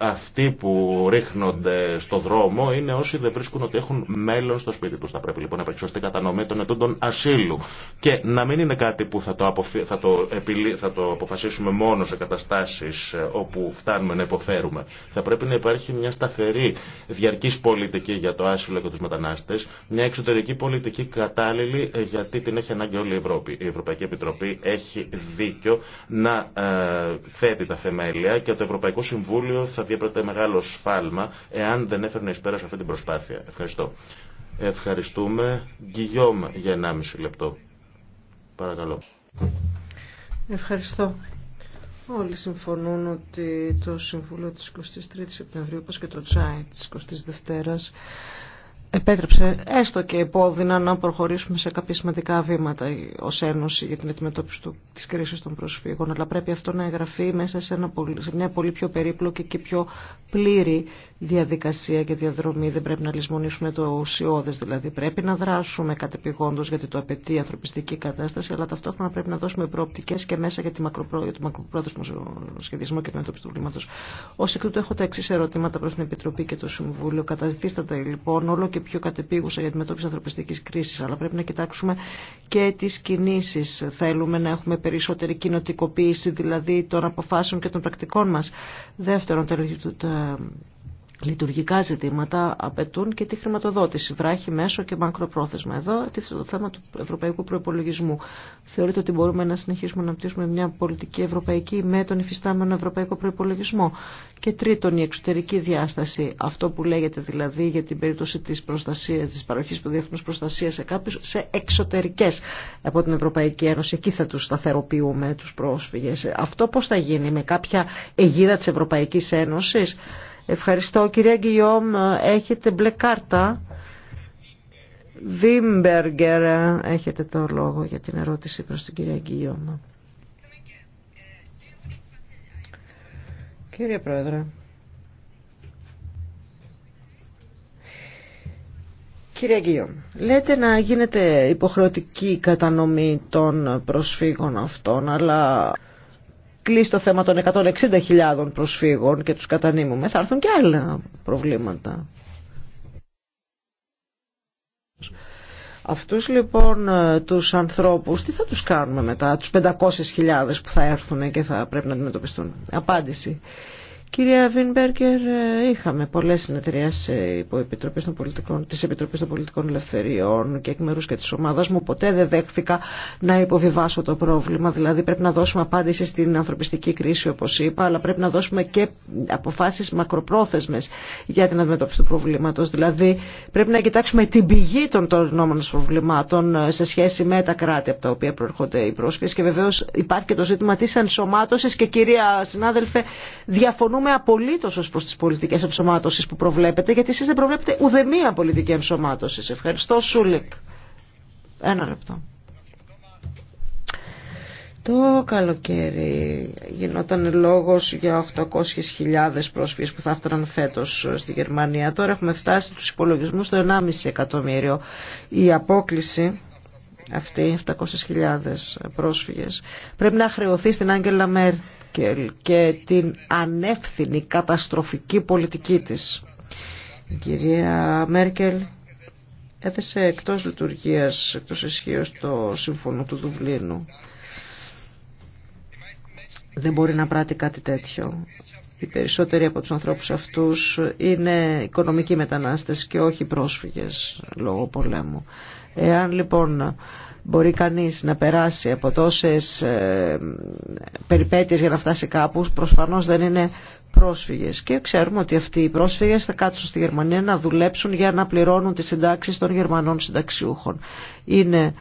αυτοί που ρίχνονται στο δρόμο είναι όσοι δεν βρίσκουν ότι έχουν μέλλον στο σπίτι τους. Θα πρέπει λοιπόν να υπάρχει σωστή κατανομή των ετών ασύλου και να μην είναι κάτι που θα το, θα, το θα το αποφασίσουμε μόνο σε καταστάσεις ε, όπου φτάνουμε να υποφέρουμε. Θα πρέπει να υπάρχει μια σταθερή διαρκής πολιτική για το άσυλο και τους μετανάστες, μια εξωτερική πολιτική κατάλληλη ε, γιατί την έχει ανάγκη όλη η Ευρώπη. Η Ευρωπαϊκή Επιτροπή έχει δίκιο να ε, θέτει τα θεμέλια και το Ευρωπαϊκό Συμβούλιο θα έπρεπε μεγάλο σφάλμα εάν δεν έφερνε εις πέρας αυτή την προσπάθεια. Ευχαριστώ. Ευχαριστούμε. Γκυγιόμ για 1,5 λεπτό. Παρακαλώ. Ευχαριστώ. Όλοι συμφωνούν ότι το Συμβούλιο της 23ης Σεπτεμβρίου, όπως και το ΤΣΑΙ της 22ης επέτρεψε έστω και επώδυνα να προχωρήσουμε σε κάποια σημαντικά βήματα ω Ένωση για την αντιμετώπιση τη κρίση των προσφύγων, αλλά πρέπει αυτό να εγγραφεί μέσα σε, ένα, σε μια πολύ πιο περίπλοκη και πιο πλήρη διαδικασία και διαδρομή. Δεν πρέπει να λησμονήσουμε το ουσιώδε. δηλαδή πρέπει να δράσουμε κατεπηγόντω γιατί το απαιτεί η ανθρωπιστική κατάσταση, αλλά ταυτόχρονα πρέπει να δώσουμε προοπτικέ και μέσα για, τη μακροπρό... για το μακροπρόθεσμο σχεδιασμό και την αντιμετώπιση του κλίματος. Ω εκ τούτου έχω τα εξή ερωτήματα προ την Επιτροπή και το Συμβούλιο. τα λοιπόν όλο και πιο κατεπίγουσα για αντιμετώπιση ανθρωπιστικής κρίσης, αλλά πρέπει να κοιτάξουμε και τις κινήσεις. Θέλουμε να έχουμε περισσότερη κοινοτικοποίηση, δηλαδή των αποφάσεων και των πρακτικών μας. Δεύτερον, τα λειτουργικά ζητήματα απαιτούν και τη χρηματοδότηση, βράχη, μέσο και μακροπρόθεσμα. Εδώ το θέμα του ευρωπαϊκού προπολογισμού. Θεωρείτε ότι μπορούμε να συνεχίσουμε να πτήσουμε μια πολιτική ευρωπαϊκή με τον υφιστάμενο ευρωπαϊκό προπολογισμό. Και τρίτον, η εξωτερική διάσταση, αυτό που λέγεται δηλαδή για την περίπτωση τη παροχή του διεθνού προστασία σε κάποιου, σε εξωτερικέ από την Ευρωπαϊκή Ένωση. Εκεί θα του σταθεροποιούμε του πρόσφυγε. Αυτό πώ θα γίνει, με κάποια αιγίδα τη Ευρωπαϊκή Ένωση. Ευχαριστώ. Κυρία Γκυλιόμ, έχετε μπλε κάρτα. Βίμπεργκερ, έχετε το λόγο για την ερώτηση προς την κυρία Γκυλιόμ. Κύριε Πρόεδρε. Κύριε Γκυλιόμ, λέτε να γίνεται υποχρεωτική κατανομή των προσφύγων αυτών, αλλά κλείσει το θέμα των 160.000 προσφύγων και τους κατανείμουμε, θα έρθουν και άλλα προβλήματα. Αυτούς λοιπόν τους ανθρώπους τι θα τους κάνουμε μετά, τους 500.000 που θα έρθουν και θα πρέπει να αντιμετωπιστούν. Απάντηση. Κυρία Βίνμπεργκερ, ε, είχαμε πολλέ συνεδριάσει υπό Επιτροπή των Πολιτικών, της Επιτροπής των Πολιτικών Ελευθεριών και εκ μέρου και τη ομάδα μου. Ποτέ δεν δέχθηκα να υποβιβάσω το πρόβλημα. Δηλαδή, πρέπει να δώσουμε απάντηση στην ανθρωπιστική κρίση, όπω είπα, αλλά πρέπει να δώσουμε και αποφάσει μακροπρόθεσμε για την αντιμετώπιση του προβλήματο. Δηλαδή, πρέπει να κοιτάξουμε την πηγή των τερνόμενων προβλημάτων ε, σε σχέση με τα κράτη από τα οποία προέρχονται οι πρόσφυγε. Και βεβαίω υπάρχει και το ζήτημα τη ενσωμάτωση και, κυρία συνάδελφε, διαφωνούμε διαφωνούμε απολύτω ω προ τι πολιτικέ ενσωμάτωση που προβλέπετε, γιατί εσεί δεν προβλέπετε ουδέμια πολιτική ενσωμάτωση. Ευχαριστώ, Σούλικ. Ένα λεπτό. Το καλοκαίρι γινόταν λόγος για 800.000 πρόσφυγες που θα έφταναν φέτος στη Γερμανία. Τώρα έχουμε φτάσει του υπολογισμούς στο 1,5 εκατομμύριο. Η απόκληση αυτή, 700.000 πρόσφυγες, πρέπει να χρεωθεί στην Άγγελα Μέρ και την ανεύθυνη καταστροφική πολιτική της. Η κυρία Μέρκελ έθεσε εκτός λειτουργίας, εκτός ισχύω το σύμφωνο του Δουβλίνου. Δεν μπορεί να πράττει κάτι τέτοιο. Οι περισσότεροι από τους ανθρώπους αυτούς είναι οικονομικοί μετανάστες και όχι πρόσφυγες λόγω πολέμου. Εάν λοιπόν μπορεί κανείς να περάσει από τόσες ε, περιπέτειες για να φτάσει κάπου, προσφανώς δεν είναι πρόσφυγες. Και ξέρουμε ότι αυτοί οι πρόσφυγες θα κάτσουν στη Γερμανία να δουλέψουν για να πληρώνουν τις συντάξεις των Γερμανών συνταξιούχων. Είναι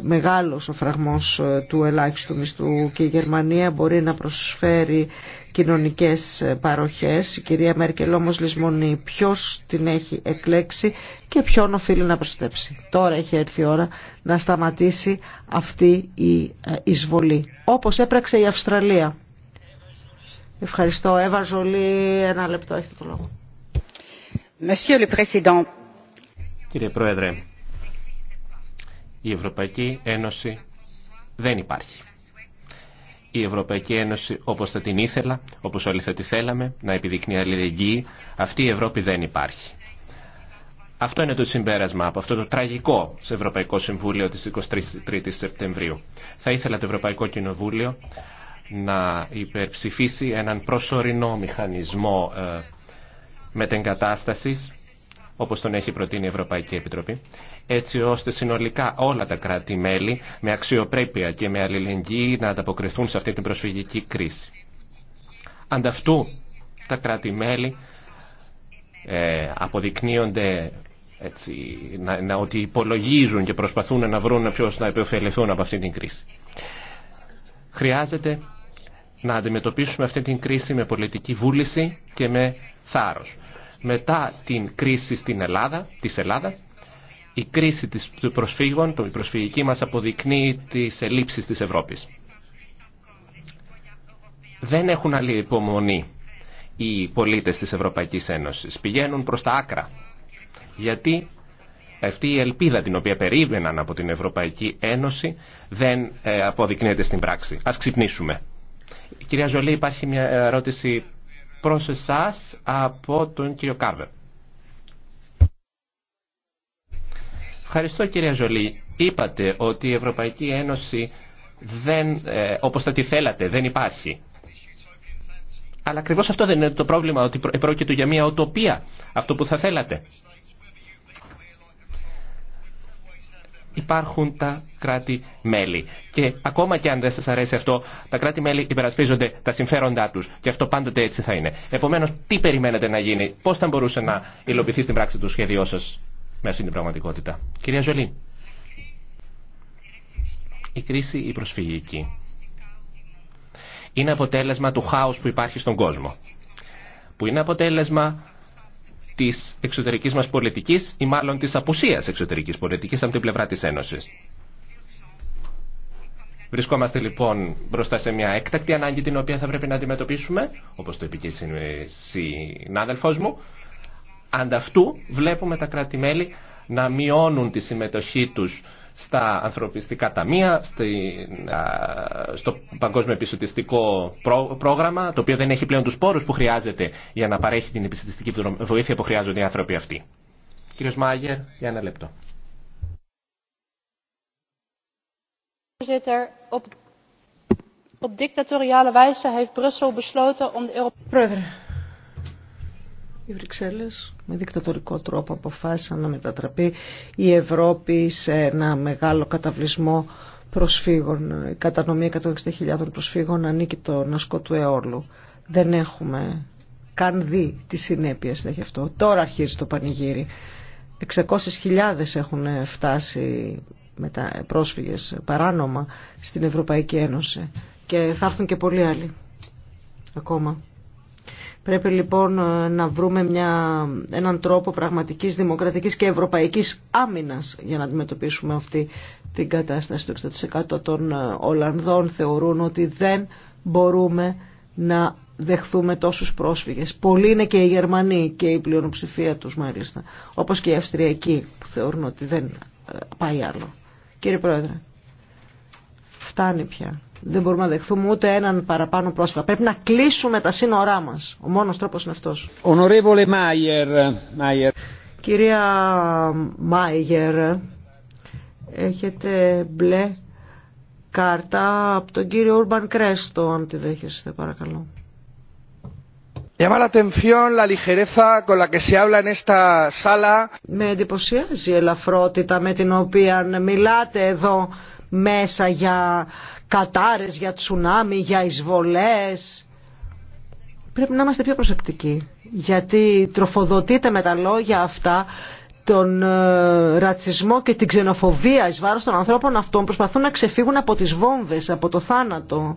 μεγάλος ο φραγμός ε, του ελάχιστου μισθού και η Γερμανία μπορεί να προσφέρει κοινωνικές ε, παροχές. Η κυρία Μέρκελ όμως λησμονεί ποιος την έχει εκλέξει και ποιον οφείλει να προστατέψει. Τώρα έχει έρθει η ώρα να σταματήσει αυτή η ε, εισβολή, όπως έπραξε η Αυστραλία. Ευχαριστώ. Εύα Ζολή, ένα λεπτό έχετε το λόγο. Κύριε Πρόεδρε, η Ευρωπαϊκή Ένωση δεν υπάρχει. Η Ευρωπαϊκή Ένωση όπως θα την ήθελα, όπως όλοι θα τη θέλαμε, να επιδεικνύει αλληλεγγύη, αυτή η Ευρώπη δεν υπάρχει. Αυτό είναι το συμπέρασμα από αυτό το τραγικό σε Ευρωπαϊκό Συμβούλιο της 23 η Σεπτεμβρίου. Θα ήθελα το Ευρωπαϊκό Κοινοβούλιο να υπερψηφίσει έναν προσωρινό μηχανισμό ε, μετεγκατάστασης όπως τον έχει προτείνει η Ευρωπαϊκή Επιτροπή, έτσι ώστε συνολικά όλα τα κράτη-μέλη με αξιοπρέπεια και με αλληλεγγύη να ανταποκριθούν σε αυτή την προσφυγική κρίση. Ανταυτού τα κράτη-μέλη ε, αποδεικνύονται έτσι, να, ότι υπολογίζουν και προσπαθούν να βρουν ποιο να επιωφεληθούν από αυτή την κρίση. Χρειάζεται να αντιμετωπίσουμε αυτή την κρίση με πολιτική βούληση και με θάρρος. Μετά την κρίση στην Ελλάδα, της Ελλάδας, η κρίση των προσφύγων, η προσφυγική μας αποδεικνύει τις ελλείψεις της Ευρώπης. Δεν έχουν άλλη υπομονή οι πολίτες της Ευρωπαϊκής Ένωσης. Πηγαίνουν προς τα άκρα. Γιατί αυτή η ελπίδα την οποία περίμεναν από την Ευρωπαϊκή Ένωση δεν ε, αποδεικνύεται στην πράξη. Ας ξυπνήσουμε. Κυρία Ζολή, υπάρχει μια ερώτηση προς εσάς από τον κύριο Κάρβερ. Ευχαριστώ κυρία Ζολή. Είπατε ότι η Ευρωπαϊκή Ένωση δεν, ε, όπως θα τη θέλατε δεν υπάρχει. Αλλά ακριβώς αυτό δεν είναι το πρόβλημα ότι πρόκειται για μια οτοπία αυτό που θα θέλατε. υπάρχουν τα κράτη-μέλη. Και ακόμα και αν δεν σας αρέσει αυτό, τα κράτη-μέλη υπερασπίζονται τα συμφέροντά τους. Και αυτό πάντοτε έτσι θα είναι. Επομένως, τι περιμένετε να γίνει, πώς θα μπορούσε να υλοποιηθεί στην πράξη του σχέδιό σας μέσα στην πραγματικότητα. Κυρία Ζολή. Η κρίση η προσφυγική είναι αποτέλεσμα του χάους που υπάρχει στον κόσμο. Που είναι αποτέλεσμα Τη εξωτερικής μα πολιτικής ή μάλλον της απουσίας εξωτερικής πολιτικής από την πλευρά τη Ένωση. Βρισκόμαστε λοιπόν μπροστά σε μια έκτακτη ανάγκη την οποία θα πρέπει να αντιμετωπίσουμε, όπως το είπε και η συνάδελφός μου. Ανταυτού βλέπουμε τα κράτη-μέλη να μειώνουν τη συμμετοχή τους στα ανθρωπιστικά ταμεία, στο παγκόσμιο επιστημιστικό πρόγραμμα, το οποίο δεν έχει πλέον τους πόρους που χρειάζεται για να παρέχει την επιστημιστική βοήθεια που χρειάζονται οι άνθρωποι αυτοί. Κύριος Μάγερ, για ένα λεπτό. Πρόεδρε, οι Βρυξέλλες με δικτατορικό τρόπο αποφάσισαν να μετατραπεί η Ευρώπη σε ένα μεγάλο καταβλισμό προσφύγων. Η κατανομή 160.000 προσφύγων ανήκει το νασκό του αιώλου. Δεν έχουμε καν δει τι συνέπειες έχει αυτό. Τώρα αρχίζει το πανηγύρι. 600.000 έχουν φτάσει με τα πρόσφυγες παράνομα στην Ευρωπαϊκή Ένωση και θα έρθουν και πολλοί άλλοι ακόμα. Πρέπει λοιπόν ε, να βρούμε μια, έναν τρόπο πραγματικής δημοκρατικής και ευρωπαϊκής άμυνας για να αντιμετωπίσουμε αυτή την κατάσταση. Το 60% των ε, Ολλανδών θεωρούν ότι δεν μπορούμε να δεχθούμε τόσους πρόσφυγες. Πολλοί είναι και οι Γερμανοί και η πλειονοψηφία τους μάλιστα, όπως και οι Αυστριακοί που θεωρούν ότι δεν ε, πάει άλλο. Κύριε Πρόεδρε, φτάνει πια δεν μπορούμε να δεχθούμε ούτε έναν παραπάνω πρόσφατα. Πρέπει να κλείσουμε τα σύνορά μα. Ο μόνο τρόπο είναι αυτό. Ονορεύολε Μάιερ. Κυρία Μάιερ, έχετε μπλε κάρτα από τον κύριο Ούρμπαν Κρέστο, αν τη δέχεστε παρακαλώ. Με εντυπωσιάζει η ελαφρότητα με την οποία μιλάτε εδώ μέσα για κατάρες για τσουνάμι, για εισβολές. Πρέπει να είμαστε πιο προσεκτικοί, γιατί τροφοδοτείται με τα λόγια αυτά τον ε, ρατσισμό και την ξενοφοβία εις βάρος των ανθρώπων αυτών προσπαθούν να ξεφύγουν από τις βόμβες, από το θάνατο,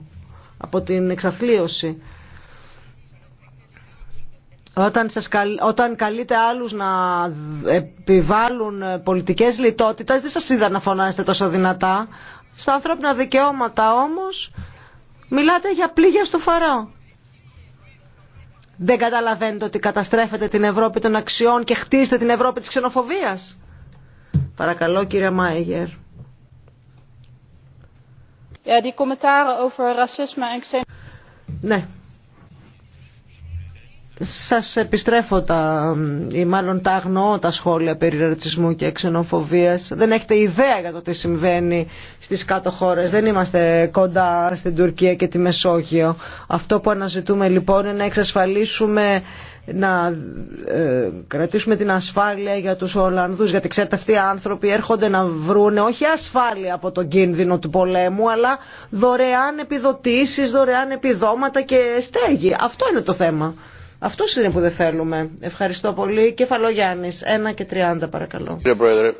από την εξαθλίωση. Όταν, σας, όταν καλείτε άλλους να επιβάλλουν ε, πολιτικές λιτότητας, δεν σας είδα να φωνάσετε τόσο δυνατά. Στα ανθρώπινα δικαιώματα όμως μιλάτε για πλήγια στο φαράω. Δεν καταλαβαίνετε ότι καταστρέφετε την Ευρώπη των αξιών και χτίζετε την Ευρώπη της ξενοφοβίας. Παρακαλώ κύριε Μάιγερ. Ναι, σας επιστρέφω τα, ή μάλλον τα αγνοώ τα σχόλια περί ρατσισμού και ξενοφοβίας. Δεν έχετε ιδέα για το τι συμβαίνει στις κάτω χώρες. Δεν είμαστε κοντά στην Τουρκία και τη Μεσόγειο. Αυτό που αναζητούμε λοιπόν είναι να εξασφαλίσουμε να ε, κρατήσουμε την ασφάλεια για τους Ολλανδούς γιατί ξέρετε αυτοί οι άνθρωποι έρχονται να βρούνε όχι ασφάλεια από τον κίνδυνο του πολέμου αλλά δωρεάν επιδοτήσεις, δωρεάν επιδόματα και στέγη. Αυτό είναι το θέμα. Αυτό είναι που δεν θέλουμε. Ευχαριστώ πολύ. Κεφαλό Γιάννη, 1 και 30 παρακαλώ. Κύριε Πρόεδρε,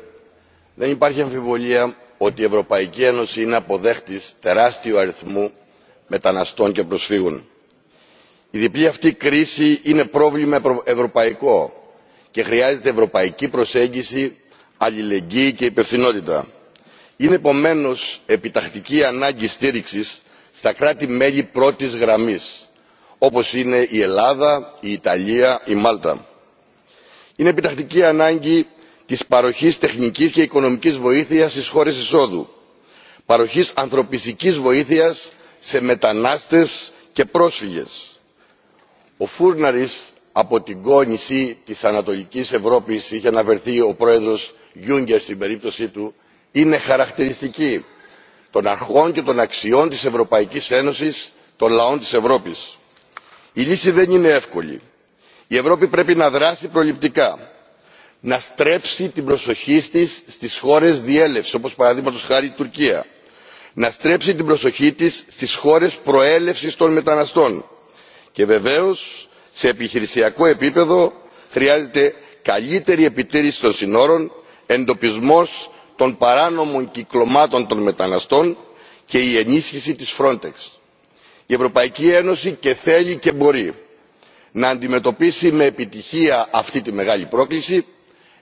δεν υπάρχει αμφιβολία ότι η Ευρωπαϊκή Ένωση είναι αποδέχτης τεράστιου αριθμού μεταναστών και προσφύγων. Η διπλή αυτή κρίση είναι πρόβλημα ευρωπαϊκό και χρειάζεται ευρωπαϊκή προσέγγιση, αλληλεγγύη και υπευθυνότητα. Είναι επομένω επιτακτική ανάγκη στήριξη στα κράτη-μέλη πρώτη γραμμή όπως είναι η Ελλάδα, η Ιταλία, η Μάλτα. Είναι επιτακτική ανάγκη της παροχής τεχνικής και οικονομικής βοήθειας στις χώρες εισόδου, παροχής ανθρωπιστικής βοήθειας σε μετανάστες και πρόσφυγες. Ο Φούρναρης από την κόνηση της Ανατολικής Ευρώπης είχε αναφερθεί ο πρόεδρος Γιούγκερ στην περίπτωσή του είναι χαρακτηριστική των αρχών και των αξιών της Ευρωπαϊκής Ένωσης των λαών της Ευρώπης η λύση δεν είναι εύκολη. η ευρώπη πρέπει να δράσει προληπτικά να στρέψει την προσοχή της στις χώρες διέλευσης όπως παραδείγματος χάρη η τουρκία να στρέψει την προσοχή της στις χώρες προέλευσης των μεταναστών και βεβαίως σε επιχειρησιακό επίπεδο χρειάζεται καλύτερη επιτήρηση των συνόρων εντοπισμός των παράνομων κυκλωμάτων των μεταναστών και η ενίσχυση της frontex η ευρωπαϊκή ένωση και θέλει και μπορεί να αντιμετωπίσει με επιτυχία αυτή τη μεγάλη πρόκληση.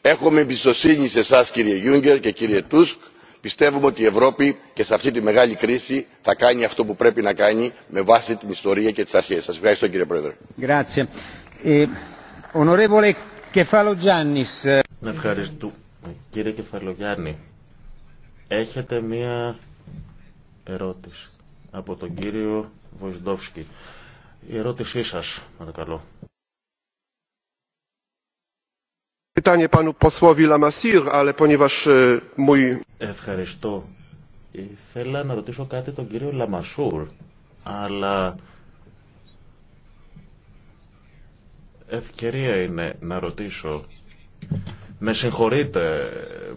έχουμε εμπιστοσύνη σε εσά κύριε juncker και κύριε tusk πιστεύουμε ότι η ευρώπη και σε αυτή τη μεγάλη κρίση θα κάνει αυτό που πρέπει να κάνει με βάση την ιστορία και τις αρχές. σας ευχαριστώ κύριε πρόεδρε. Ε, ε, ευχαριστώ. Κύριε Κεφαλογιάννη, έχετε μία ερώτηση από τον κύριο η ερώτησή σας, παρακαλώ. E, Ευχαριστώ. Ήθελα να ρωτήσω κάτι τον κύριο Λαμασούρ, αλλά ευκαιρία είναι να ρωτήσω με συγχωρείτε,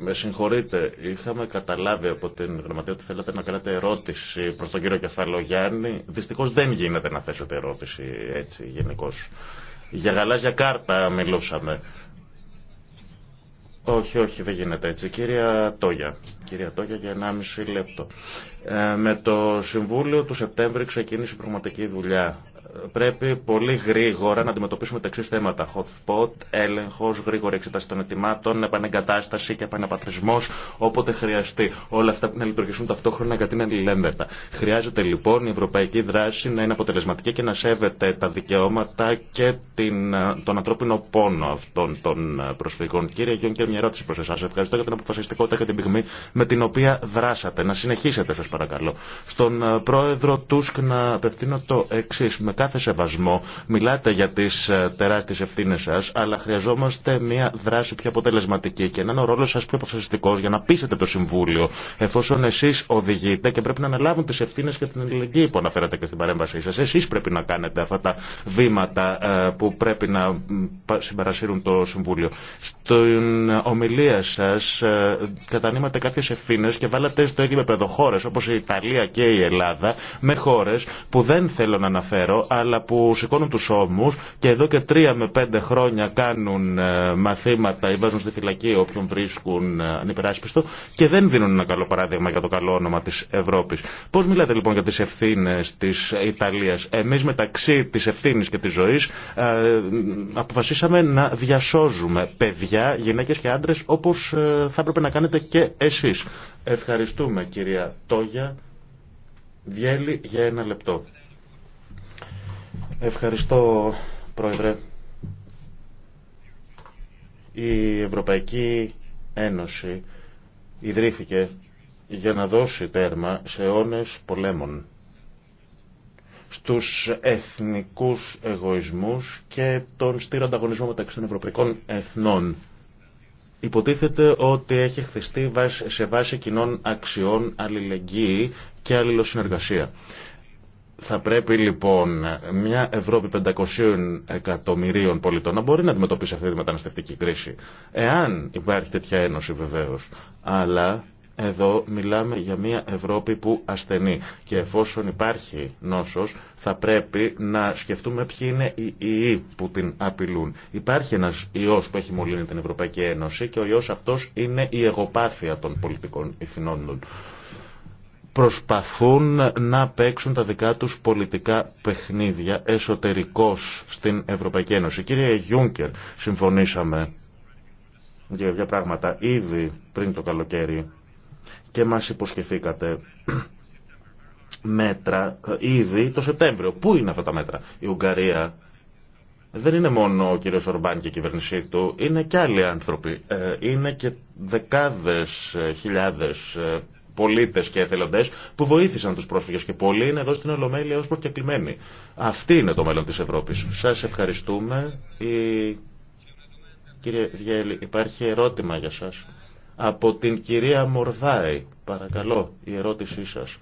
συγχωρείτε. Είχαμε καταλάβει από την γραμματεία ότι θέλατε να κάνετε ερώτηση προς τον κύριο Κεφαλογιάννη. Δυστυχώς δεν γίνεται να θέσετε ερώτηση έτσι γενικώ. Για γαλάζια κάρτα μιλούσαμε. Όχι, όχι, δεν γίνεται έτσι. Κυρία Τόγια, κυρία Τόγια για 1,5 λεπτό. Ε, με το Συμβούλιο του Σεπτέμβρη ξεκίνησε η πραγματική δουλειά πρέπει πολύ γρήγορα να αντιμετωπίσουμε τα εξή θέματα. Hot spot, έλεγχο, γρήγορη εξέταση των ετοιμάτων, επανεγκατάσταση και επαναπατρισμό όποτε χρειαστεί. Όλα αυτά να λειτουργήσουν ταυτόχρονα γιατί είναι αλληλένδετα. Χρειάζεται λοιπόν η ευρωπαϊκή δράση να είναι αποτελεσματική και να σέβεται τα δικαιώματα και την, ε, τον ανθρώπινο πόνο αυτών των ε, προσφυγών. Κύριε και μια ερώτηση προ εσά. Ευχαριστώ για την αποφασιστικότητα και την πυγμή με την οποία δράσατε. Να συνεχίσετε, σα παρακαλώ. Στον ε, πρόεδρο Τούσκ να απευθύνω το εξή κάθε σεβασμό, μιλάτε για τι ε, τεράστιε ευθύνε σα, αλλά χρειαζόμαστε μια δράση πιο αποτελεσματική και έναν ρόλο σα πιο αποφασιστικό για να πείσετε το Συμβούλιο, εφόσον εσεί οδηγείτε και πρέπει να αναλάβουν τι ευθύνε και την ελληνική που αναφέρατε και στην παρέμβασή σα. Εσεί πρέπει να κάνετε αυτά τα βήματα ε, που πρέπει να συμπαρασύρουν το Συμβούλιο. Στην ομιλία σα ε, κατανείματε κάποιε ευθύνε και βάλατε στο ίδιο επίπεδο χώρε όπω η Ιταλία και η Ελλάδα με χώρε που δεν θέλω να αναφέρω αλλά που σηκώνουν τους ώμους και εδώ και τρία με πέντε χρόνια κάνουν ε, μαθήματα ή βάζουν στη φυλακή όποιον βρίσκουν ε, ανυπεράσπιστο και δεν δίνουν ένα καλό παράδειγμα για το καλό όνομα της Ευρώπης. Πώς μιλάτε λοιπόν για τις ευθύνε της Ιταλίας. Εμείς μεταξύ της ευθύνη και της ζωής ε, αποφασίσαμε να διασώζουμε παιδιά, γυναίκες και άντρες όπως θα έπρεπε να κάνετε και εσείς. Ευχαριστούμε κυρία Τόγια. Διέλη για ένα λεπτό. Ευχαριστώ, Πρόεδρε. Η Ευρωπαϊκή Ένωση ιδρύθηκε για να δώσει τέρμα σε αιώνες πολέμων στους εθνικούς εγωισμούς και τον στήρο ανταγωνισμό μεταξύ των ευρωπαϊκών εθνών. Υποτίθεται ότι έχει χθιστεί σε βάση κοινών αξιών αλληλεγγύη και αλληλοσυνεργασία. Θα πρέπει λοιπόν μια Ευρώπη 500 εκατομμυρίων πολιτών να μπορεί να αντιμετωπίσει αυτή τη μεταναστευτική κρίση. Εάν υπάρχει τέτοια ένωση βεβαίως. Αλλά εδώ μιλάμε για μια Ευρώπη που ασθενεί και εφόσον υπάρχει νόσος θα πρέπει να σκεφτούμε ποιοι είναι οι ιοί που την απειλούν. Υπάρχει ένας ιός που έχει μολύνει την Ευρωπαϊκή Ένωση και ο ιός αυτός είναι η εγωπάθεια των πολιτικών ηθινόντων προσπαθούν να παίξουν τα δικά τους πολιτικά παιχνίδια εσωτερικώς στην Ευρωπαϊκή Ένωση. Κύριε Γιούνκερ, συμφωνήσαμε για δύο πράγματα ήδη πριν το καλοκαίρι και μας υποσχεθήκατε μέτρα ε, ήδη το Σεπτέμβριο. Πού είναι αυτά τα μέτρα. Η Ουγγαρία δεν είναι μόνο ο κύριος Ορμπάν και η κυβέρνησή του, είναι και άλλοι άνθρωποι. Ε, είναι και δεκάδες ε, χιλιάδες πολίτε και εθελοντέ που βοήθησαν του πρόσφυγε και πολλοί είναι εδώ στην Ολομέλεια ω προκεκλημένοι. Αυτή είναι το μέλλον τη Ευρώπη. Σα ευχαριστούμε. Η... Κύριε Βιέλη, υπάρχει ερώτημα για σας. Από την κυρία Μορδάη, παρακαλώ, η ερώτησή σας.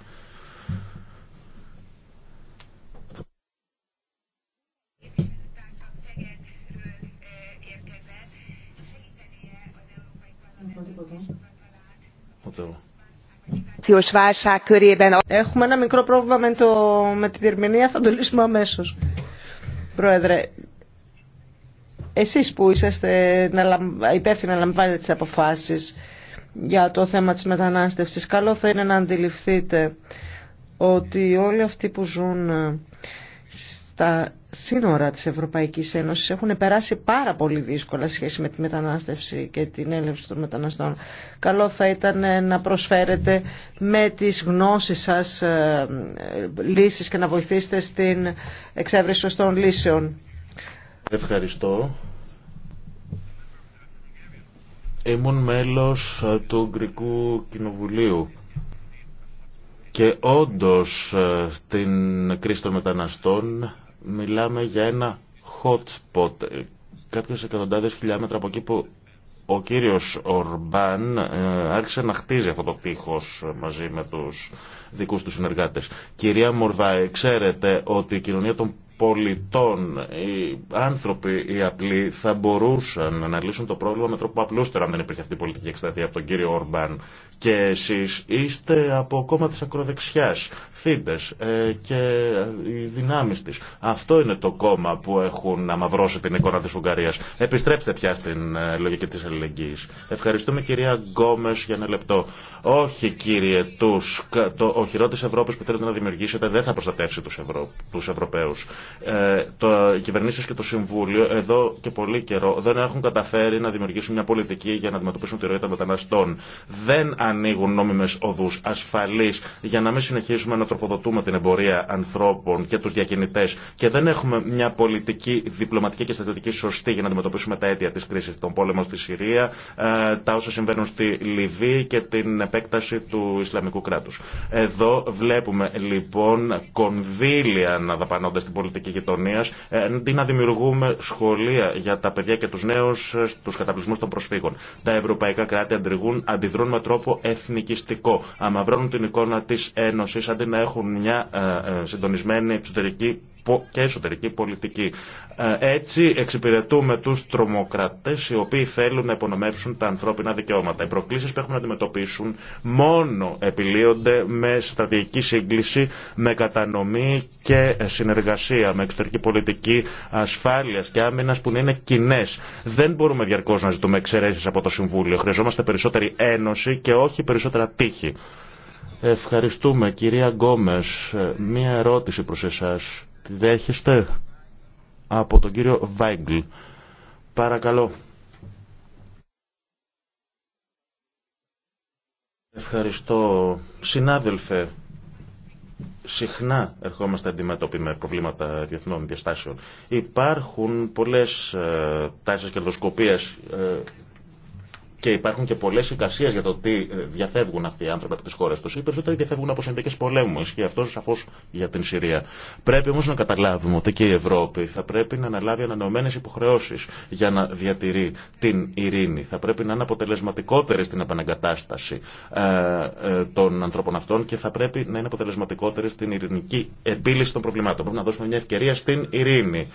Έχουμε ένα μικρό πρόβλημα με, το, με την ερμηνεία, θα το λύσουμε αμέσως. Πρόεδρε, Εσεί που είσαστε υπεύθυνοι να λαμβάνετε τι αποφάσεις για το θέμα τη μετανάστευση. καλό θα είναι να αντιληφθείτε ότι όλοι αυτοί που ζουν στα σύνορα της Ευρωπαϊκής Ένωσης έχουν περάσει πάρα πολύ δύσκολα σχέση με τη μετανάστευση και την έλευση των μεταναστών. Καλό θα ήταν ε, να προσφέρετε με τις γνώσεις σας ε, ε, λύσεις και να βοηθήσετε στην εξέβριση σωστών λύσεων. Ευχαριστώ. Ήμουν μέλος του Γκρικού Κοινοβουλίου και όντως την κρίση των μεταναστών Μιλάμε για ένα hot spot, κάποιες εκατοντάδες χιλιάμετρα από εκεί που ο κύριος Ορμπάν ε, άρχισε να χτίζει αυτό το τείχος μαζί με τους δικούς του συνεργάτες. Κυρία Μορβάη, ξέρετε ότι η κοινωνία των πολιτών, οι άνθρωποι, οι απλοί θα μπορούσαν να λύσουν το πρόβλημα με τρόπο απλούστερο αν δεν υπήρχε αυτή η πολιτική εκστρατεία από τον κύριο Ορμπάν και εσείς είστε από κόμμα της ακροδεξιάς, θύντες ε, και ε, οι δυνάμεις της. Αυτό είναι το κόμμα που έχουν αμαυρώσει την εικόνα της Ουγγαρίας. Επιστρέψτε πια στην ε, λογική της ελληνικής. Ευχαριστούμε κυρία Γκόμες για ένα λεπτό. Όχι κύριε Τούσκ, το οχυρό της Ευρώπης που θέλετε να δημιουργήσετε δεν θα προστατεύσει τους, Ευρω... τους Ευρωπαίους. Ε, το, οι κυβερνήσεις και το Συμβούλιο εδώ και πολύ καιρό δεν έχουν καταφέρει να δημιουργήσουν μια πολιτική για να αντιμετωπίσουν τη ροή των μεταναστών. Δεν ανοίγουν νόμιμες οδούς ασφαλείς για να μην συνεχίσουμε να τροφοδοτούμε την εμπορία ανθρώπων και τους διακινητές και δεν έχουμε μια πολιτική, διπλωματική και στρατιωτική σωστή για να αντιμετωπίσουμε τα αίτια της κρίσης, τον πόλεμο στη Συρία, ε, τα όσα συμβαίνουν στη Λιβύη και την επέκταση του Ισλαμικού κράτους. Εδώ βλέπουμε λοιπόν κονδύλια να δαπανώνται στην πολιτική γειτονία, ε, αντί να δημιουργούμε σχολεία για τα παιδιά και τους νέους ε, στους καταπλησμούς των προσφύγων. Τα ευρωπαϊκά κράτη αντιδρούν με τρόπο εθνικιστικό. Αμαυρώνουν την εικόνα της Ένωσης αντί να έχουν μια ε, ε, συντονισμένη εξωτερική και εσωτερική πολιτική. Ε, έτσι εξυπηρετούμε τους τρομοκρατές οι οποίοι θέλουν να υπονομεύσουν τα ανθρώπινα δικαιώματα. Οι προκλήσεις που έχουμε να αντιμετωπίσουν μόνο επιλύονται με στρατηγική σύγκληση, με κατανομή και συνεργασία, με εξωτερική πολιτική ασφάλειας και άμυνας που είναι κοινέ. Δεν μπορούμε διαρκώς να ζητούμε εξαιρέσεις από το Συμβούλιο. Χρειαζόμαστε περισσότερη ένωση και όχι περισσότερα τύχη. Ευχαριστούμε κυρία Γκόμες. Ε, μία ερώτηση προς εσάς. Τη δέχεστε από τον κύριο Βάγκλ. Παρακαλώ. Ευχαριστώ. Συνάδελφε, συχνά ερχόμαστε αντιμέτωποι με προβλήματα διεθνών διαστάσεων. Υπάρχουν πολλές ε, τάσεις κερδοσκοπίας ε, και υπάρχουν και πολλέ εικασίε για το τι ε, διαφεύγουν αυτοί οι άνθρωποι από τι χώρε του. Οι περισσότεροι διαφεύγουν από συνδικέ πολέμου. Ισχύει αυτό σαφώ για την Συρία. Πρέπει όμω να καταλάβουμε ότι και η Ευρώπη θα πρέπει να αναλάβει ανανεωμένε υποχρεώσει για να διατηρεί την ειρήνη. Θα πρέπει να είναι αποτελεσματικότερη στην επαναγκατάσταση ε, ε, των ανθρώπων αυτών και θα πρέπει να είναι αποτελεσματικότερη στην ειρηνική επίλυση των προβλημάτων. Πρέπει να δώσουμε μια ευκαιρία στην ειρήνη.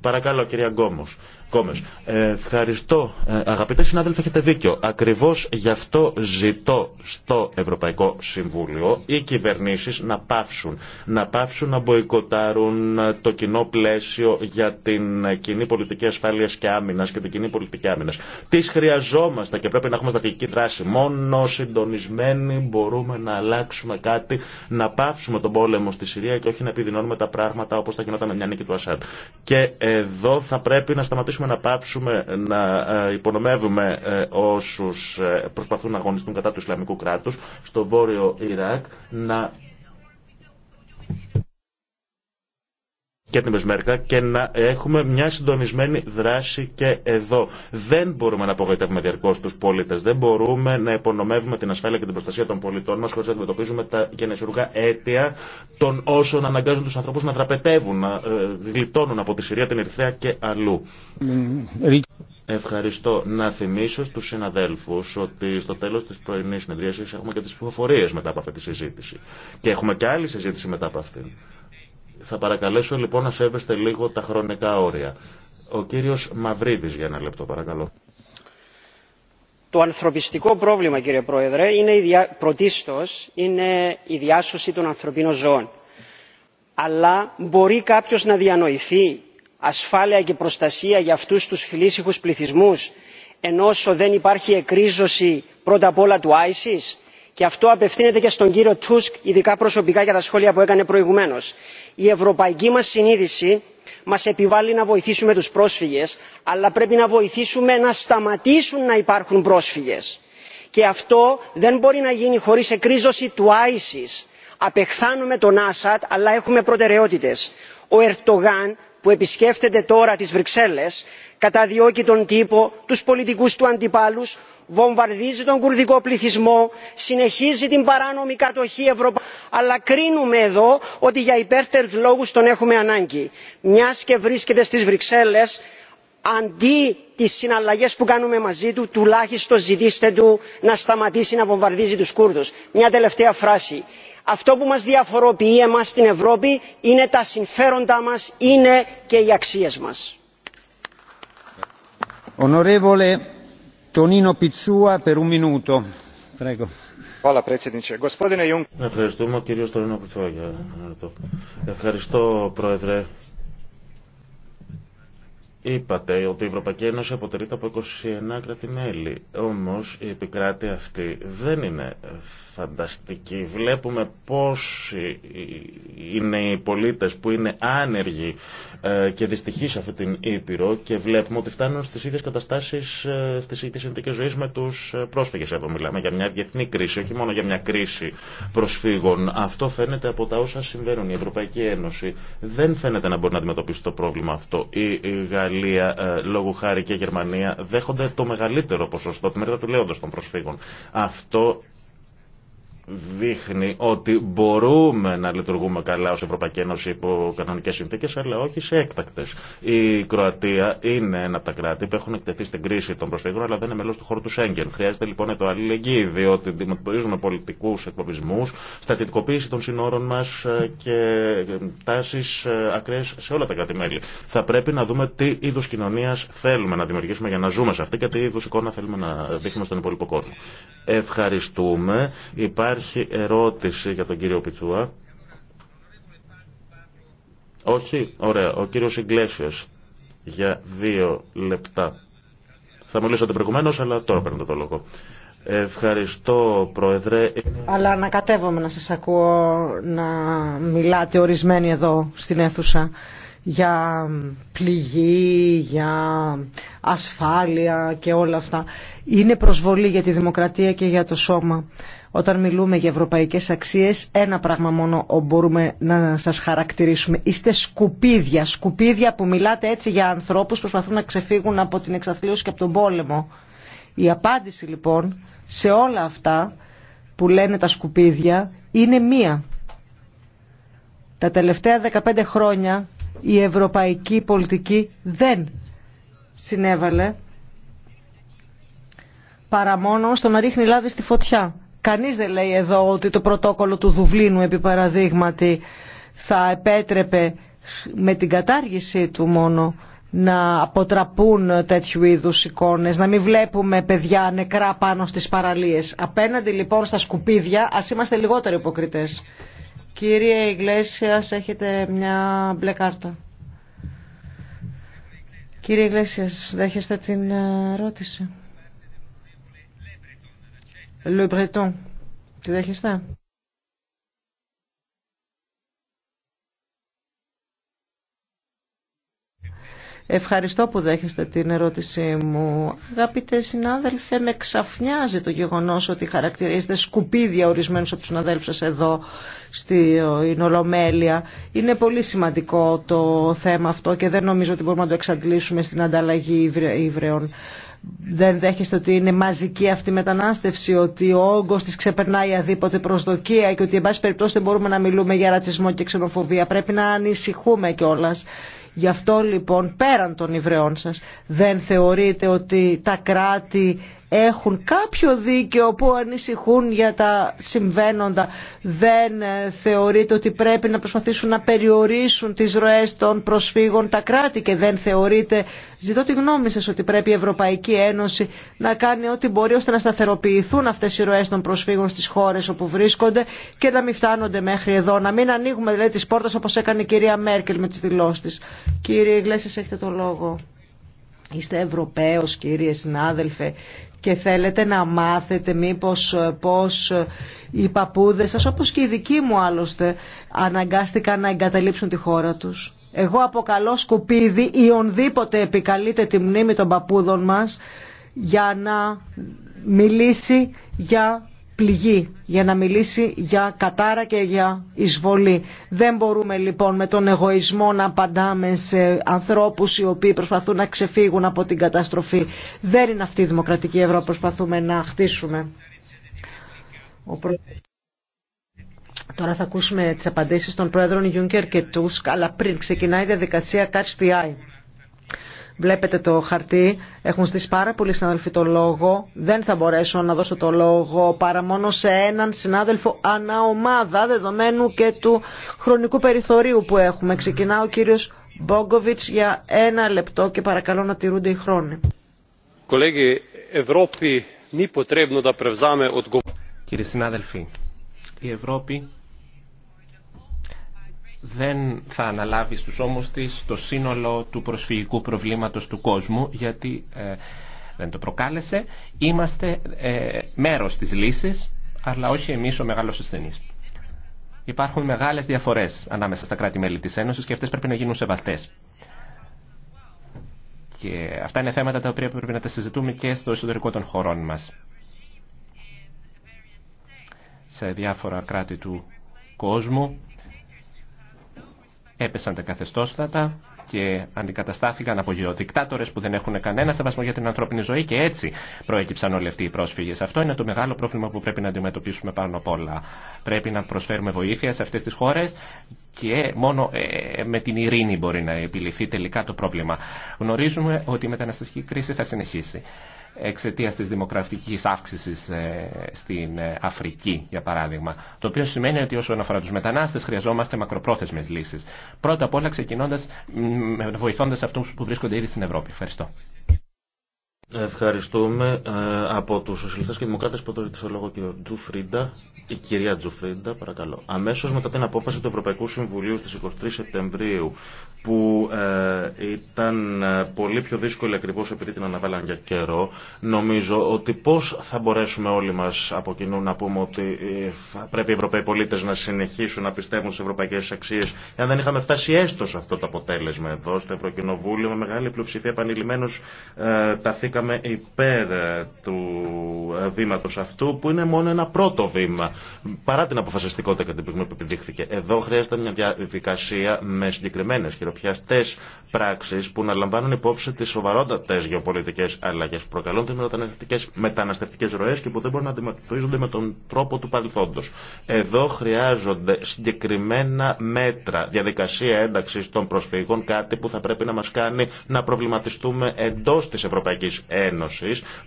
Παρακαλώ, κυρία Γκόμος. Κόμες. ευχαριστώ. Ε, αγαπητέ συνάδελφοι, έχετε δίκιο. Ακριβώ γι' αυτό ζητώ στο Ευρωπαϊκό Συμβούλιο οι κυβερνήσει να πάψουν. Να πάψουν να μποϊκοτάρουν το κοινό πλαίσιο για την κοινή πολιτική ασφάλεια και άμυνα και την κοινή πολιτική άμυνα. Τι χρειαζόμαστε και πρέπει να έχουμε στατική δράση. Μόνο συντονισμένοι μπορούμε να αλλάξουμε κάτι, να πάψουμε τον πόλεμο στη Συρία και όχι να επιδεινώνουμε τα πράγματα όπω θα γινόταν με μια νίκη του Ασάντ. Και εδώ θα πρέπει να σταματήσουμε μπορέσουμε να πάψουμε να ε, υπονομεύουμε ε, όσους ε, προσπαθούν να αγωνιστούν κατά του Ισλαμικού κράτους στο βόρειο Ιράκ, να και την Πεσμέρκα και να έχουμε μια συντονισμένη δράση και εδώ. Δεν μπορούμε να απογοητεύουμε διαρκώ του πολίτε. Δεν μπορούμε να υπονομεύουμε την ασφάλεια και την προστασία των πολιτών μα χωρί να αντιμετωπίζουμε τα γενεσιουργά αίτια των όσων αναγκάζουν του ανθρώπου να δραπετεύουν, να ε, γλιτώνουν από τη Συρία, την Ερυθρέα και αλλού. Ευχαριστώ. Να θυμίσω στους συναδέλφους ότι στο τέλος της πρωινής συνεδρίασης έχουμε και τις ψηφοφορίες μετά από αυτή τη συζήτηση. Και έχουμε και άλλη συζήτηση μετά από αυτήν. Θα παρακαλέσω λοιπόν να σέβεστε λίγο τα χρονικά όρια. Ο κύριος Μαυρίδης για ένα λεπτό παρακαλώ. Το ανθρωπιστικό πρόβλημα κύριε Πρόεδρε είναι η είναι η διάσωση των ανθρωπίνων ζώων. Αλλά μπορεί κάποιος να διανοηθεί ασφάλεια και προστασία για αυτούς τους φιλήσυχους πληθυσμούς ενώ όσο δεν υπάρχει εκρίζωση πρώτα απ' όλα του ISIS και αυτό απευθύνεται και στον κύριο Τούσκ ειδικά προσωπικά για τα σχόλια που έκανε προηγουμένως η ευρωπαϊκή μας συνείδηση μας επιβάλλει να βοηθήσουμε τους πρόσφυγες αλλά πρέπει να βοηθήσουμε να σταματήσουν να υπάρχουν πρόσφυγες και αυτό δεν μπορεί να γίνει χωρίς εκρίζωση του isis. απεχθάνουμε τον ασαντ αλλά έχουμε προτεραιότητες. ο ερντογάν που επισκέφτεται τώρα τις βρυξέλλες καταδιώκει τον τύπο τους πολιτικούς του αντιπάλους βομβαρδίζει τον κουρδικό πληθυσμό συνεχίζει την παράνομη κατοχή ευρωπαϊκών αλλά κρίνουμε εδώ ότι για υπέρτερους λόγους τον έχουμε ανάγκη. μιας και βρίσκεται στις βρυξέλλες αντί τις συναλλαγές που κάνουμε μαζί του τουλάχιστον ζητήστε του να σταματήσει να βομβαρδίζει τους κούρδους. μια τελευταία φράση αυτό που μας διαφοροποιεί εμάς στην Ευρώπη είναι τα συμφέροντά μας, είναι και οι αξίες μας. Onorevole Tonino Pizzua, per un minuto. Prego. Hola, Presidente. Gospodine Juncker. Ευχαριστούμε, κύριο Τονίνο Πιτσούα, για το Ευχαριστώ, Πρόεδρε, Είπατε ότι η Ευρωπαϊκή Ένωση αποτελείται από 29 κράτη-μέλη. Όμως η επικράτη αυτή δεν είναι φανταστική. Βλέπουμε πόσοι είναι οι πολίτε που είναι άνεργοι ε, και δυστυχεί σε αυτή την Ήπειρο και βλέπουμε ότι φτάνουν στι ίδιε καταστάσεις, ε, στις ίδιε συνθήκε ζωή με του ε, πρόσφυγε Εδώ μιλάμε για μια διεθνή κρίση, όχι μόνο για μια κρίση προσφύγων. Αυτό φαίνεται από τα όσα συμβαίνουν. Η Ευρωπαϊκή Ένωση δεν φαίνεται να μπορεί να αντιμετωπίσει το πρόβλημα αυτό. Ιταλία, ε, λόγου χάρη και Γερμανία, δέχονται το μεγαλύτερο ποσοστό, τη μερίδα του λέοντος των προσφύγων. Αυτό δείχνει ότι μπορούμε να λειτουργούμε καλά ως Ευρωπαϊκή Ένωση υπό κανονικές συνθήκες, αλλά όχι σε έκτακτες. Η Κροατία είναι ένα από τα κράτη που έχουν εκτεθεί στην κρίση των προσφύγων, αλλά δεν είναι μέλος του χώρου του Σέγγεν. Χρειάζεται λοιπόν το αλληλεγγύη, διότι αντιμετωπίζουμε πολιτικούς εκπομπισμούς, στατιτικοποίηση των συνόρων μας ε, και ε, τάσεις ε, ακραίες σε όλα τα κράτη-μέλη. Θα πρέπει να δούμε τι είδους κοινωνίας θέλουμε να δημιουργήσουμε για να ζούμε σε αυτή και τι είδους εικόνα θέλουμε να δείχνουμε στον υπόλοιπο κόσμο. Ευχαριστούμε. Υπάρχει ερώτηση για τον κύριο Πιτσούα. Όχι, ωραία. Ο κύριος Ιγκλέσιος για δύο λεπτά. Θα μιλήσατε προηγουμένω, αλλά τώρα παίρνετε το λόγο. Ευχαριστώ, Πρόεδρε. Αλλά ανακατεύομαι να σας ακούω να μιλάτε ορισμένοι εδώ στην αίθουσα για πληγή, για ασφάλεια και όλα αυτά. Είναι προσβολή για τη δημοκρατία και για το σώμα. Όταν μιλούμε για ευρωπαϊκές αξίες, ένα πράγμα μόνο μπορούμε να σας χαρακτηρίσουμε. Είστε σκουπίδια, σκουπίδια που μιλάτε έτσι για ανθρώπους που προσπαθούν να ξεφύγουν από την εξαθλίωση και από τον πόλεμο. Η απάντηση λοιπόν σε όλα αυτά που λένε τα σκουπίδια είναι μία. Τα τελευταία 15 χρόνια η ευρωπαϊκή πολιτική δεν συνέβαλε παρά μόνο στο να ρίχνει λάδι στη φωτιά. Κανείς δεν λέει εδώ ότι το πρωτόκολλο του Δουβλίνου επί παραδείγματι θα επέτρεπε με την κατάργησή του μόνο να αποτραπούν τέτοιου είδους εικόνες, να μην βλέπουμε παιδιά νεκρά πάνω στις παραλίες. Απέναντι λοιπόν στα σκουπίδια ας είμαστε λιγότερο υποκριτές. Κύριε Ιγκλέσιας, έχετε μια μπλε κάρτα. Κύριε Ιγκλέσιας, δέχεστε την ε, ερώτηση. Le Breton. Τη δέχεστε. Ευχαριστώ που δέχεστε την ερώτησή μου. Αγαπητέ συνάδελφε, με ξαφνιάζει το γεγονός ότι χαρακτηρίζετε σκουπίδια ορισμένους από τους συναδέλφους σας εδώ στην Ολομέλεια. Είναι πολύ σημαντικό το θέμα αυτό και δεν νομίζω ότι μπορούμε να το εξαντλήσουμε στην ανταλλαγή Ιβρεών. Δεν δέχεστε ότι είναι μαζική αυτή η μετανάστευση, ότι ο όγκο τη ξεπερνάει αδίποτε προσδοκία και ότι, εν πάση περιπτώσει, δεν μπορούμε να μιλούμε για ρατσισμό και ξενοφοβία. Πρέπει να ανησυχούμε κιόλα. Γι' αυτό λοιπόν πέραν των Ιβρεών σα. δεν θεωρείτε ότι τα κράτη έχουν κάποιο δίκαιο που ανησυχούν για τα συμβαίνοντα. Δεν ε, θεωρείται ότι πρέπει να προσπαθήσουν να περιορίσουν τις ροές των προσφύγων τα κράτη και δεν θεωρείται, ζητώ τη γνώμη σας, ότι πρέπει η Ευρωπαϊκή Ένωση να κάνει ό,τι μπορεί ώστε να σταθεροποιηθούν αυτές οι ροές των προσφύγων στις χώρες όπου βρίσκονται και να μην φτάνονται μέχρι εδώ. Να μην ανοίγουμε δηλαδή τις πόρτες όπως έκανε η κυρία Μέρκελ με τις δηλώσεις της. Κύριε Ιγλέσιας, έχετε το λόγο. Είστε Ευρωπαίος κύριε συνάδελφε και θέλετε να μάθετε μήπως ε, πως ε, οι παππούδες σας όπως και οι δικοί μου άλλωστε αναγκάστηκαν να εγκαταλείψουν τη χώρα τους. Εγώ αποκαλώ σκουπίδι ή ονδήποτε επικαλείται τη μνήμη των παππούδων μας για να μιλήσει για πληγή για να μιλήσει για κατάρα και για εισβολή. Δεν μπορούμε λοιπόν με τον εγωισμό να απαντάμε σε ανθρώπους οι οποίοι προσπαθούν να ξεφύγουν από την καταστροφή. Δεν είναι αυτή η δημοκρατική Ευρώπη που προσπαθούμε να χτίσουμε. Τώρα θα ακούσουμε τις απαντήσεις των πρόεδρων Ιούνκερ και Τούσκ, αλλά πριν ξεκινάει η διαδικασία Catch the Eye. Βλέπετε το χαρτί, έχουν στήσει πάρα πολλοί συνάδελφοι το λόγο. Δεν θα μπορέσω να δώσω το λόγο παρά μόνο σε έναν συνάδελφο αναομάδα δεδομένου και του χρονικού περιθωρίου που έχουμε. Ξεκινά ο κύριος Μπόγκοβιτς για ένα λεπτό και παρακαλώ να τηρούνται οι χρόνοι. Κύριοι συνάδελφοι, η Ευρώπη δεν θα αναλάβει στους ώμους της το σύνολο του προσφυγικού προβλήματος του κόσμου γιατί ε, δεν το προκάλεσε. Είμαστε ε, μέρος της λύσης αλλά όχι εμείς ο μεγάλος ασθενής. Υπάρχουν μεγάλες διαφορές ανάμεσα στα κράτη-μέλη της Ένωσης και αυτές πρέπει να γίνουν σεβαστές. Και αυτά είναι θέματα τα οποία πρέπει να τα συζητούμε και στο εσωτερικό των χωρών μας. Σε διάφορα κράτη του κόσμου έπεσαν τα καθεστώστατα και αντικαταστάθηκαν από γεωδικτάτορε που δεν έχουν κανένα σεβασμό για την ανθρώπινη ζωή και έτσι προέκυψαν όλοι αυτοί οι πρόσφυγε. Αυτό είναι το μεγάλο πρόβλημα που πρέπει να αντιμετωπίσουμε πάνω απ' όλα. Πρέπει να προσφέρουμε βοήθεια σε αυτέ τι χώρε και μόνο ε, ε, με την ειρήνη μπορεί να επιληθεί τελικά το πρόβλημα. Γνωρίζουμε ότι η μεταναστευτική κρίση θα συνεχίσει εξαιτίας της δημοκρατικής αύξησης ε, στην ε, Αφρική, για παράδειγμα. Το οποίο σημαίνει ότι όσον αφορά τους μετανάστες χρειαζόμαστε μακροπρόθεσμες λύσεις. Πρώτα απ' όλα ξεκινώντας, βοηθώντας αυτούς που βρίσκονται ήδη στην Ευρώπη. Ευχαριστώ. Ευχαριστούμε ε, από του Σοσιαλιστέ και Δημοκράτες που το λόγο κύριο Τζουφρίντα. Η κυρία Τζουφρίντα, παρακαλώ. Αμέσω μετά την απόφαση του Ευρωπαϊκού Συμβουλίου στι 23 Σεπτεμβρίου, που ε, ήταν ε, πολύ πιο δύσκολη ακριβώ επειδή την αναβάλαν για καιρό, νομίζω ότι πώ θα μπορέσουμε όλοι μα από κοινού να πούμε ότι πρέπει οι Ευρωπαίοι πολίτε να συνεχίσουν να πιστεύουν στι ευρωπαϊκέ αξίε, εάν δεν είχαμε φτάσει έστω σε αυτό το αποτέλεσμα εδώ, στο Ευρωκοινοβούλιο, με μεγάλη πλειοψηφία επανειλημμένω ε, Είμαστε υπέρ του βήματος αυτού που είναι μόνο ένα πρώτο βήμα παρά την αποφασιστικότητα και την που επιδείχθηκε. Εδώ χρειάζεται μια διαδικασία με συγκεκριμένες χειροπιαστές πράξεις που να λαμβάνουν υπόψη τις σοβαρότατες γεωπολιτικές αλλαγές που προκαλούν τις μεταναστευτικές, ροές και που δεν μπορούν να αντιμετωπίζονται με τον τρόπο του παρελθόντος. Εδώ χρειάζονται συγκεκριμένα μέτρα, διαδικασία ένταξης των προσφύγων, κάτι που θα πρέπει να μας κάνει να προβληματιστούμε εντός της Ευρωπαϊκής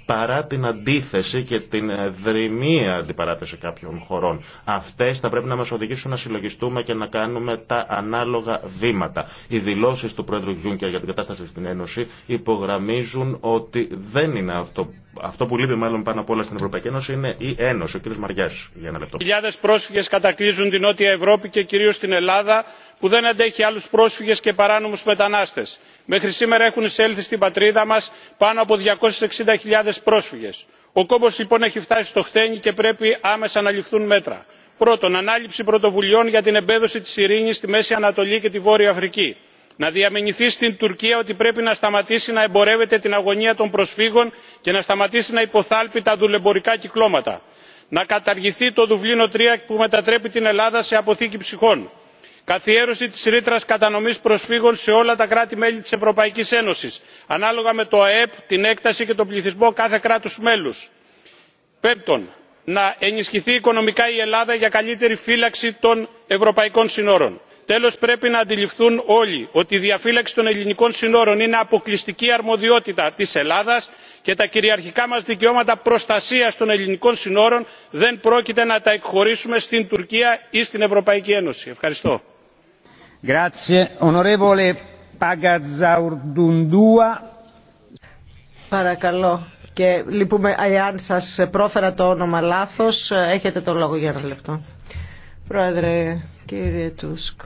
παρά την αντίθεση και την ε, δρυμή αντιπαράθεση κάποιων χωρών. Αυτές θα πρέπει να μας οδηγήσουν να συλλογιστούμε και να κάνουμε τα ανάλογα βήματα. Οι δηλώσεις του Πρόεδρου Γιούνκερ για την κατάσταση στην Ένωση υπογραμμίζουν ότι δεν είναι αυτό αυτό που λείπει μάλλον πάνω απ' όλα στην Ευρωπαϊκή Ένωση είναι η Ένωση. Ο κ. Μαριά, για ένα λεπτό. Χιλιάδε πρόσφυγε κατακλείζουν την Νότια Ευρώπη και κυρίω την Ελλάδα που δεν αντέχει άλλους πρόσφυγες και παράνομους μετανάστες. μέχρι σήμερα έχουν εισέλθει στην πατρίδα μας πάνω από 260.000 πρόσφυγες. ο κόμπος λοιπόν έχει φτάσει στο χτένι και πρέπει άμεσα να ληφθούν μέτρα. πρώτον ανάληψη πρωτοβουλειών για την εμπέδωση της ειρήνης στη μέση ανατολή και τη βόρεια αφρική να διαμενηθεί στην τουρκία ότι πρέπει να σταματήσει να εμπορεύεται την αγωνία των προσφύγων και να σταματήσει να υποθάλπει τα δουλεμπορικά κυκλώματα να καταργηθεί το δουβλίνο τρία που μετατρέπει την ελλάδα σε αποθήκη ψυχών καθιέρωση της ρήτρας κατανομής προσφύγων σε όλα τα κράτη μέλη της ευρωπαϊκής ένωσης ανάλογα με το αεπ την έκταση και τον πληθυσμό κάθε κράτους μέλους. πέμπτον να ενισχυθεί οικονομικά η ελλάδα για καλύτερη φύλαξη των ευρωπαϊκών συνόρων. τέλος πρέπει να αντιληφθούν όλοι ότι η διαφύλαξη των ελληνικών συνόρων είναι αποκλειστική αρμοδιότητα της ελλάδας και τα κυριαρχικά μας δικαιώματα προστασίας των ελληνικών συνόρων δεν πρόκειται να τα εκχωρήσουμε στην τουρκία ή στην ευρωπαϊκή ένωση. ευχαριστώ. Παρακαλώ και λυπούμε αν σας πρόφερα το όνομα λάθος. Έχετε το λόγο για ένα λεπτό. Πρόεδρε, κύριε Τούσκ.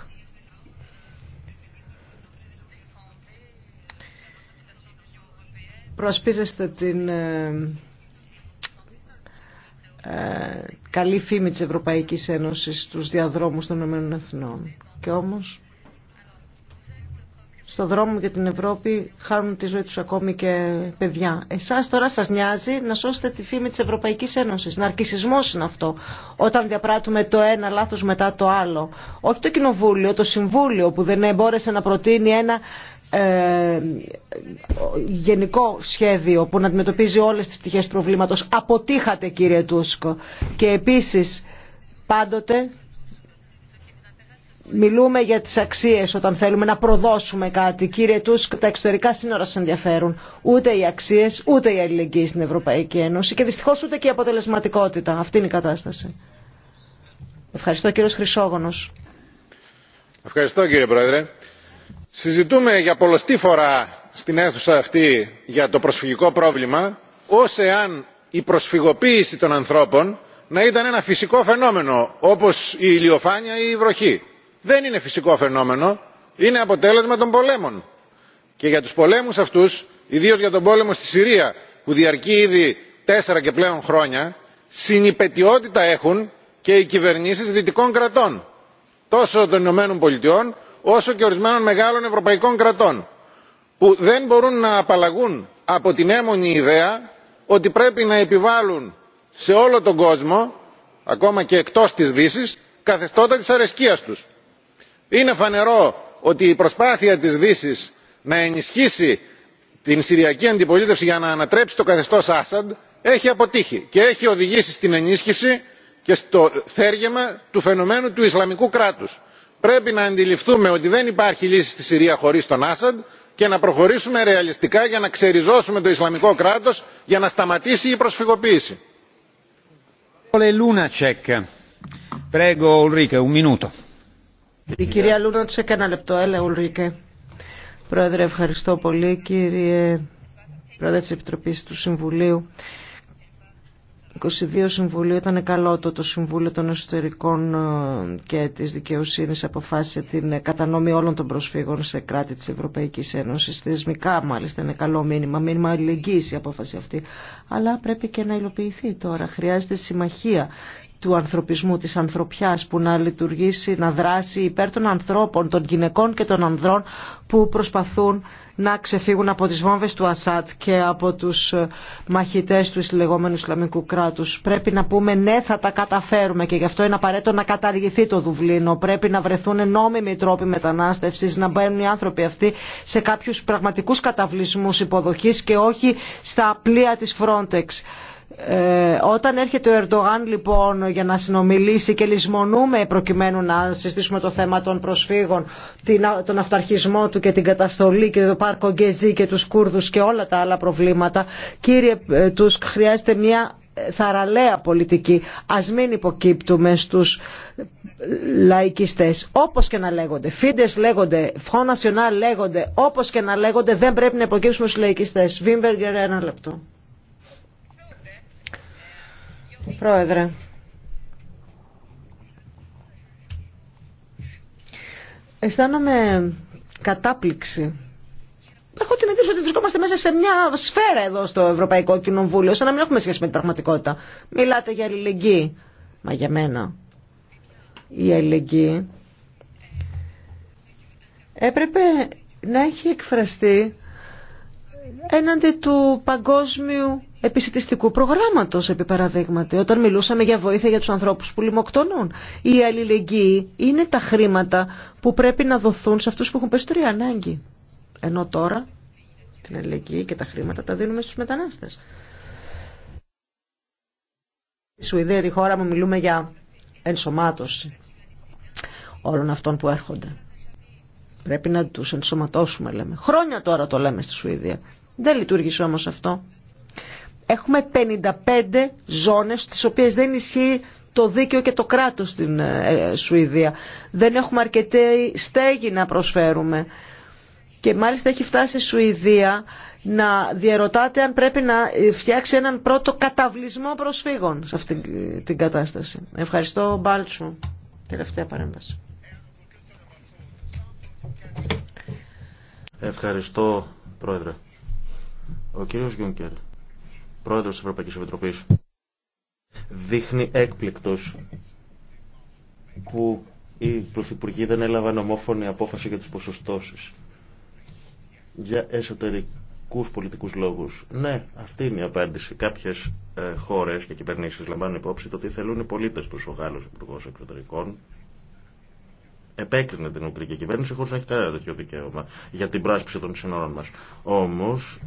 Προσπίζεστε την ε, ε, καλή φήμη της Ευρωπαϊκής Ένωσης στους διαδρόμους των Ηνωμένων Εθνών. Και όμως στο δρόμο για την Ευρώπη χάνουν τη ζωή τους ακόμη και παιδιά. Εσάς τώρα σας νοιάζει να σώσετε τη φήμη της Ευρωπαϊκής Ένωσης. Ναρκισισμός είναι αυτό. Όταν διαπράττουμε το ένα λάθος μετά το άλλο. Όχι το Κοινοβούλιο, το Συμβούλιο που δεν μπόρεσε να προτείνει ένα ε, γενικό σχέδιο που να αντιμετωπίζει όλες τις πτυχές προβλήματος. Αποτύχατε κύριε Τούσκο. Και επίσης πάντοτε Μιλούμε για τις αξίες όταν θέλουμε να προδώσουμε κάτι. Κύριε Τούσκ, τα εξωτερικά σύνορα σας ενδιαφέρουν. Ούτε οι αξίες, ούτε η αλληλεγγύη στην Ευρωπαϊκή Ένωση και δυστυχώς ούτε και η αποτελεσματικότητα. Αυτή είναι η κατάσταση. Ευχαριστώ κύριος Χρυσόγονος. Ευχαριστώ κύριε Πρόεδρε. Συζητούμε για πολλωστή φορά στην αίθουσα αυτή για το προσφυγικό πρόβλημα ως εάν η προσφυγοποίηση των ανθρώπων να ήταν ένα φυσικό φαινόμενο όπως η ηλιοφάνεια ή η βροχή δεν είναι φυσικό φαινόμενο είναι αποτέλεσμα των πολέμων και για τους πολέμους αυτούς ιδίως για τον πόλεμο στη συρία που διαρκεί ήδη τέσσερα και πλέον χρόνια συνυπετιότητα έχουν και οι κυβερνήσεις δυτικών κρατών τόσο των ηνωμένων πολιτειών όσο και ορισμένων μεγάλων ευρωπαϊκών κρατών που δεν μπορούν να απαλλαγούν από την έμονη ιδέα ότι πρέπει να επιβάλλουν σε όλο τον κόσμο ακόμα και εκτός της δύσης καθεστώτα της αρεσκίας τους είναι φανερό ότι η προσπάθεια της δύσης να ενισχύσει την συριακή αντιπολίτευση για να ανατρέψει το καθεστώς ασαντ έχει αποτύχει και έχει οδηγήσει στην ενίσχυση και στο θέργεμα του φαινομένου του ισλαμικού κράτους. πρέπει να αντιληφθούμε ότι δεν υπάρχει λύση στη συρία χωρίς τον ασαντ και να προχωρήσουμε ρεαλιστικά για να ξεριζώσουμε το ισλαμικό κράτος για να σταματήσει η προσφυγοποίηση. Η κυρία Λούνα της ένα λεπτό. Έλα, Ουλρίκε. Πρόεδρε, ευχαριστώ πολύ. Κύριε Πρόεδρε της Επιτροπής του Συμβουλίου. 22 Συμβουλίου ήταν καλό το, το Συμβούλιο των Εσωτερικών ε, και της Δικαιοσύνης αποφάσισε την ε, κατανόμη όλων των προσφύγων σε κράτη της Ευρωπαϊκής Ένωσης. Θεσμικά μάλιστα είναι καλό μήνυμα, μήνυμα αλληλεγγύη η απόφαση αυτή. Αλλά πρέπει και να υλοποιηθεί τώρα. Χρειάζεται συμμαχία του ανθρωπισμού, της ανθρωπιάς που να λειτουργήσει, να δράσει υπέρ των ανθρώπων, των γυναικών και των ανδρών που προσπαθούν να ξεφύγουν από τις βόμβες του Ασάτ και από τους ε, μαχητές του λεγόμενου Ισλαμικού κράτους. Πρέπει να πούμε ναι θα τα καταφέρουμε και γι' αυτό είναι απαραίτητο να καταργηθεί το Δουβλίνο. Πρέπει να βρεθούν νόμιμοι τρόποι μετανάστευσης, να μπαίνουν οι άνθρωποι αυτοί σε κάποιους πραγματικούς καταβλισμούς υποδοχής και όχι στα πλοία της Frontex. Ε, όταν έρχεται ο Ερντογάν λοιπόν για να συνομιλήσει και λησμονούμε προκειμένου να συστήσουμε το θέμα των προσφύγων, την, τον αυταρχισμό του και την καταστολή και το πάρκο Γκεζί και τους Κούρδους και όλα τα άλλα προβλήματα, κύριε ε, τους χρειάζεται μια ε, θαραλέα πολιτική. Ας μην υποκύπτουμε στους λαϊκιστές. Όπως και να λέγονται, Φίντες λέγονται, φόνασιονά λέγονται, όπως και να λέγονται, δεν πρέπει να υποκύψουμε στους λαϊκιστές. Βίμπεργκερ ένα λεπτό. Πρόεδρε. Αισθάνομαι κατάπληξη. Έχω την εντύπωση ότι βρισκόμαστε μέσα σε μια σφαίρα εδώ στο Ευρωπαϊκό Κοινοβούλιο, σαν να μην έχουμε σχέση με την πραγματικότητα. Μιλάτε για αλληλεγγύη. Μα για μένα η αλληλεγγύη έπρεπε να έχει εκφραστεί έναντι του παγκόσμιου επισητιστικού προγράμματος, επί παραδείγματι, όταν μιλούσαμε για βοήθεια για τους ανθρώπους που λιμοκτονούν. Η αλληλεγγύη είναι τα χρήματα που πρέπει να δοθούν σε αυτούς που έχουν περισσότερη ανάγκη. Ενώ τώρα την αλληλεγγύη και τα χρήματα τα δίνουμε στους μετανάστες. Στη Σουηδία, τη χώρα μου, μιλούμε για ενσωμάτωση όλων αυτών που έρχονται. Πρέπει να τους ενσωματώσουμε, λέμε. Χρόνια τώρα το λέμε στη Σουηδία. Δεν λειτουργήσε όμως αυτό. Έχουμε 55 ζώνες στις οποίες δεν ισχύει το δίκαιο και το κράτος στην ε, Σουηδία. Δεν έχουμε αρκετή στέγη να προσφέρουμε. Και μάλιστα έχει φτάσει η Σουηδία να διαρωτάται αν πρέπει να φτιάξει έναν πρώτο καταβλισμό προσφύγων σε αυτή την κατάσταση. Ευχαριστώ Μπάλτσου. Τελευταία παρέμβαση. Ευχαριστώ Πρόεδρε. Ο κύριος Γιούνκερ πρόεδρος της Ευρωπαϊκής Επιτροπής, δείχνει έκπληκτος που οι πρωθυπουργοί δεν έλαβαν ομόφωνη απόφαση για τις ποσοστώσεις. Για εσωτερικούς πολιτικούς λόγους. Ναι, αυτή είναι η απάντηση. Κάποιες ε, χώρες και κυβερνήσεις λαμβάνουν υπόψη το τι θέλουν οι πολίτες τους. Ο Γάλλος Υπουργός Εξωτερικών επέκρινε την Ουγγρική κυβέρνηση χωρίς να έχει κανένα τέτοιο δικαίωμα για την πράσπιση των σύνορων μα. Όμως,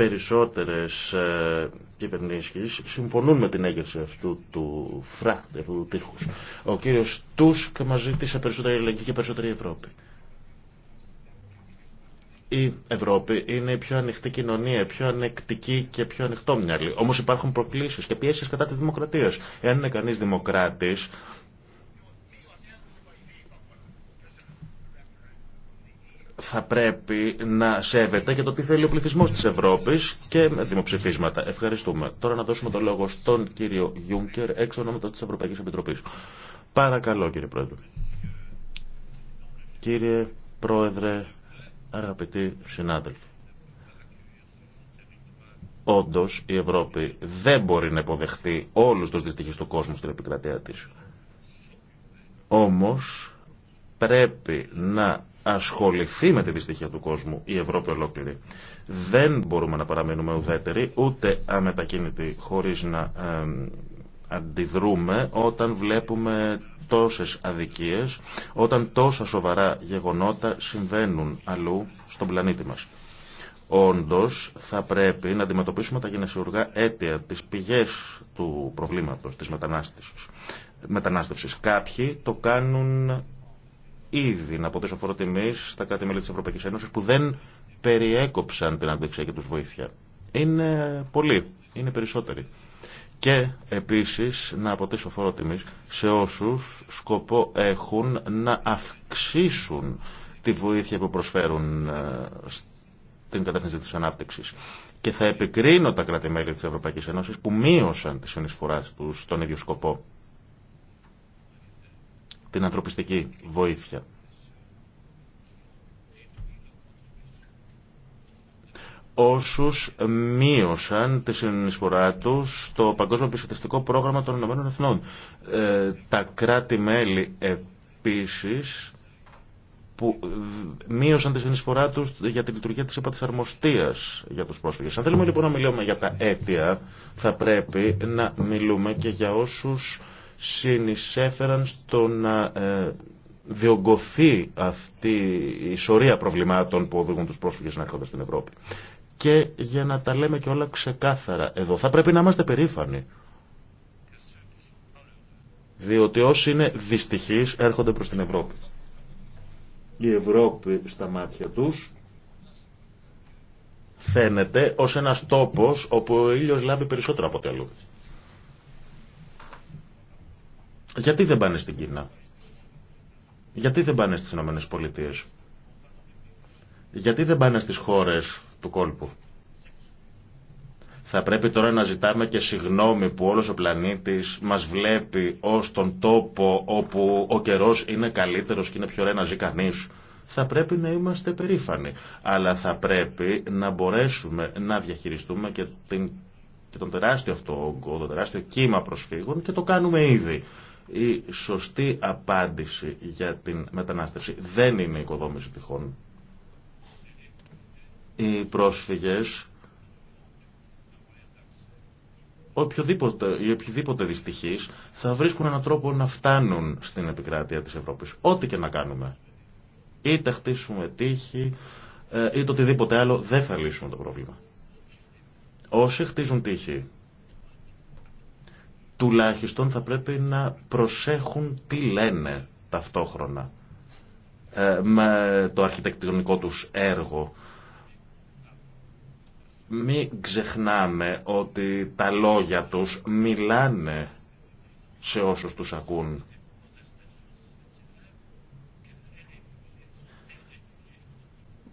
περισσότερες ε, κυβερνήσεις συμφωνούν με την έγκριση αυτού του φράχτη, αυτού του τείχους. Ο κύριος Τούσκ μας ζήτησε περισσότερη ελληνική και περισσότερη Ευρώπη. Η Ευρώπη είναι η πιο ανοιχτή κοινωνία, η πιο ανεκτική και πιο ανοιχτόμυαλη. Όμως υπάρχουν προκλήσεις και πιέσεις κατά της δημοκρατίας. Εάν είναι κανείς δημοκράτης θα πρέπει να σέβεται και το τι θέλει ο πληθυσμό τη Ευρώπη και με δημοψηφίσματα. Ευχαριστούμε. Τώρα να δώσουμε το λόγο στον κύριο Γιούνκερ, έξω ονόματο τη Ευρωπαϊκή Επιτροπή. Παρακαλώ, κύριε Πρόεδρε. Κύριε Πρόεδρε, αγαπητοί συνάδελφοι. Όντω, η Ευρώπη δεν μπορεί να υποδεχθεί όλου του δυστυχεί του κόσμου στην επικρατεία τη. Όμω, πρέπει να ασχοληθεί με τη δυστυχία του κόσμου η Ευρώπη ολόκληρη. Δεν μπορούμε να παραμείνουμε ουδέτεροι ούτε αμετακίνητοι χωρίς να αντιδρούμε όταν βλέπουμε τόσες αδικίες, όταν τόσα σοβαρά γεγονότα συμβαίνουν αλλού στον πλανήτη μας. Όντως θα πρέπει να αντιμετωπίσουμε τα γενεσιουργά αίτια, τις πηγές του προβλήματος της μετανάστευσης. Κάποιοι το κάνουν ήδη να αποτέσω φορό τιμή στα κράτη-μέλη τη Ευρωπαϊκή Ένωση που δεν περιέκοψαν την και του βοήθεια. Είναι πολλοί, είναι περισσότεροι. Και επίση να αποτέσω φορό τιμή σε όσου σκοπό έχουν να αυξήσουν τη βοήθεια που προσφέρουν ε, στην κατεύθυνση τη ανάπτυξη. Και θα επικρίνω τα κράτη-μέλη τη Ευρωπαϊκή Ένωση που μείωσαν τη συνεισφορά του στον ίδιο σκοπό την ανθρωπιστική βοήθεια. όσους μείωσαν τη συνεισφορά τους στο Παγκόσμιο Επισκεπτικό Πρόγραμμα των Ηνωμένων Εθνών. Ε, τα κράτη-μέλη επίσης που μείωσαν τη συνεισφορά τους για τη λειτουργία της επαθυσαρμοστίας για τους πρόσφυγες. Αν θέλουμε λοιπόν να μιλούμε για τα αίτια, θα πρέπει να μιλούμε και για όσους συνεισέφεραν στο να ε, διωγκωθεί αυτή η σωρία προβλημάτων που οδηγούν τους πρόσφυγες να έρχονται στην Ευρώπη. Και για να τα λέμε και όλα ξεκάθαρα εδώ, θα πρέπει να είμαστε περήφανοι. Διότι όσοι είναι δυστυχείς έρχονται προς την Ευρώπη. Η Ευρώπη στα μάτια τους φαίνεται ως ένας τόπος όπου ο ήλιος λάμπει περισσότερο από ό,τι γιατί δεν πάνε στην Κίνα. Γιατί δεν πάνε στις Ηνωμένες Πολιτείες. Γιατί δεν πάνε στις χώρες του κόλπου. Θα πρέπει τώρα να ζητάμε και συγνώμη που όλος ο πλανήτης μας βλέπει ως τον τόπο όπου ο καιρός είναι καλύτερος και είναι πιο ωραία να ζει κανείς. Θα πρέπει να είμαστε περήφανοι, αλλά θα πρέπει να μπορέσουμε να διαχειριστούμε και, την, και τον τεράστιο αυτό όγκο, το τεράστιο κύμα προσφύγων και το κάνουμε ήδη η σωστή απάντηση για την μετανάστευση δεν είναι η οικοδόμηση τυχών. Οι πρόσφυγες, οποιοδήποτε, οι οποιοδήποτε δυστυχείς, θα βρίσκουν έναν τρόπο να φτάνουν στην επικράτεια της Ευρώπης. Ό,τι και να κάνουμε. Είτε χτίσουμε τύχη, ε, είτε οτιδήποτε άλλο, δεν θα λύσουμε το πρόβλημα. Όσοι χτίζουν τύχη τουλάχιστον θα πρέπει να προσέχουν τι λένε ταυτόχρονα ε, με το αρχιτεκτονικό τους έργο. Μην ξεχνάμε ότι τα λόγια τους μιλάνε σε όσους τους ακούν.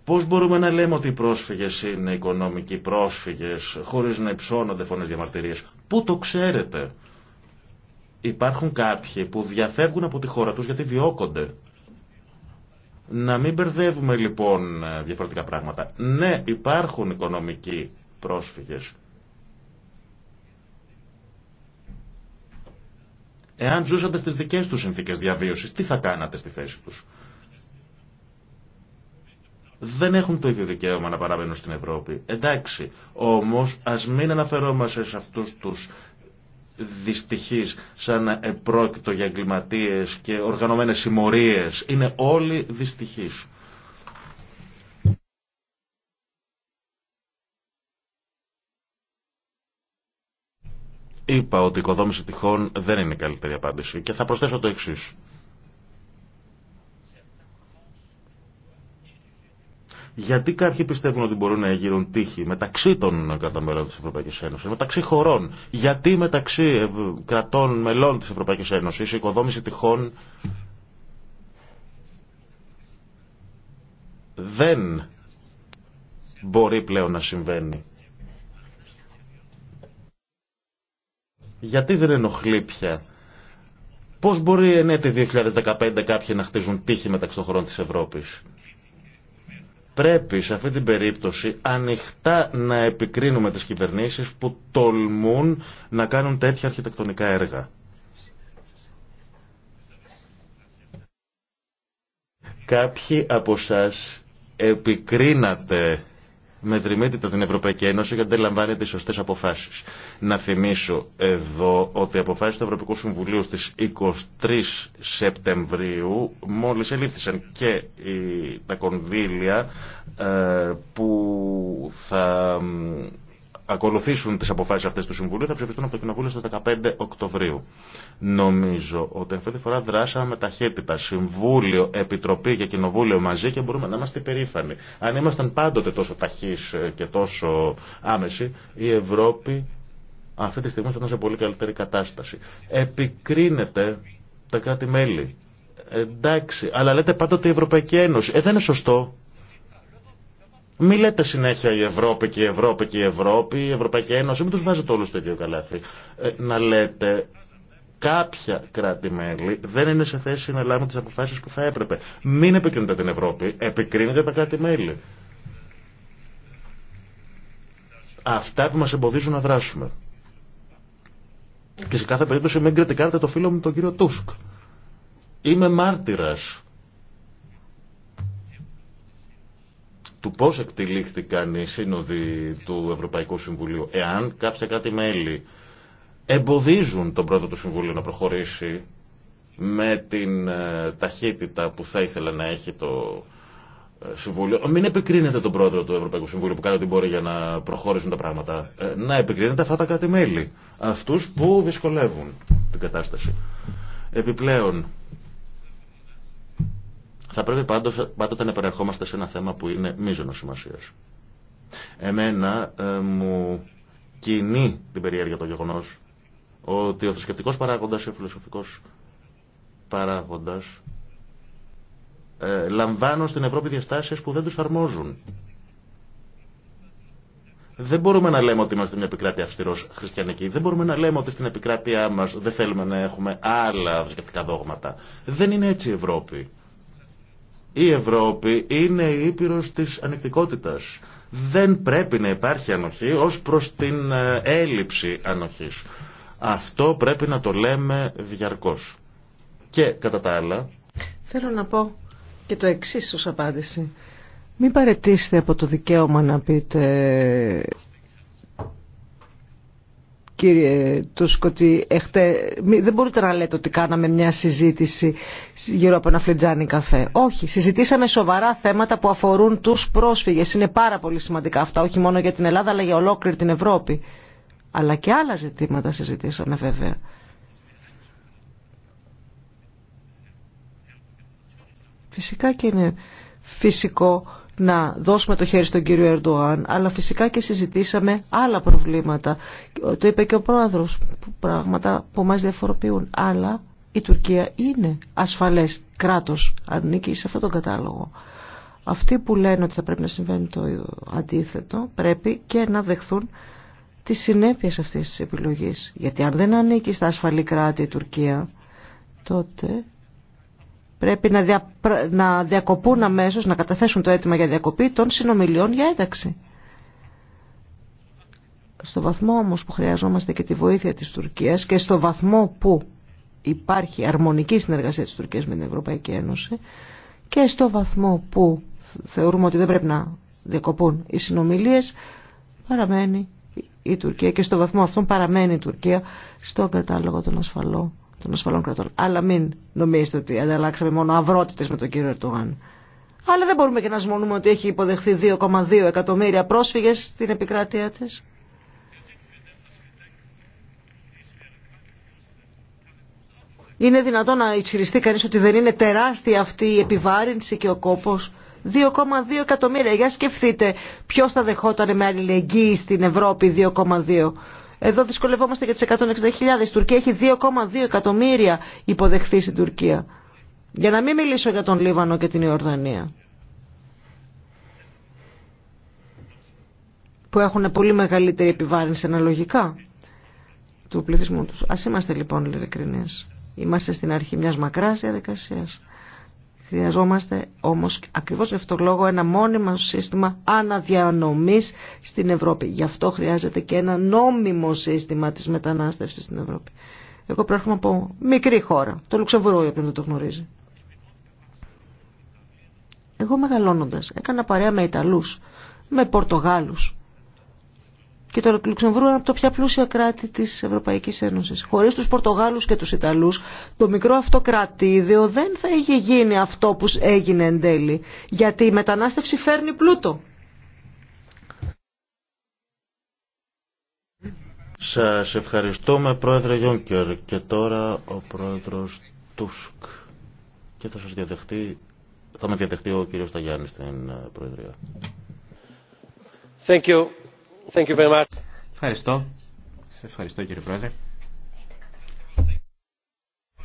Πώς μπορούμε να λέμε ότι οι πρόσφυγες είναι οικονομικοί πρόσφυγες χωρίς να υψώνονται φωνές διαμαρτυρίες. Πού το ξέρετε υπάρχουν κάποιοι που διαφεύγουν από τη χώρα τους γιατί διώκονται. Να μην μπερδεύουμε λοιπόν ε, διαφορετικά πράγματα. Ναι, υπάρχουν οικονομικοί πρόσφυγες. Εάν ζούσατε στις δικές τους συνθήκες διαβίωσης, τι θα κάνατε στη θέση τους. Δεν έχουν το ίδιο δικαίωμα να παραμένουν στην Ευρώπη. Εντάξει, όμως ας μην αναφερόμαστε σε αυτούς τους δυστυχής σαν να επρόκειτο για εγκληματίες και οργανωμένες συμμορίες. Είναι όλοι δυστυχεί. Είπα ότι η οικοδόμηση τυχών δεν είναι η καλύτερη απάντηση και θα προσθέσω το εξής. Γιατί κάποιοι πιστεύουν ότι μπορούν να γύρουν τύχη μεταξύ των κρατών μελών τη Ευρωπαϊκή Ένωση, μεταξύ χωρών. Γιατί μεταξύ ε, κρατών μελών τη Ευρωπαϊκή Ένωση η οικοδόμηση τυχών δεν μπορεί πλέον να συμβαίνει. Γιατί δεν ενοχλεί πια. Πώς μπορεί εν έτη 2015 κάποιοι να χτίζουν τύχη μεταξύ των χωρών της Ευρώπης. Πρέπει σε αυτή την περίπτωση ανοιχτά να επικρίνουμε τις κυβερνήσεις που τολμούν να κάνουν τέτοια αρχιτεκτονικά έργα. Κάποιοι από σας επικρίνατε με δρυμύτητα την Ευρωπαϊκή Ένωση γιατί δεν λαμβάνει τις σωστέ αποφάσει. Να θυμίσω εδώ ότι οι αποφάσει του Ευρωπαϊκού Συμβουλίου στι 23 Σεπτεμβρίου μόλις ελήφθησαν και τα κονδύλια ε, που θα ακολουθήσουν τις αποφάσεις αυτές του Συμβουλίου θα ψηφιστούν από το Κοινοβούλιο στι 15 Οκτωβρίου. Νομίζω ότι αυτή τη φορά δράσαμε ταχύτητα. Συμβούλιο, Επιτροπή και Κοινοβούλιο μαζί και μπορούμε να είμαστε περήφανοι. Αν ήμασταν πάντοτε τόσο ταχεί και τόσο άμεση, η Ευρώπη αυτή τη στιγμή θα ήταν σε πολύ καλύτερη κατάσταση. Επικρίνεται τα κράτη-μέλη. Εντάξει, αλλά λέτε πάντοτε η Ευρωπαϊκή Ένωση. Ε, δεν είναι σωστό. Μη λέτε συνέχεια η Ευρώπη και η Ευρώπη και η Ευρώπη, η Ευρωπαϊκή Ένωση, μην τους βάζετε όλους στο ίδιο καλάθι. Ε, να λέτε κάποια κράτη-μέλη δεν είναι σε θέση να λάβουν τις αποφάσεις που θα έπρεπε. Μην επικρίνετε την Ευρώπη, επικρίνετε τα κράτη-μέλη. Αυτά που μας εμποδίζουν να δράσουμε. Και σε κάθε περίπτωση μην κριτικάρετε το φίλο μου τον κύριο Τούσκ. Είμαι μάρτυρας του πώς εκτελήχθηκαν οι σύνοδοι του Ευρωπαϊκού Συμβουλίου. Εάν κάποια κάτι μέλη εμποδίζουν τον πρόεδρο του Συμβουλίου να προχωρήσει με την ε, ταχύτητα που θα ήθελε να έχει το ε, Συμβούλιο. Μην επικρίνετε τον πρόεδρο του Ευρωπαϊκού Συμβουλίου που κάνει ό,τι μπορεί για να προχωρήσουν τα πράγματα. Ε, να επικρίνετε αυτά τα κράτη-μέλη. Αυτούς που δυσκολεύουν την κατάσταση. Επιπλέον, θα πρέπει πάντως, πάντοτε να επανερχόμαστε σε ένα θέμα που είναι μείζονο σημασία. Εμένα ε, μου κινεί την περιέργεια το γεγονό ότι ο θρησκευτικό παράγοντα και ο φιλοσοφικό παράγοντα ε, λαμβάνουν στην Ευρώπη διαστάσει που δεν του αρμόζουν. Δεν μπορούμε να λέμε ότι είμαστε μια επικράτεια αυστηρό χριστιανική. Δεν μπορούμε να λέμε ότι στην επικράτειά μα δεν θέλουμε να έχουμε άλλα θρησκευτικά δόγματα. Δεν είναι έτσι η Ευρώπη. Η Ευρώπη είναι η ήπειρος της ανεκτικότητας. Δεν πρέπει να υπάρχει ανοχή ως προς την ε, έλλειψη ανοχής. Αυτό πρέπει να το λέμε διαρκώς. Και κατά τα άλλα... Θέλω να πω και το εξής ως απάντηση. Μην παρετήσετε από το δικαίωμα να πείτε κύριε Τούσκο, εχτε... δεν μπορείτε να λέτε ότι κάναμε μια συζήτηση γύρω από ένα φλιτζάνι καφέ. Όχι, συζητήσαμε σοβαρά θέματα που αφορούν τους πρόσφυγες. Είναι πάρα πολύ σημαντικά αυτά, όχι μόνο για την Ελλάδα, αλλά για ολόκληρη την Ευρώπη. Αλλά και άλλα ζητήματα συζητήσαμε βέβαια. Φυσικά και είναι φυσικό να δώσουμε το χέρι στον κύριο Ερντοάν, αλλά φυσικά και συζητήσαμε άλλα προβλήματα. Το είπε και ο πρόεδρος, πράγματα που μας διαφοροποιούν. Αλλά η Τουρκία είναι ασφαλές κράτος, ανήκει σε αυτόν τον κατάλογο. Αυτοί που λένε ότι θα πρέπει να συμβαίνει το αντίθετο, πρέπει και να δεχθούν τις συνέπειες αυτής της επιλογής. Γιατί αν δεν ανήκει στα ασφαλή κράτη η Τουρκία, τότε πρέπει να, να διακοπούν αμέσως, να καταθέσουν το αίτημα για διακοπή των συνομιλιών για ένταξη. Στο βαθμό όμως που χρειαζόμαστε και τη βοήθεια της Τουρκίας και στο βαθμό που υπάρχει αρμονική συνεργασία της Τουρκίας με την Ευρωπαϊκή Ένωση και στο βαθμό που θεωρούμε ότι δεν πρέπει να διακοπούν οι συνομιλίες παραμένει η Τουρκία και στο βαθμό αυτόν παραμένει η Τουρκία στον κατάλογο των ασφαλών των ασφαλών κρατών. Αλλά μην νομίζετε ότι ανταλλάξαμε μόνο αυρότητε με τον κύριο Ερτογάν. Αλλά δεν μπορούμε και να σμονούμε ότι έχει υποδεχθεί 2,2 εκατομμύρια πρόσφυγε στην επικράτειά τη. Είναι δυνατόν να ισχυριστεί κανεί ότι δεν είναι τεράστια αυτή η επιβάρυνση και ο κόπο. 2,2 εκατομμύρια. Για σκεφτείτε ποιο θα δεχόταν με αλληλεγγύη στην Ευρώπη 2,2 εδώ δυσκολευόμαστε για τι 160.000. Η Τουρκία έχει 2,2 εκατομμύρια υποδεχθεί στην Τουρκία. Για να μην μιλήσω για τον Λίβανο και την Ιορδανία. Που έχουν πολύ μεγαλύτερη επιβάρυνση αναλογικά του πληθυσμού τους. Ας είμαστε λοιπόν ειλικρινείς. Είμαστε στην αρχή μιας μακράς διαδικασίας. Χρειαζόμαστε όμως ακριβώς γι' αυτό λόγο ένα μόνιμο σύστημα αναδιανομής στην Ευρώπη. Γι' αυτό χρειάζεται και ένα νόμιμο σύστημα της μετανάστευσης στην Ευρώπη. Εγώ προέρχομαι από μικρή χώρα, το Λουξεμβούργο για δεν το γνωρίζει. Εγώ μεγαλώνοντας έκανα παρέα με Ιταλούς, με Πορτογάλους, και το Λουξεμβούργο είναι από τα πιο πλούσια κράτη τη Ευρωπαϊκή Ένωση. Χωρί του Πορτογάλου και του Ιταλού, το μικρό αυτό κρατήδιο δεν θα είχε γίνει αυτό που έγινε εν τέλει. Γιατί η μετανάστευση φέρνει πλούτο. Σα ευχαριστούμε Πρόεδρε Γιόνκερ και τώρα ο Πρόεδρος Τούσκ και θα σα διαδεχτεί, θα με διαδεχτεί ο κύριος Ταγιάννης στην ε, Προεδρία. Thank you. Thank you very much. Ευχαριστώ. Σε ευχαριστώ κύριε Πρόεδρε.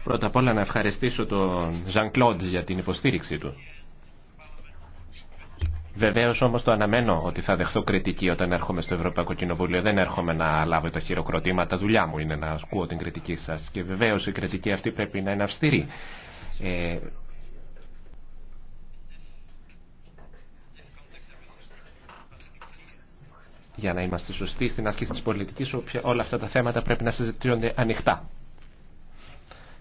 Πρώτα απ' όλα να ευχαριστήσω τον Ζαν Κλοντ για την υποστήριξή του. Βεβαίω όμω το αναμένω ότι θα δεχθώ κριτική όταν έρχομαι στο Ευρωπαϊκό Κοινοβούλιο. Δεν έρχομαι να λάβω το χειροκροτήματα. Τα δουλειά μου είναι να ακούω την κριτική σα. Και βεβαίω η κριτική αυτή πρέπει να είναι αυστηρή. Ε, για να είμαστε σωστοί στην άσκηση της πολιτικής όπου όλα αυτά τα θέματα πρέπει να συζητούνται ανοιχτά.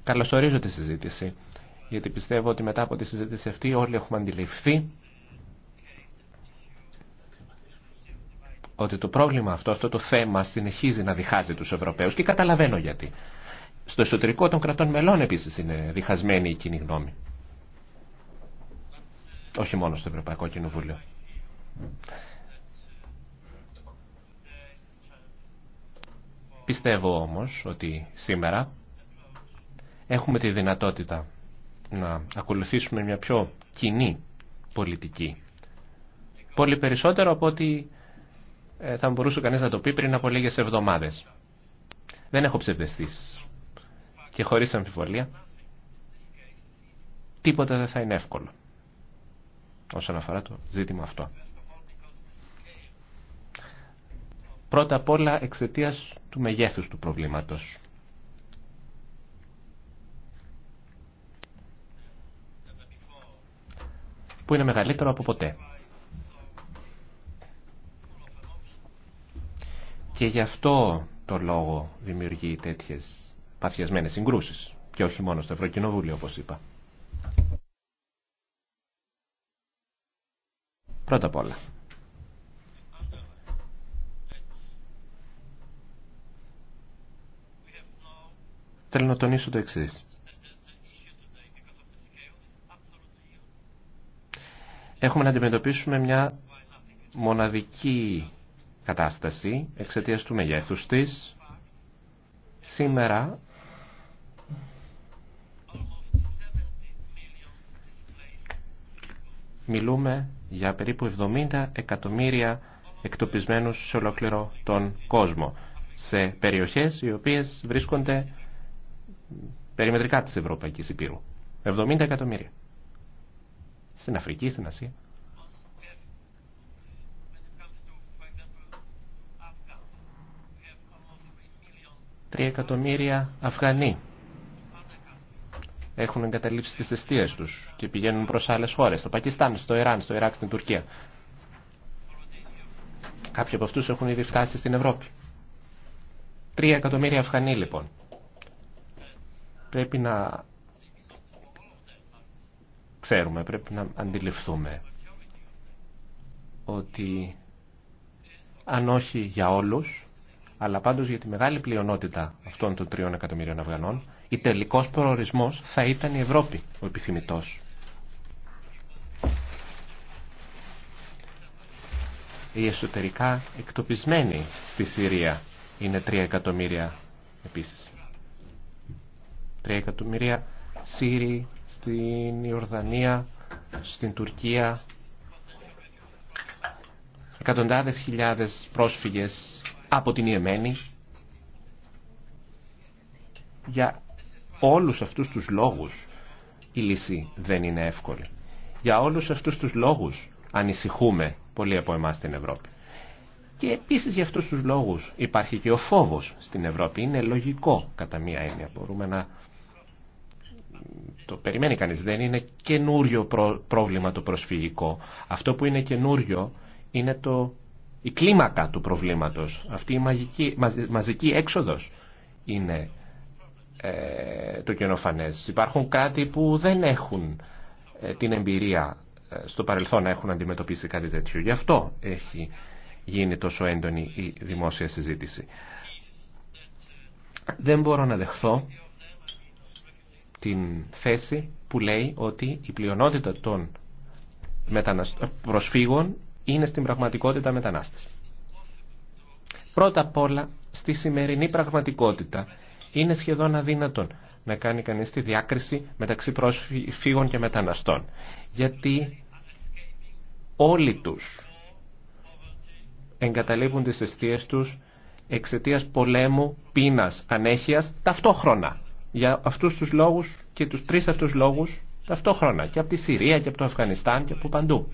Καλωσορίζω τη συζήτηση γιατί πιστεύω ότι μετά από τη συζήτηση αυτή όλοι έχουμε αντιληφθεί ότι το πρόβλημα αυτό, αυτό το θέμα συνεχίζει να διχάζει τους Ευρωπαίους και καταλαβαίνω γιατί. Στο εσωτερικό των κρατών μελών επίσης είναι διχασμένη η κοινή γνώμη. Όχι μόνο στο Ευρωπαϊκό Κοινοβούλιο. Πιστεύω όμως ότι σήμερα έχουμε τη δυνατότητα να ακολουθήσουμε μια πιο κοινή πολιτική. Πολύ περισσότερο από ότι ε, θα μπορούσε κανείς να το πει πριν από λίγες εβδομάδες. Δεν έχω ψευδεστήσεις. Και χωρίς αμφιβολία, τίποτα δεν θα είναι εύκολο όσον αφορά το ζήτημα αυτό. Πρώτα απ' όλα εξαιτίας του μεγέθους του προβλήματος. Που είναι μεγαλύτερο από ποτέ. Και γι' αυτό το λόγο δημιουργεί τέτοιες παθιασμένες συγκρούσεις. Και όχι μόνο στο Ευρωκοινοβούλιο όπως είπα. Πρώτα απ' όλα, Θέλω να τονίσω το εξή. Έχουμε να αντιμετωπίσουμε μια μοναδική κατάσταση εξαιτία του μεγέθους τη. Σήμερα μιλούμε για περίπου 70 εκατομμύρια εκτοπισμένους σε ολόκληρο τον κόσμο, σε περιοχές οι οποίες βρίσκονται περιμετρικά της Ευρωπαϊκής Υπήρου. 70 εκατομμύρια. Στην Αφρική, στην Ασία. Τρία εκατομμύρια Αφγανοί έχουν εγκαταλείψει τις αιστείες τους και πηγαίνουν προς άλλες χώρες, στο Πακιστάν, στο Ιράν, στο Ιράκ, στην Τουρκία. Κάποιοι από αυτούς έχουν ήδη φτάσει στην Ευρώπη. Τρία εκατομμύρια Αφγανοί λοιπόν πρέπει να ξέρουμε, πρέπει να αντιληφθούμε ότι αν όχι για όλους, αλλά πάντως για τη μεγάλη πλειονότητα αυτών των τριών εκατομμύριων Αυγανών, η τελικός προορισμός θα ήταν η Ευρώπη, ο επιθυμητός. Οι εσωτερικά εκτοπισμένοι στη Συρία είναι τρία εκατομμύρια επίσης. Τρία εκατομμύρια Σύριοι στην Ιορδανία, στην Τουρκία. Εκατοντάδες χιλιάδες πρόσφυγες από την Ιεμένη. Για όλους αυτούς τους λόγους η λύση δεν είναι εύκολη. Για όλους αυτούς τους λόγους ανησυχούμε πολλοί από εμάς στην Ευρώπη. Και επίσης για αυτούς τους λόγους υπάρχει και ο φόβος στην Ευρώπη. Είναι λογικό κατά μία έννοια. Μπορούμε να το περιμένει κανείς. Δεν είναι καινούριο πρόβλημα το προσφυγικό. Αυτό που είναι καινούριο είναι το, η κλίμακα του προβλήματος. Αυτή η μαζική έξοδος είναι ε, το καινοφανές. Υπάρχουν κάτι που δεν έχουν ε, την εμπειρία ε, στο παρελθόν να έχουν αντιμετωπίσει κάτι τέτοιο. Γι' αυτό έχει γίνει τόσο έντονη η δημόσια συζήτηση. Δεν μπορώ να δεχθώ την θέση που λέει ότι η πλειονότητα των προσφύγων είναι στην πραγματικότητα μετανάστες. Πρώτα απ' όλα, στη σημερινή πραγματικότητα είναι σχεδόν αδύνατον να κάνει κανείς τη διάκριση μεταξύ προσφύγων και μεταναστών. Γιατί όλοι τους εγκαταλείπουν τις αιστείες τους εξαιτίας πολέμου, πείνας, ανέχειας ταυτόχρονα για αυτούς τους λόγους και τους τρεις αυτούς λόγους ταυτόχρονα και από τη Συρία και από το Αφγανιστάν και από παντού.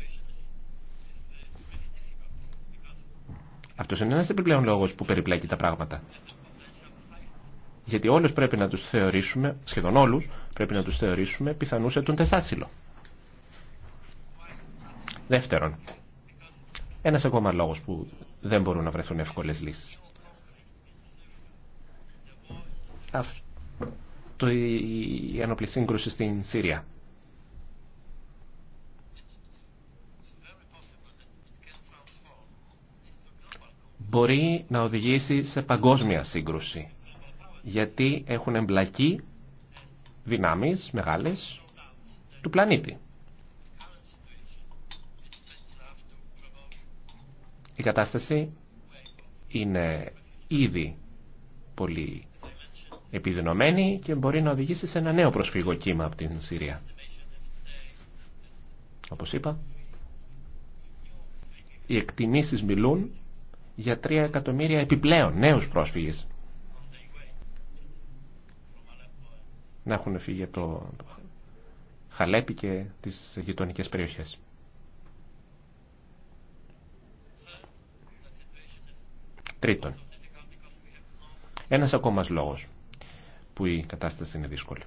Αυτός είναι ένας επιπλέον λόγος που περιπλέκει τα πράγματα. Γιατί όλους πρέπει να τους θεωρήσουμε, σχεδόν όλους, πρέπει να τους θεωρήσουμε πιθανούς τον Δεύτερον, ένας ακόμα λόγος που δεν μπορούν να βρεθούν εύκολες λύσεις το, η άνοπλη σύγκρουση στην Σύρια. Μπορεί να οδηγήσει σε παγκόσμια σύγκρουση, γιατί έχουν εμπλακεί δυνάμεις μεγάλες του πλανήτη. Η κατάσταση είναι ήδη πολύ επιδεινωμένη και μπορεί να οδηγήσει σε ένα νέο προσφύγο κύμα από την Συρία. Όπως είπα, οι εκτιμήσεις μιλούν για 3 εκατομμύρια επιπλέον νέους πρόσφυγες. Να έχουν φύγει από το Χαλέπι και τις γειτονικέ περιοχές. Τρίτον, ένας ακόμας λόγος που η κατάσταση είναι δύσκολη.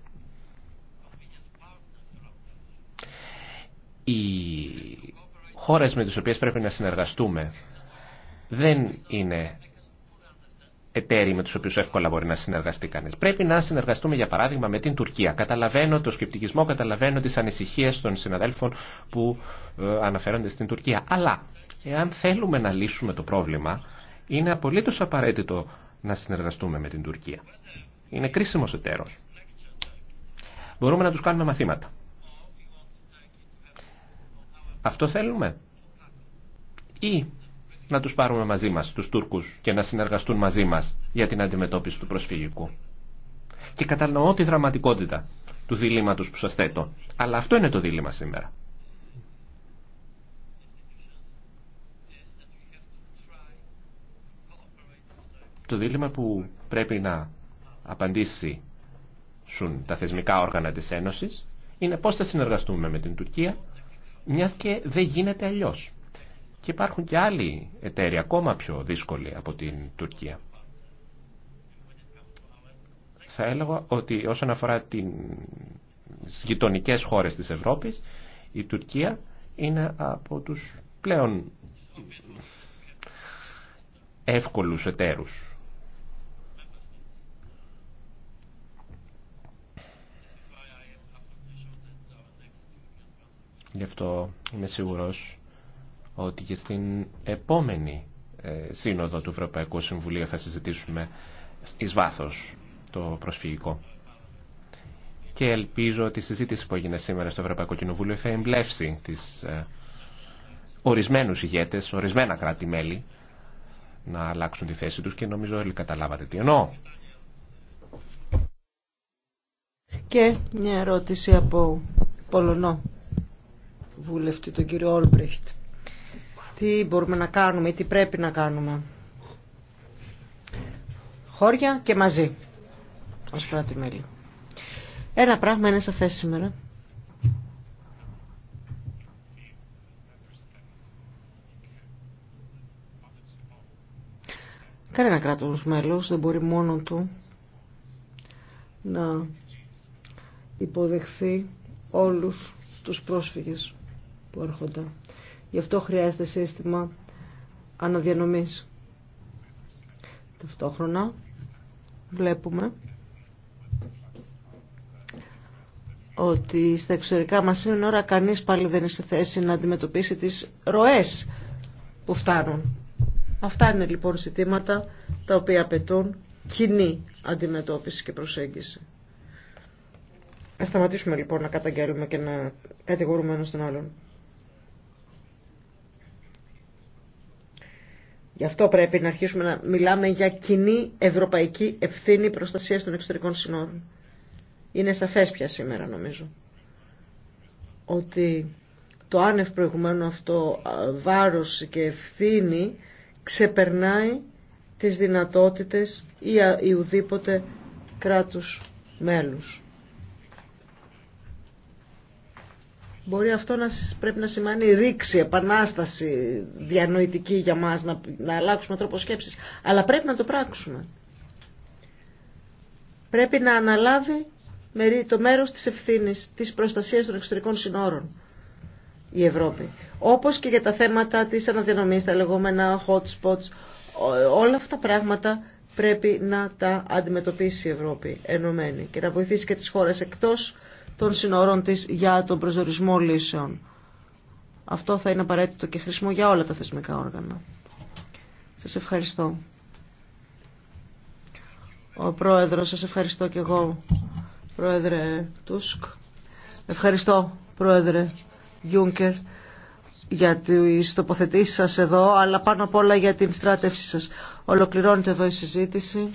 Οι χώρες με τις οποίες πρέπει να συνεργαστούμε δεν είναι εταίροι με τους οποίους εύκολα μπορεί να συνεργαστεί κανείς. Πρέπει να συνεργαστούμε για παράδειγμα με την Τουρκία. Καταλαβαίνω το σκεπτικισμό, καταλαβαίνω τις ανησυχίες των συναδέλφων που ε, αναφέρονται στην Τουρκία. Αλλά εάν θέλουμε να λύσουμε το πρόβλημα είναι απολύτως απαραίτητο να συνεργαστούμε με την Τουρκία. Είναι κρίσιμος εταίρο. Μπορούμε να τους κάνουμε μαθήματα. Αυτό θέλουμε. Ή να τους πάρουμε μαζί μας, τους Τούρκους, και να συνεργαστούν μαζί μας για την αντιμετώπιση του προσφυγικού. Και κατανοώ τη δραματικότητα του διλήμματος που σας θέτω. Αλλά αυτό είναι το δίλημα σήμερα. Το δίλημα που πρέπει να απαντήσουν τα θεσμικά όργανα της Ένωσης είναι πώς θα συνεργαστούμε με την Τουρκία μιας και δεν γίνεται αλλιώς. Και υπάρχουν και άλλοι εταίροι ακόμα πιο δύσκολοι από την Τουρκία. Θα έλεγα ότι όσον αφορά τις γειτονικέ χώρες της Ευρώπης η Τουρκία είναι από τους πλέον εύκολους εταίρους Γι' αυτό είμαι σίγουρος ότι και στην επόμενη ε, σύνοδο του Ευρωπαϊκού Συμβουλίου θα συζητήσουμε εις βάθος το προσφυγικό. Και ελπίζω ότι η συζήτηση που έγινε σήμερα στο Ευρωπαϊκό Κοινοβούλιο θα εμπλεύσει τις ε, ορισμένους ηγέτες, ορισμένα κράτη-μέλη να αλλάξουν τη θέση τους και νομίζω όλοι καταλάβατε τι εννοώ. Και μια ερώτηση από Πολωνό βουλευτή, τον κύριο Όλμπρεχτ. Τι μπορούμε να κάνουμε ή τι πρέπει να κάνουμε. Χώρια και μαζί, ως πρώτη μέλη. Ένα πράγμα είναι σαφές σήμερα. Κανένα κράτος μέλος δεν μπορεί μόνο του να υποδεχθεί όλους τους πρόσφυγες που έρχονται. Γι' αυτό χρειάζεται σύστημα αναδιανομής. Ταυτόχρονα βλέπουμε ότι στα εξωτερικά μας είναι ώρα κανείς πάλι δεν είναι σε θέση να αντιμετωπίσει τις ροές που φτάνουν. Αυτά είναι λοιπόν ζητήματα τα οποία απαιτούν κοινή αντιμετώπιση και προσέγγιση. Ας σταματήσουμε λοιπόν να καταγγέλουμε και να κατηγορούμε ένας τον άλλον. Γι' αυτό πρέπει να αρχίσουμε να μιλάμε για κοινή ευρωπαϊκή ευθύνη προστασία των εξωτερικών συνόρων. Είναι σαφές πια σήμερα νομίζω ότι το άνευ προηγουμένου αυτό βάρος και ευθύνη ξεπερνάει τις δυνατότητες ή ουδήποτε κράτους μέλους. Μπορεί αυτό να πρέπει να σημαίνει ρήξη, επανάσταση διανοητική για μας, να, να αλλάξουμε τρόπο σκέψης. Αλλά πρέπει να το πράξουμε. Πρέπει να αναλάβει το μέρος της ευθύνης, της προστασίας των εξωτερικών συνόρων η Ευρώπη. Όπως και για τα θέματα της αναδιανομής, τα λεγόμενα hot spots, όλα αυτά τα πράγματα πρέπει να τα αντιμετωπίσει η Ευρώπη ενωμένη και να βοηθήσει και τις χώρες εκτός των σύνορων της για τον προσδορισμό λύσεων. Αυτό θα είναι απαραίτητο και χρήσιμο για όλα τα θεσμικά όργανα. Σας ευχαριστώ. Ο Πρόεδρος, σας ευχαριστώ και εγώ, Πρόεδρε Τούσκ. Ευχαριστώ, Πρόεδρε Γιούνκερ, για τις τοποθετήσεις σας εδώ, αλλά πάνω απ' όλα για την στράτευσή σας. Ολοκληρώνεται εδώ η συζήτηση.